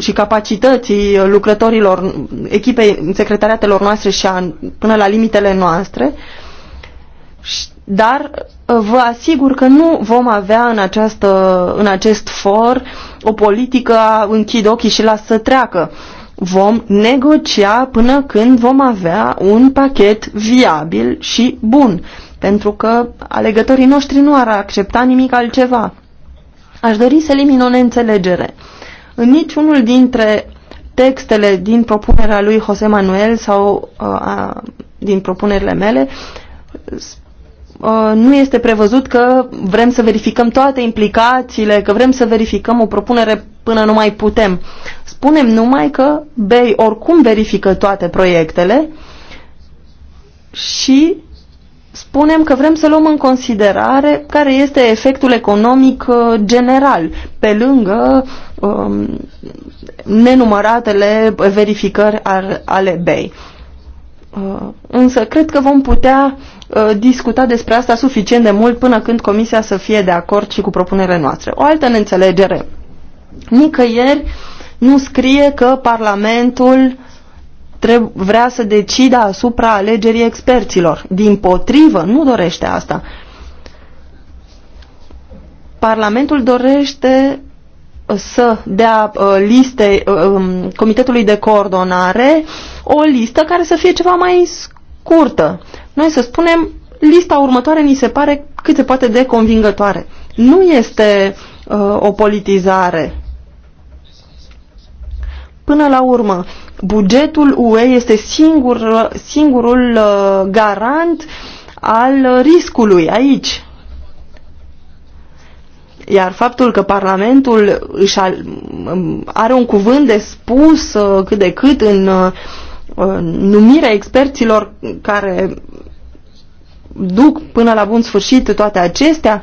A: și capacității uh, lucrătorilor, echipei secretariatelor noastre și a, până la limitele noastre, dar vă asigur că nu vom avea în, această, în acest for o politică închid ochii și lasă să treacă. Vom negocia până când vom avea un pachet viabil și bun pentru că alegătorii noștri nu ar accepta nimic altceva. Aș dori să elimin o neînțelegere. În niciunul dintre textele din propunerea lui Jose Manuel sau uh, a, din propunerile mele uh, nu este prevăzut că vrem să verificăm toate implicațiile, că vrem să verificăm o propunere până nu mai putem. Spunem numai că BEI oricum verifică toate proiectele și spunem că vrem să luăm în considerare care este efectul economic uh, general, pe lângă um, nenumăratele verificări al, ale BEI. Uh, însă cred că vom putea uh, discuta despre asta suficient de mult până când Comisia să fie de acord și cu propunerile noastre. O altă neînțelegere. Nicăieri nu scrie că Parlamentul uh, vrea să decida asupra alegerii experților. Din potrivă, nu dorește asta. Parlamentul dorește uh, să dea uh, liste uh, um, Comitetului de Coordonare o listă care să fie ceva mai scurtă. Noi să spunem, lista următoare ni se pare cât se poate de convingătoare. Nu este uh, o politizare. Până la urmă, bugetul UE este singur, singurul uh, garant al riscului aici. Iar faptul că Parlamentul își are un cuvânt de spus uh, cât de cât uh, în numirea experților care duc până la bun sfârșit toate acestea,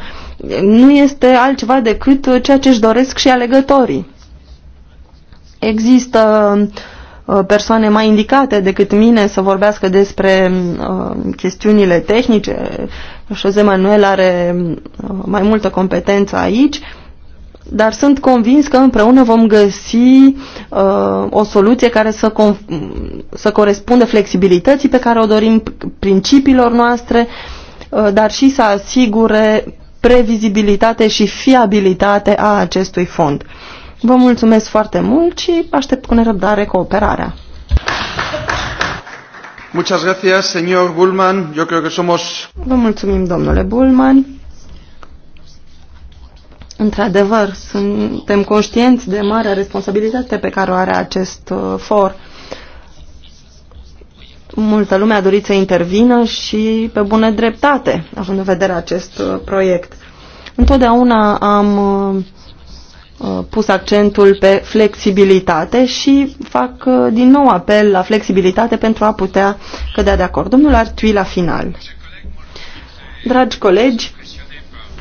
A: nu este altceva decât ceea ce își doresc și alegătorii există uh, persoane mai indicate decât mine să vorbească despre uh, chestiunile tehnice. Jose Manuel are uh, mai multă competență aici, dar sunt convins că împreună vom găsi o soluție care să, să corespundă flexibilității pe care o dorim principiilor noastre, dar și să asigure previzibilitate și fiabilitate a acestui fond. Vă mulțumesc foarte mult și aștept cu nerăbdare cooperarea. Muchas gracias, señor Bullman. Yo creo que somos... Vă mulțumim, domnule Bullman. Într-adevăr, suntem conștienți de marea responsabilitate pe care o are acest uh, for. Multă lume a dorit să intervină și pe bună dreptate, având în vedere acest uh, proiect. Întotdeauna am uh, Uh, pus accentul pe flexibilitate și fac uh, din nou apel la flexibilitate pentru a putea cădea de acord. Domnul Artui la final. Dragi colegi,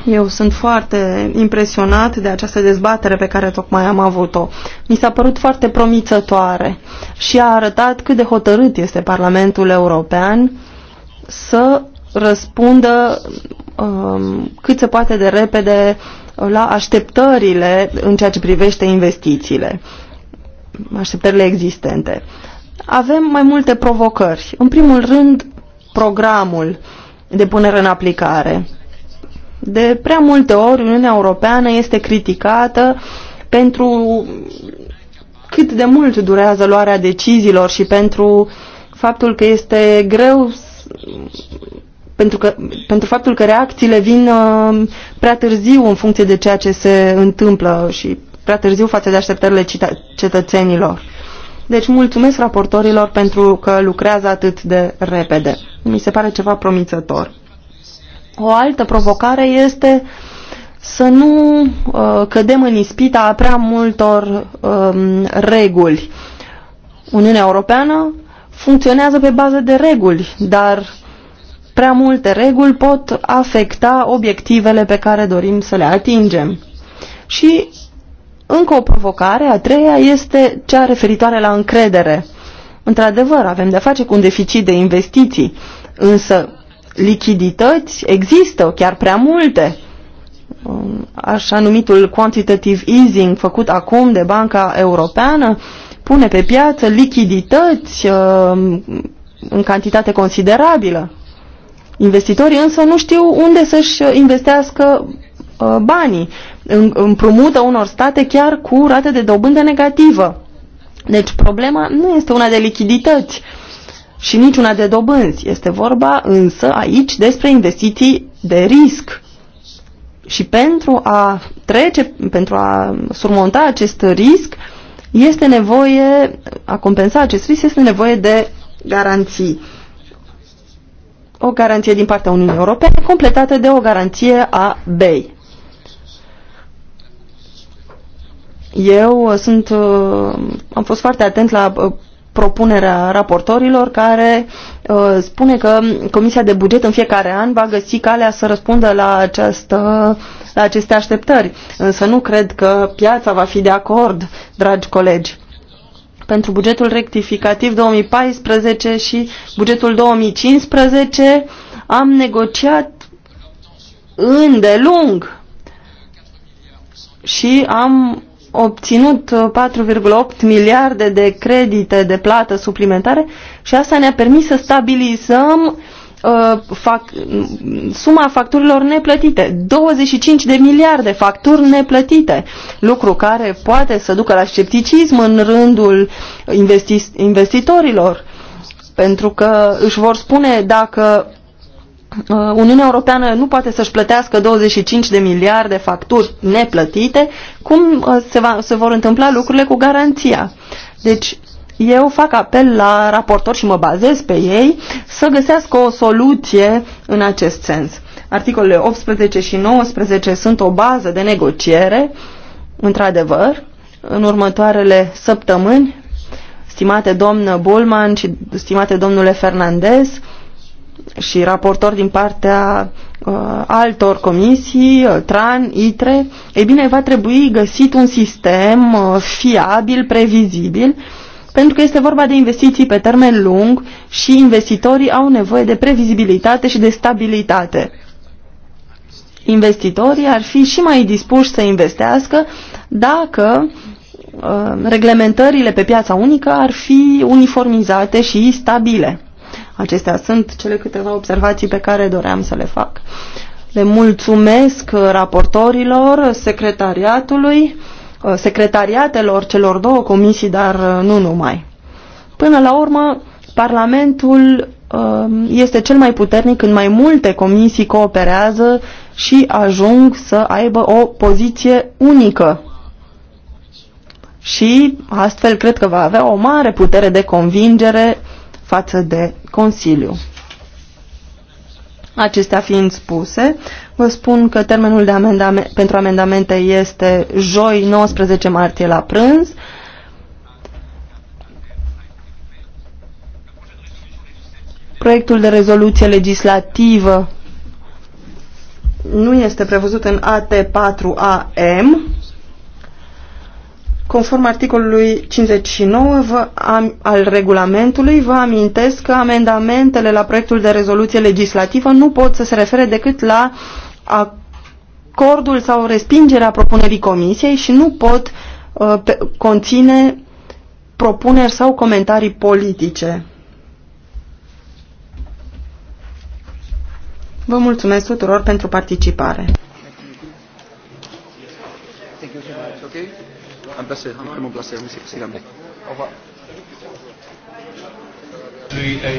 A: eu sunt foarte impresionat de această dezbatere pe care tocmai am avut-o. Mi s-a părut foarte promițătoare și a arătat cât de hotărât este Parlamentul European să răspundă um, cât se poate de repede uh, la așteptările în ceea ce privește investițiile, așteptările existente. Avem mai multe provocări. În primul rând, programul de punere în aplicare. De prea multe ori, Uniunea Europeană este criticată pentru cât de mult durează luarea deciziilor și pentru faptul că este greu pentru, că, pentru faptul că reacțiile vin uh, prea târziu în funcție de ceea ce se întâmplă și prea târziu față de așteptările cetățenilor. Deci mulțumesc raportorilor pentru că lucrează atât de repede. Mi se pare ceva promițător. O altă provocare este să nu uh, cădem în ispita a prea multor uh, reguli. Uniunea Europeană funcționează pe bază de reguli, dar Prea multe reguli pot afecta obiectivele pe care dorim să le atingem. Și încă o provocare, a treia, este cea referitoare la încredere. Într-adevăr, avem de-a face cu un deficit de investiții, însă lichidități există, chiar prea multe. Așa numitul quantitative easing făcut acum de Banca Europeană pune pe piață lichidități uh, în cantitate considerabilă. Investitorii însă nu știu unde să-și uh, investească uh, banii. Împrumută unor state chiar cu rate de dobândă negativă. Deci problema nu este una de lichidități și nici una de dobânzi. Este vorba însă aici despre investiții de risc. Și pentru a trece, pentru a surmonta acest risc, este nevoie, a compensa acest risc, este nevoie de garanții o garanție din partea Uniunii Europene completată de o garanție a BEI. Eu uh, sunt, uh, am fost foarte atent la uh, propunerea raportorilor care spune că Comisia de Buget în fiecare an va găsi calea să răspundă la, această, la aceste așteptări. Însă nu cred că piața va fi de acord, dragi colegi pentru bugetul rectificativ 2014 și bugetul 2015 am negociat îndelung și am obținut 4,8 uh, miliarde de credite de plată suplimentare și asta ne-a permis să stabilizăm uh, fac, suma facturilor neplătite. 25 de miliarde facturi neplătite, lucru care poate să ducă la scepticism în rândul investi investitorilor, pentru că își vor spune dacă uh, Uniunea Europeană nu poate să-și plătească 25 de miliarde facturi neplătite, cum uh, se, va, se vor întâmpla lucrurile cu garanția? Deci eu fac apel la raportori și mă bazez pe ei să găsească o soluție în acest sens. Articolele 18 și 19 sunt o bază de negociere, într-adevăr. În următoarele săptămâni, stimate domnă Bolman și stimate domnule Fernandez și raportor din partea uh, altor comisii, uh, TRAN, ITRE, e bine, va trebui găsit un sistem uh, fiabil, previzibil, uh, pentru că este vorba de investiții pe termen lung și investitorii au nevoie de previzibilitate și de stabilitate. Investitorii ar fi și mai dispuși să investească dacă uh, reglementările pe piața unică ar fi uniformizate și stabile. Acestea sunt cele câteva observații pe care doream să le fac. Le mulțumesc raportorilor, secretariatului Uh, secretariatelor celor două comisii, dar uh, nu numai. Până la urmă, Parlamentul uh, este cel mai puternic când mai multe comisii cooperează și ajung să aibă o poziție unică. Și astfel cred că va avea o mare putere de convingere față de Consiliu. Acestea fiind spuse, vă spun că termenul de amendame pentru amendamente este joi 19 martie la prânz. Proiectul de rezoluție legislativă nu este prevăzut în AT4AM, Conform articolului 59 vă, am, al regulamentului, vă amintesc că amendamentele la proiectul de rezoluție legislativă nu pot să se refere decât la acordul sau respingerea propunerii comisiei și nu pot uh, pe, conține propuneri sau comentarii politice. Vă mulțumesc tuturor pentru participare. Un placer, un vraiment placer. Merci.
C: Au revoir.